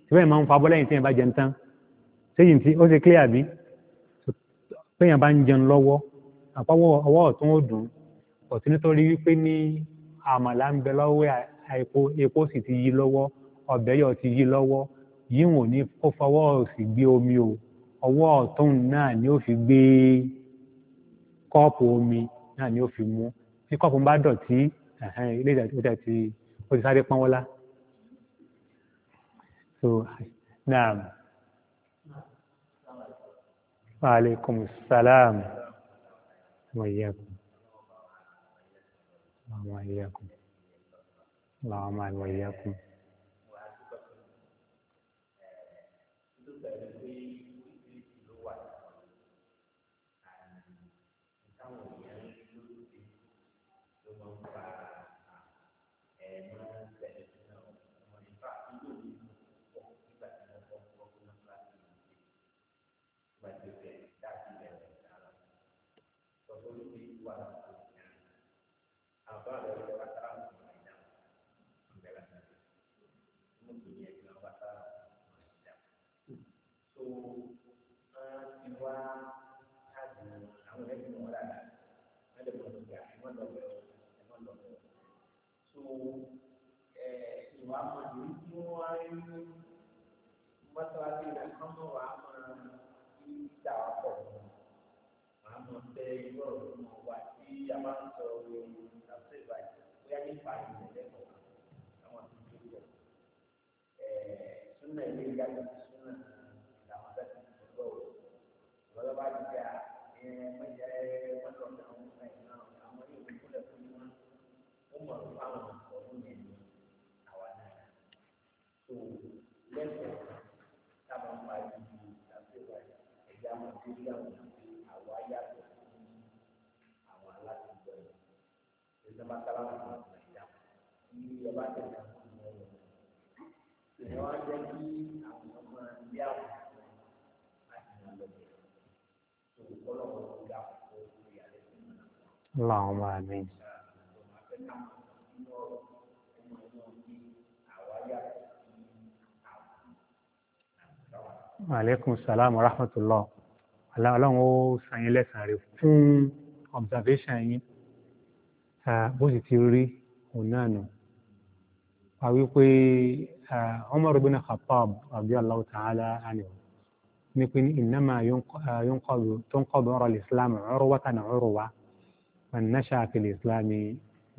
A: tí bẹ́ẹ̀ máa ń fa abọ́ lẹ́yìn tí yẹn bá jẹun tán ṣéyìn tí ó ṣe clear àbí péyàn bá ń jẹun lọ́wọ́ àpáwọ̀ ọwọ́ ọ̀tún ó dùn ọ̀tún nítorí wípé ní àmàlà ń bẹ lọ́wọ́ epo epo sì ti yí lọ́wọ́ ọbẹ̀ yọ̀ ti yí lọ́wọ́ yíwọ̀n ní kó fọwọ́ òsì gbé omi o ọwọ́ ọ̀tún náà ni ó fi gbé kọ́ọ̀pù omi náà ni ó fi mú tí kọ́ọ̀pù bá dọ̀tí ilé ìjà ti ó ti sáré pọ́nwọ́lá. so naam. وعليكم السلام وإياكم اللهم وإياكم اللهم وإياكم
B: dua satunya apa dari kata mengajak membela diri mempunyai juga kata mengajak so jiwa tadi kamu lihat semua orang ada manusia emang dobel emang dobel so jiwa eh, mandiri semua ini masalah tidak kamu lama tidak apa kamu tega a máa ń sọ òwe ìtàkùn ìbàdí bóyá nípa ìṣẹ̀lẹ̀ kan àwọn àti ìṣẹ̀lẹ̀ rẹ̀. Súnà ilé ìyá mi ti súnà ìlànà bẹ́ẹ̀ ti sọ lọ́wọ́. Ìbọ̀dọ̀ bá ti dà ẹ mẹ́jẹ mọ́tò ọ̀gá àwọn ọmọ ẹ̀ náà àwọn yóò kúlẹ̀ fún wọn. Ó mọ̀ ní fáwọn ọ̀rọ̀ yẹn ní àwa náà. So lẹ́sẹ̀ táwọn máa ń di ìtàkùn ìbàdí ẹ̀jẹ̀ ìjọba tẹ̀lé àwọn
A: Láwọn máa mi. Aleykum salaam wa rahmatulah. Aláwọ̀ ọlọ́run ó sàn yín lẹ́sàn-án rẹ̀ fún observation yín bó sì ti rí òun náà nù wà wípé Umar bin Khattab radiyallahu ta'ala anhu ní pé innama tunqadu ọ̀rọ̀ islam urwatan urwa man nasha'a fil islam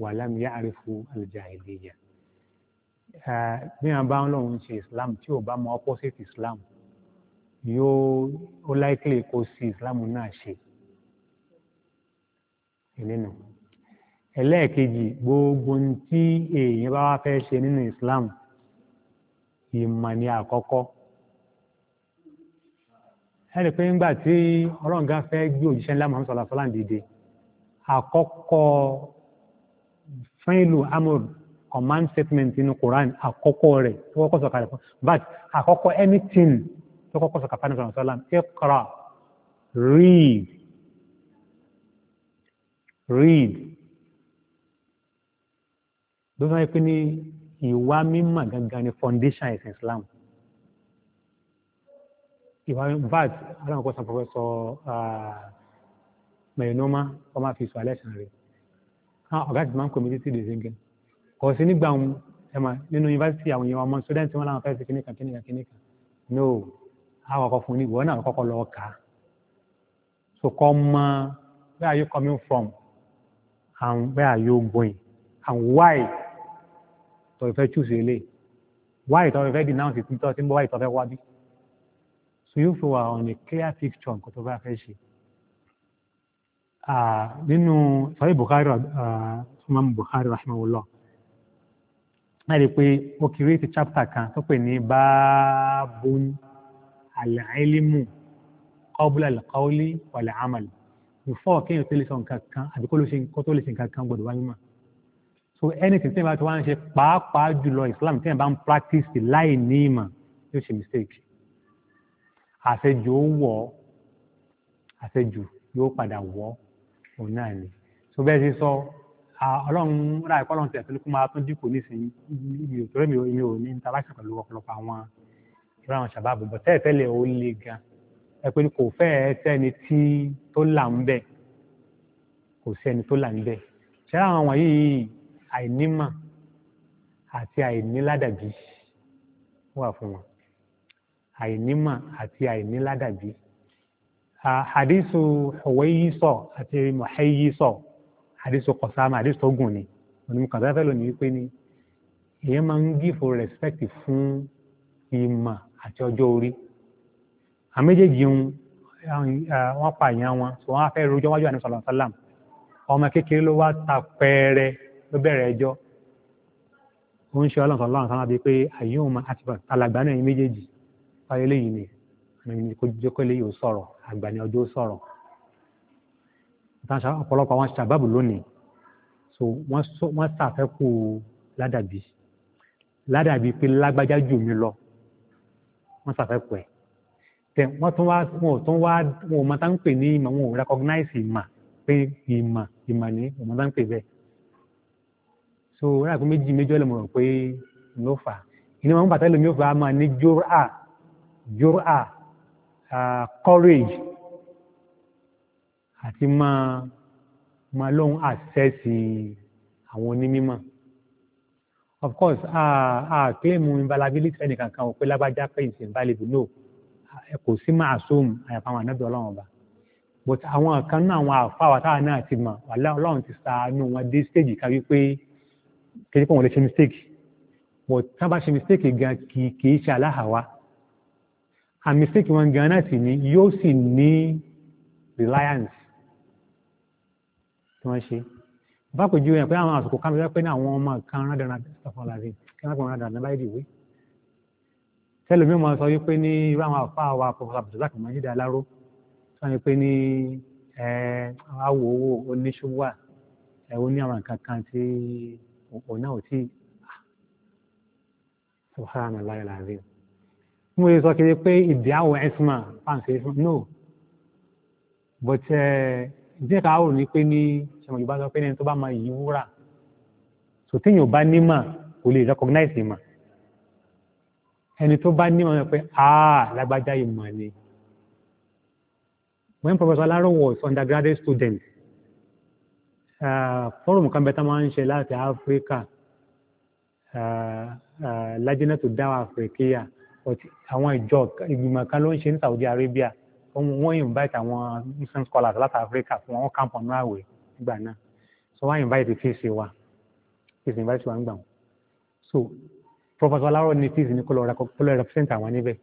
A: wa lam ya'rifu al-jahiliyya bí wọn bá ń lòun ṣe islam tí ò bá mọ opposite islam yóò ó likely kó sí islam náà ṣe ìnínú ẹlẹ́ẹ̀kejì gbogbo ní tí èèyàn bá wá fẹ́ ṣe nínú Islam ìmọ̀ ni àkọ́kọ́ ẹni pé ńgbà tí ọlọ́run gan fẹ́ gbé òjíṣẹ́ ńlá Muhammad sallallahu alaihi wasallam dìde àkọ́kọ́ fẹ́ẹ́lù amúr command statement inú Quran àkọ́kọ́ rẹ̀ tó kọ́kọ́ sọ̀kà rẹ̀ fún but àkọ́kọ́ anything tó kọ́kọ́ sọ̀kà fún sallallahu alaihi wasallam read read ló fẹ́ pé ní ìwà mímọ̀ gangan ni foundation is Islam ìwà vat aláwọn kọ́sán pọfẹ́sọ mẹ̀yìnọ́mà ọmọ àfihàn alẹ́sìn rẹ̀ ah, ọ̀gá ti máa ń kọ́mítì sí ìdèzíngẹ́ kò sí nígbà wọn ẹ̀mà nínú yunifásitì àwọn èèyàn ọmọ sọ́dẹ́ntì wọn làwọn fẹ́ẹ́ sí kíníkan kíníkan kíníkan no àwọn ọkọ̀ fún oníwọ̀ náà kọ́kọ́ lọ kà á so kọ́ mọ where are you coming from and where are you going and why tó fẹ́ choose ilé why tó fẹ́ denounce ìtúntọ́ sí ń bọ́ why tó fẹ́ wá bí so you fi wà on a clear picture nǹkan tó bá fẹ́ ṣe ah, nínú sọ́yìn Bukhari ah, imam Bukhari rahimahullah náà rí i pé ó kiri ti chapter kan tó pè ní báàbùn al-ilmu qabla al-qawli wal-amal before kéèyàn tó lè sọ nǹkan kan àbí kó tó lè ṣe nǹkan kan gbọ́dọ̀ wáyé mọ́ so anything tí ẹ bá ti wá ń ṣe pàápàá jùlọ Islam tí ẹ bá ń practice láì ní ìmọ̀ yóò ṣe mistake àṣejù ó wọ̀ ọ́ àṣejù yóò padà wọ̀ ọ́ òun náà ni so bẹ́ẹ̀ ti sọ ọlọ́run rà ẹ̀kọ́ ọlọ́run tẹ̀sílẹ̀ kó máa tún dínkù nísìnyí torí mi ò ní interaction pẹ̀lú ọ̀pọ̀lọpọ̀ àwọn ìran àwọn ṣàbábù bọ̀ tẹ́ẹ̀ tẹ́lẹ̀ ó le gan ẹ pé kò fẹ́ẹ̀ sẹ́ni tí tó là ń bẹ̀ kò sí ẹni tó là ń bẹ̀ ṣé àwọn wọ̀nyí àìnímọ̀ àti àìníládàbí wà fún wọn àìnímọ̀ àti àìníládàbí àdísù Huwaysọ àti Muhayyisọ àdísù Qasama àdísù tó gùn ni onímọ̀kàtà fẹ́ lónìí wípé ni èèyàn máa ń gífò respect fún ìmọ̀ àti ọjọ́ orí àméjèèjì ń wọ́n pààyàn wọn so wọ́n á fẹ́ rojọ́ wájú àníṣọ́lá ọmọ kékeré ló wá ta pẹ́ẹ́rẹ́ ló bẹ̀rẹ̀ ẹjọ́ ó ń ṣe ọlọ́nkàn lọ́rùn kan láti pé àyíwò máa àti alàgbà náà yín méjèèjì báyọ̀ léyìí ni àmì kò jẹ́ kó léyìí ó sọ̀rọ̀ àgbà ni ọjọ́ ó sọ̀rọ̀ ọ̀pọ̀lọpọ̀ àwọn ṣàbábù lónìí so wọ́n ṣàfẹ́kù ládàbí ládàbí pé lágbájá jù mí lọ wọ́n ṣàfẹ́kù ẹ̀ tẹ wọ́n tún wá wọn ò tún wá wọn ò mọ tá ń pè ní ìmọ̀ wọn ò recognize ìmọ̀ pé ìmọ̀ ìmọ̀ ni ò mọ tá pè bẹ́ẹ̀ so rárá pé méjì méjì ọ̀lẹ̀ mo rò pé ló fà ìní wọn bàtà lómi ó fà á máa ní jura jura courage àti máa máa lóhun àṣẹ́sì àwọn onímọ̀ of course a claim inviolability ẹnì kankan ò pé lágbájá pé it's inviolable no kò sí máa assume àyàfà àwọn ànábì ọlọ́run ọba but àwọn kan náà àwọn àfa àwa táwa náà ti mọ̀ wàlá ọlọ́run ti ṣàánú wọn dé stage kan wípé kéde pé wọ́n lè ṣe mistake but tá bá ṣe mistake gan kì í ṣe aláhàwá and mistake wọn gan náà sì ni yóò sì ní reliance tí wọ́n ṣe bá pèjú yẹn pé àwọn àsìkò kan pé àwọn ọmọ kan rádàrà stephen larry kí wọ́n pè wọ́n rádàrà láì dìwé tẹ́lẹ̀mí máa sọ wípé ní irú àwọn àfa wa professor abdulrasaq majid alaro sọ wípé ní awo owó oníṣòwò ẹ̀ ó ní àwọn nǹkan kan tí òun náà subhana láyé láàrin mo lè sọ kiri pé ìdí àwọn ẹ̀sùnmà pàǹsì ẹ̀sùn no but díẹ̀ ká rò ní pé ní ṣẹ̀mọ̀ yorùbá sọ pé ní ẹni tó bá máa yí wúrà so téèyàn bá nímà kò lè recognize ìmà ẹni tó bá nímà wọn pé ah lágbájá ìmà ni when professor alaro was undergraduate student fọ́rùmù kan bẹ́ẹ̀ tá máa ń ṣe láti áfíríkà lájínà tó dáwà áfíríkíyà àwọn ìjọ ìgbìmọ̀ kan ló ń ṣe ní Saudi Arabia wọ́n invite àwọn muslim scholars láti áfíríkà fún wọn camp ọ̀nà àwẹ̀ nígbà náà so wọ́n invite fíìsì wa fíìsì invite wa ń gbà wọn so professor aláró ní fíìsì ní kó lọ represent àwọn níbẹ̀.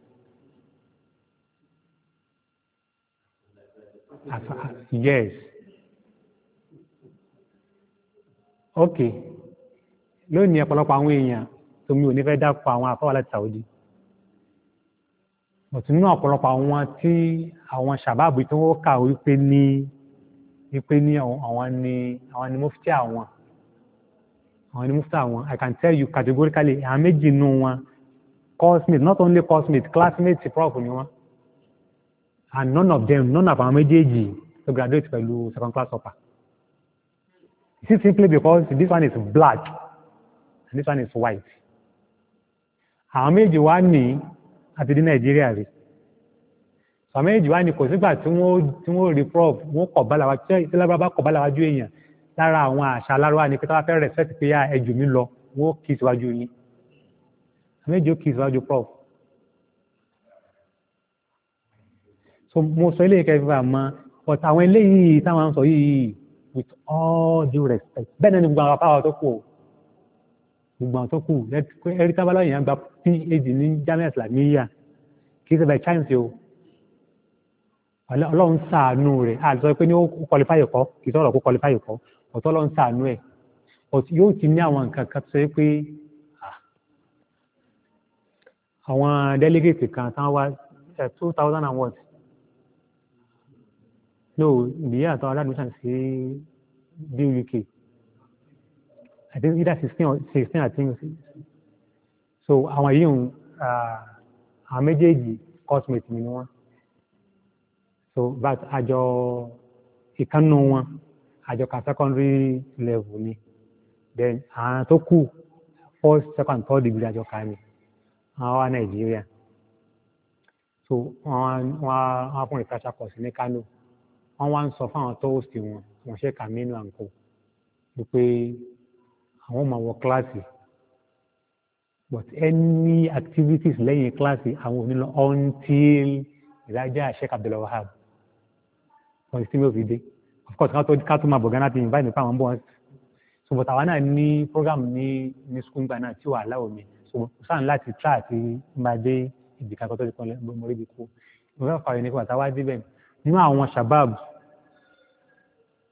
A: yes ok lónìí ọ̀pọ̀lọpọ̀ àwọn èèyàn tó mi ò ní fẹ́ dápọ̀ àwọn àfáwà láti Saudi bọ̀tún nínú ọ̀pọ̀lọpọ̀ àwọn tí àwọn sàbáàbù tí wọ́n kà wípé ní wípé ní àwọn ni àwọn ni mufti àwọn àwọn ni mufti àwọn I can tell you categorically àwọn méjì nù wọn cosmate not only cosmate classmate prof ni wọn and none of them none of àwọn méjèèjì to graduate pẹ̀lú second class upper. Is it simply because this one is black and this one is white. Àwọn méjì wá ní àti ní Nàìjíríà rí. Àwọn méjì wá ní kò sígbà tí wọ́n rí prof wọ́n kọ̀ bá làwá tí lábàbá bá kọ̀ bá làwá ju èèyàn lára àwọn àṣà aláròwá ni pé táwa fẹ́ respect pé ẹjù mi lọ wọ́n kì í síwájú yín. Àwọn méjì ó kì í síwájú prof. So mo sọ eléyìí kẹfì àmọ́ ọ̀tà àwọn eléyìí táwọn sọ yìí with all due respect bẹ́ẹ̀ náà ni gbogbo àwọn apá tó kù o gbogbo àwọn tó kù ẹ̀rí tábàlá yẹn gba phd ní jamiu islamiyya kì í ṣe by chance o ọlọ́run ṣàánú rẹ̀ àti sọ pé ní ó qualify ẹ̀kọ́ kì í sọ̀rọ̀ kó qualify ẹ̀kọ́ ọ̀tọ́ ọlọ́run ṣàánú ẹ̀ yóò ti ní àwọn nǹkan kan tó ṣe pé àwọn delegate kan táwọn wá two thousand and no nìyẹn àtọ́ aládùúgbò sí bill uk i think either sixteen or sixteen i think so Our young, ń àwọn méjèèjì cosmate mi ni so but àjọ ìkànnù wọn àjọ kan secondary level then àwọn tó first second third degree at your ni our wa so wọn our wọn fún course. course ní kano wọ́n wá ń sọ fáwọn tọ́wọ́sì wọn wọ́n ṣe kàmínú àǹkó wípé àwọn máa wọ kíláàsì but any activities lẹ́yìn kíláàsì àwọn ò ní lọ until ìdájọ́ àṣẹ́kà Abdul Wahab wọ́n ti mú fi dé of course ká tó ká tó máa bọ̀ gánà ti invite mi fáwọn bọ́ wọn so but àwa náà ní program ní ní school gbà náà tí wàá láwọ mi so sáà láti try àti máa dé ibìkan kan tó ti pọn lẹ́nu mo rí ibi kú mo fẹ́ fààyè ní pàtàkì wá débẹ̀ nínú àwọn shababs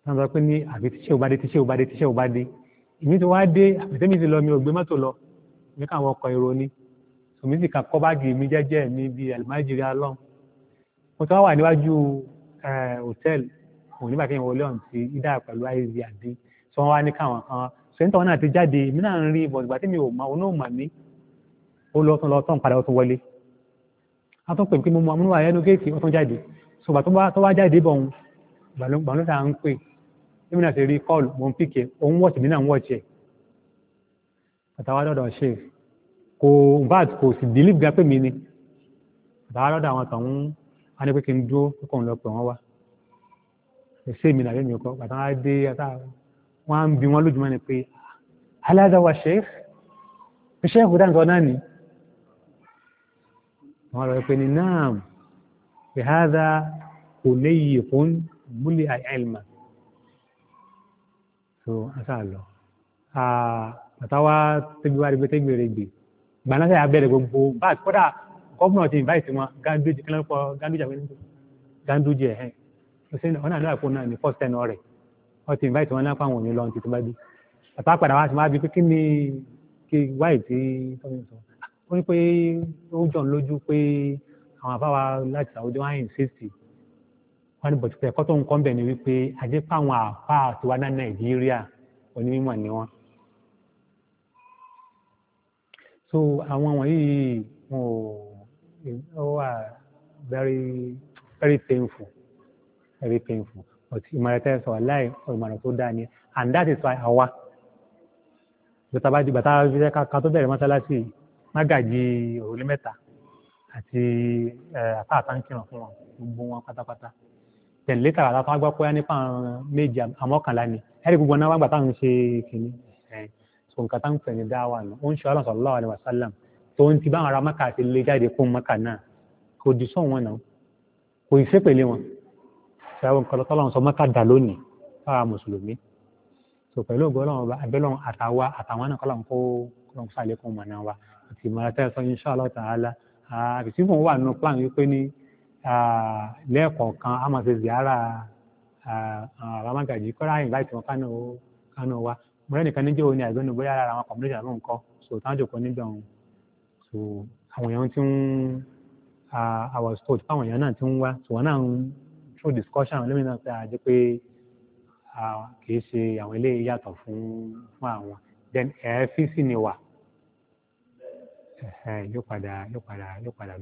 A: náà bá pé ní àbí tíṣẹ́ ò bá dé tíṣẹ́ ò bá dé tíṣẹ́ ò bá dé èmi ti wá dé àbẹ̀tẹ́mi ti lọ mi ò gbé mọ́tò lọ mi káwọn ọkọ̀ èrò ni tòmí sì ka kọ́ báàgì mi jẹ́jẹ́ mi bíi àlùmájìrì alọ́n mo ti wá wà níwájú hòtẹ́ẹ̀lì òun nígbà tí ìwọ lẹ́hìn ti ìdá pẹ̀lú iv àdé tí wọ́n wá ní káwọn kan sẹ́ńtọ̀ náà ti jáde èmi náà ń rí ìbọn tí mi ò mọ òun náà mà ó lọ tún lọ tán padà ó tún wọlé a tún pè mí pé mo mọ amúnúwà ẹnu géètì ó tún jáde ṣùgbọ́n tó wá jáde bọ̀ òun gbàlógbà ń pè èmi náà ti rí kọ́ọ̀lù mo ń pìkẹ́ òun wọ̀tì mí náà ń wọ̀tì ẹ̀ àtàwọn àdọ́dọ̀ ṣe kò bad kò sì believe gan pé mi ni àtàwọn àdọ́dọ̀ àwọn tọ̀hún á ní pé kí n dúró kókò ń lọ pè wọ́n wá ẹ̀sẹ̀ mi làbẹ́ mi kọ́ àtàwọn adé wọ́n á ń bi wọ́n lójúmọ́ ni pé aláàdáwà sheikh sheikh kúta nǹkan náà ni wọ́n rọ̀ pé ni náà bihadha kò léyìí fún múlẹ̀ àìlmà so àṣà lọ àtàwà tẹ́gbẹ́ wá rí pé tẹ́gbẹ́ rẹ̀ gbè gbàná sẹ́yà abẹ́rẹ́ gbogbo bá kọ́dà gọ́fúnà ti invite wọn Ganduje kí ló ń pọ Ganduje àwọn ènìyàn Ganduje ẹ̀hẹ́n ṣe ọ̀nà àdúrà kó náà ní first ten ọ̀rẹ́ wọ́n ti invite wọn lápá àwọn òní lọ́n ti tó bá bí bàtà padà wá sí máa bí pé kí ni kí wáì tí tọ́jú sọ ó ní pé ó jọ̀ lójú pé àwọn àbáwá láti Saudi wáyìn sixty wọ́n ní bọ̀tù pẹ̀kọ́ tó ń kọ́ bẹ̀ ni wípé àdépá àwọn àpá àtiwá náà nàìjíríà onímọ̀ ni wọ́n. so àwọn wọ̀nyí wọn ò wà very very painful very painful but ìmọ̀ràn tẹ́ sọ láì ìmọ̀ràn tó dáa ni and that is why I àwa bàtà bá di bàtà ká tó bẹ̀rẹ̀ mọ́sálásí mágàjì òrùlé mẹ́ta àti àpá àtàǹkìràn fún wọn gbogbo wọn pátápátá then later àlá tó wá gbọ́ pé wá nípa méje àmọ́kànlá ni ẹ̀rí gbogbo náà wá gbà táwọn ń ṣe kìíní so nǹkan táwọn ń pè ní dáwà nù ó ń ṣe ọlọ́run sallallahu alaihi wasallam tó ń ti báwọn ará mọ́kà àti ilé jáde kún mọ́kà náà kò dì sọ́ wọn náà kò ì sí pèlè wọn ṣàwọn nǹkan tọ́lọ́run sọ mọ́kà dà lónìí fáwọn mùsùlùmí so pẹ̀lú ògbó ọlọ́run ọba abẹ́lọ́run àtàwọn plan yìí pé lẹ́ẹ̀kọ̀ọ̀kan a máa ṣe ziyara ramadaji kọ́ra invite wọn kánú kánú wa mo rẹ́ nìkan níjẹ́ òní àgbẹ̀nu bóyá ara àwọn community àbọ̀ nǹkan so táwọn jòkó níbẹ̀ wọn so àwọn ti ń I was told fáwọn èèyàn náà ti ń wá so wọn náà ń through discussion lẹ́mìí náà pé àjẹ́ pé kìí ṣe àwọn eléyìí yàtọ̀ fún fún àwọn then ẹ̀ẹ́fì sì ni wà yóò padà yóò padà yóò padà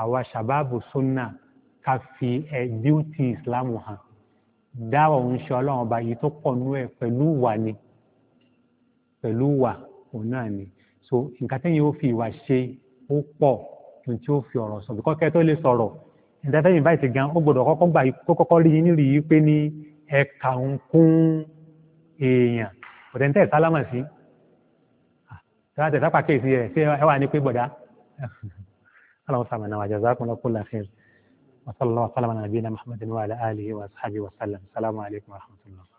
A: àwa ṣàbáàbù súnà ká fi ẹ díútì ìsìláàmù hàn dáwà òun ṣe ọlọ́run ọba yìí tó pọ̀ nú ẹ̀ pẹ̀lú wà ni pẹ̀lú wà òun náà ni so nǹkan tẹ́yìn ó fi ìwà ṣe ó pọ̀ ní tí ó fi ọ̀rọ̀ sọ bí kọ́kẹ́ tó lè sọ̀rọ̀ nǹkan tẹ́yìn báyìí ti gan ó gbọ́dọ̀ kọ́kọ́ gbà kó kọ́kọ́ rí yín nírì yìí pé ní ẹ̀ka ń kún èèyàn òtẹ́ntẹ́ sálámà sí ah, tẹ́lá tẹ̀ sápàkẹ́ ìsìn rẹ̀ ṣé ẹ wà ní pé bọ̀dá الله وسع منا وجزاكم الله كل خير وصلى الله وسلم على نبينا محمد وعلى اله واصحابه وسلم السلام عليكم ورحمه الله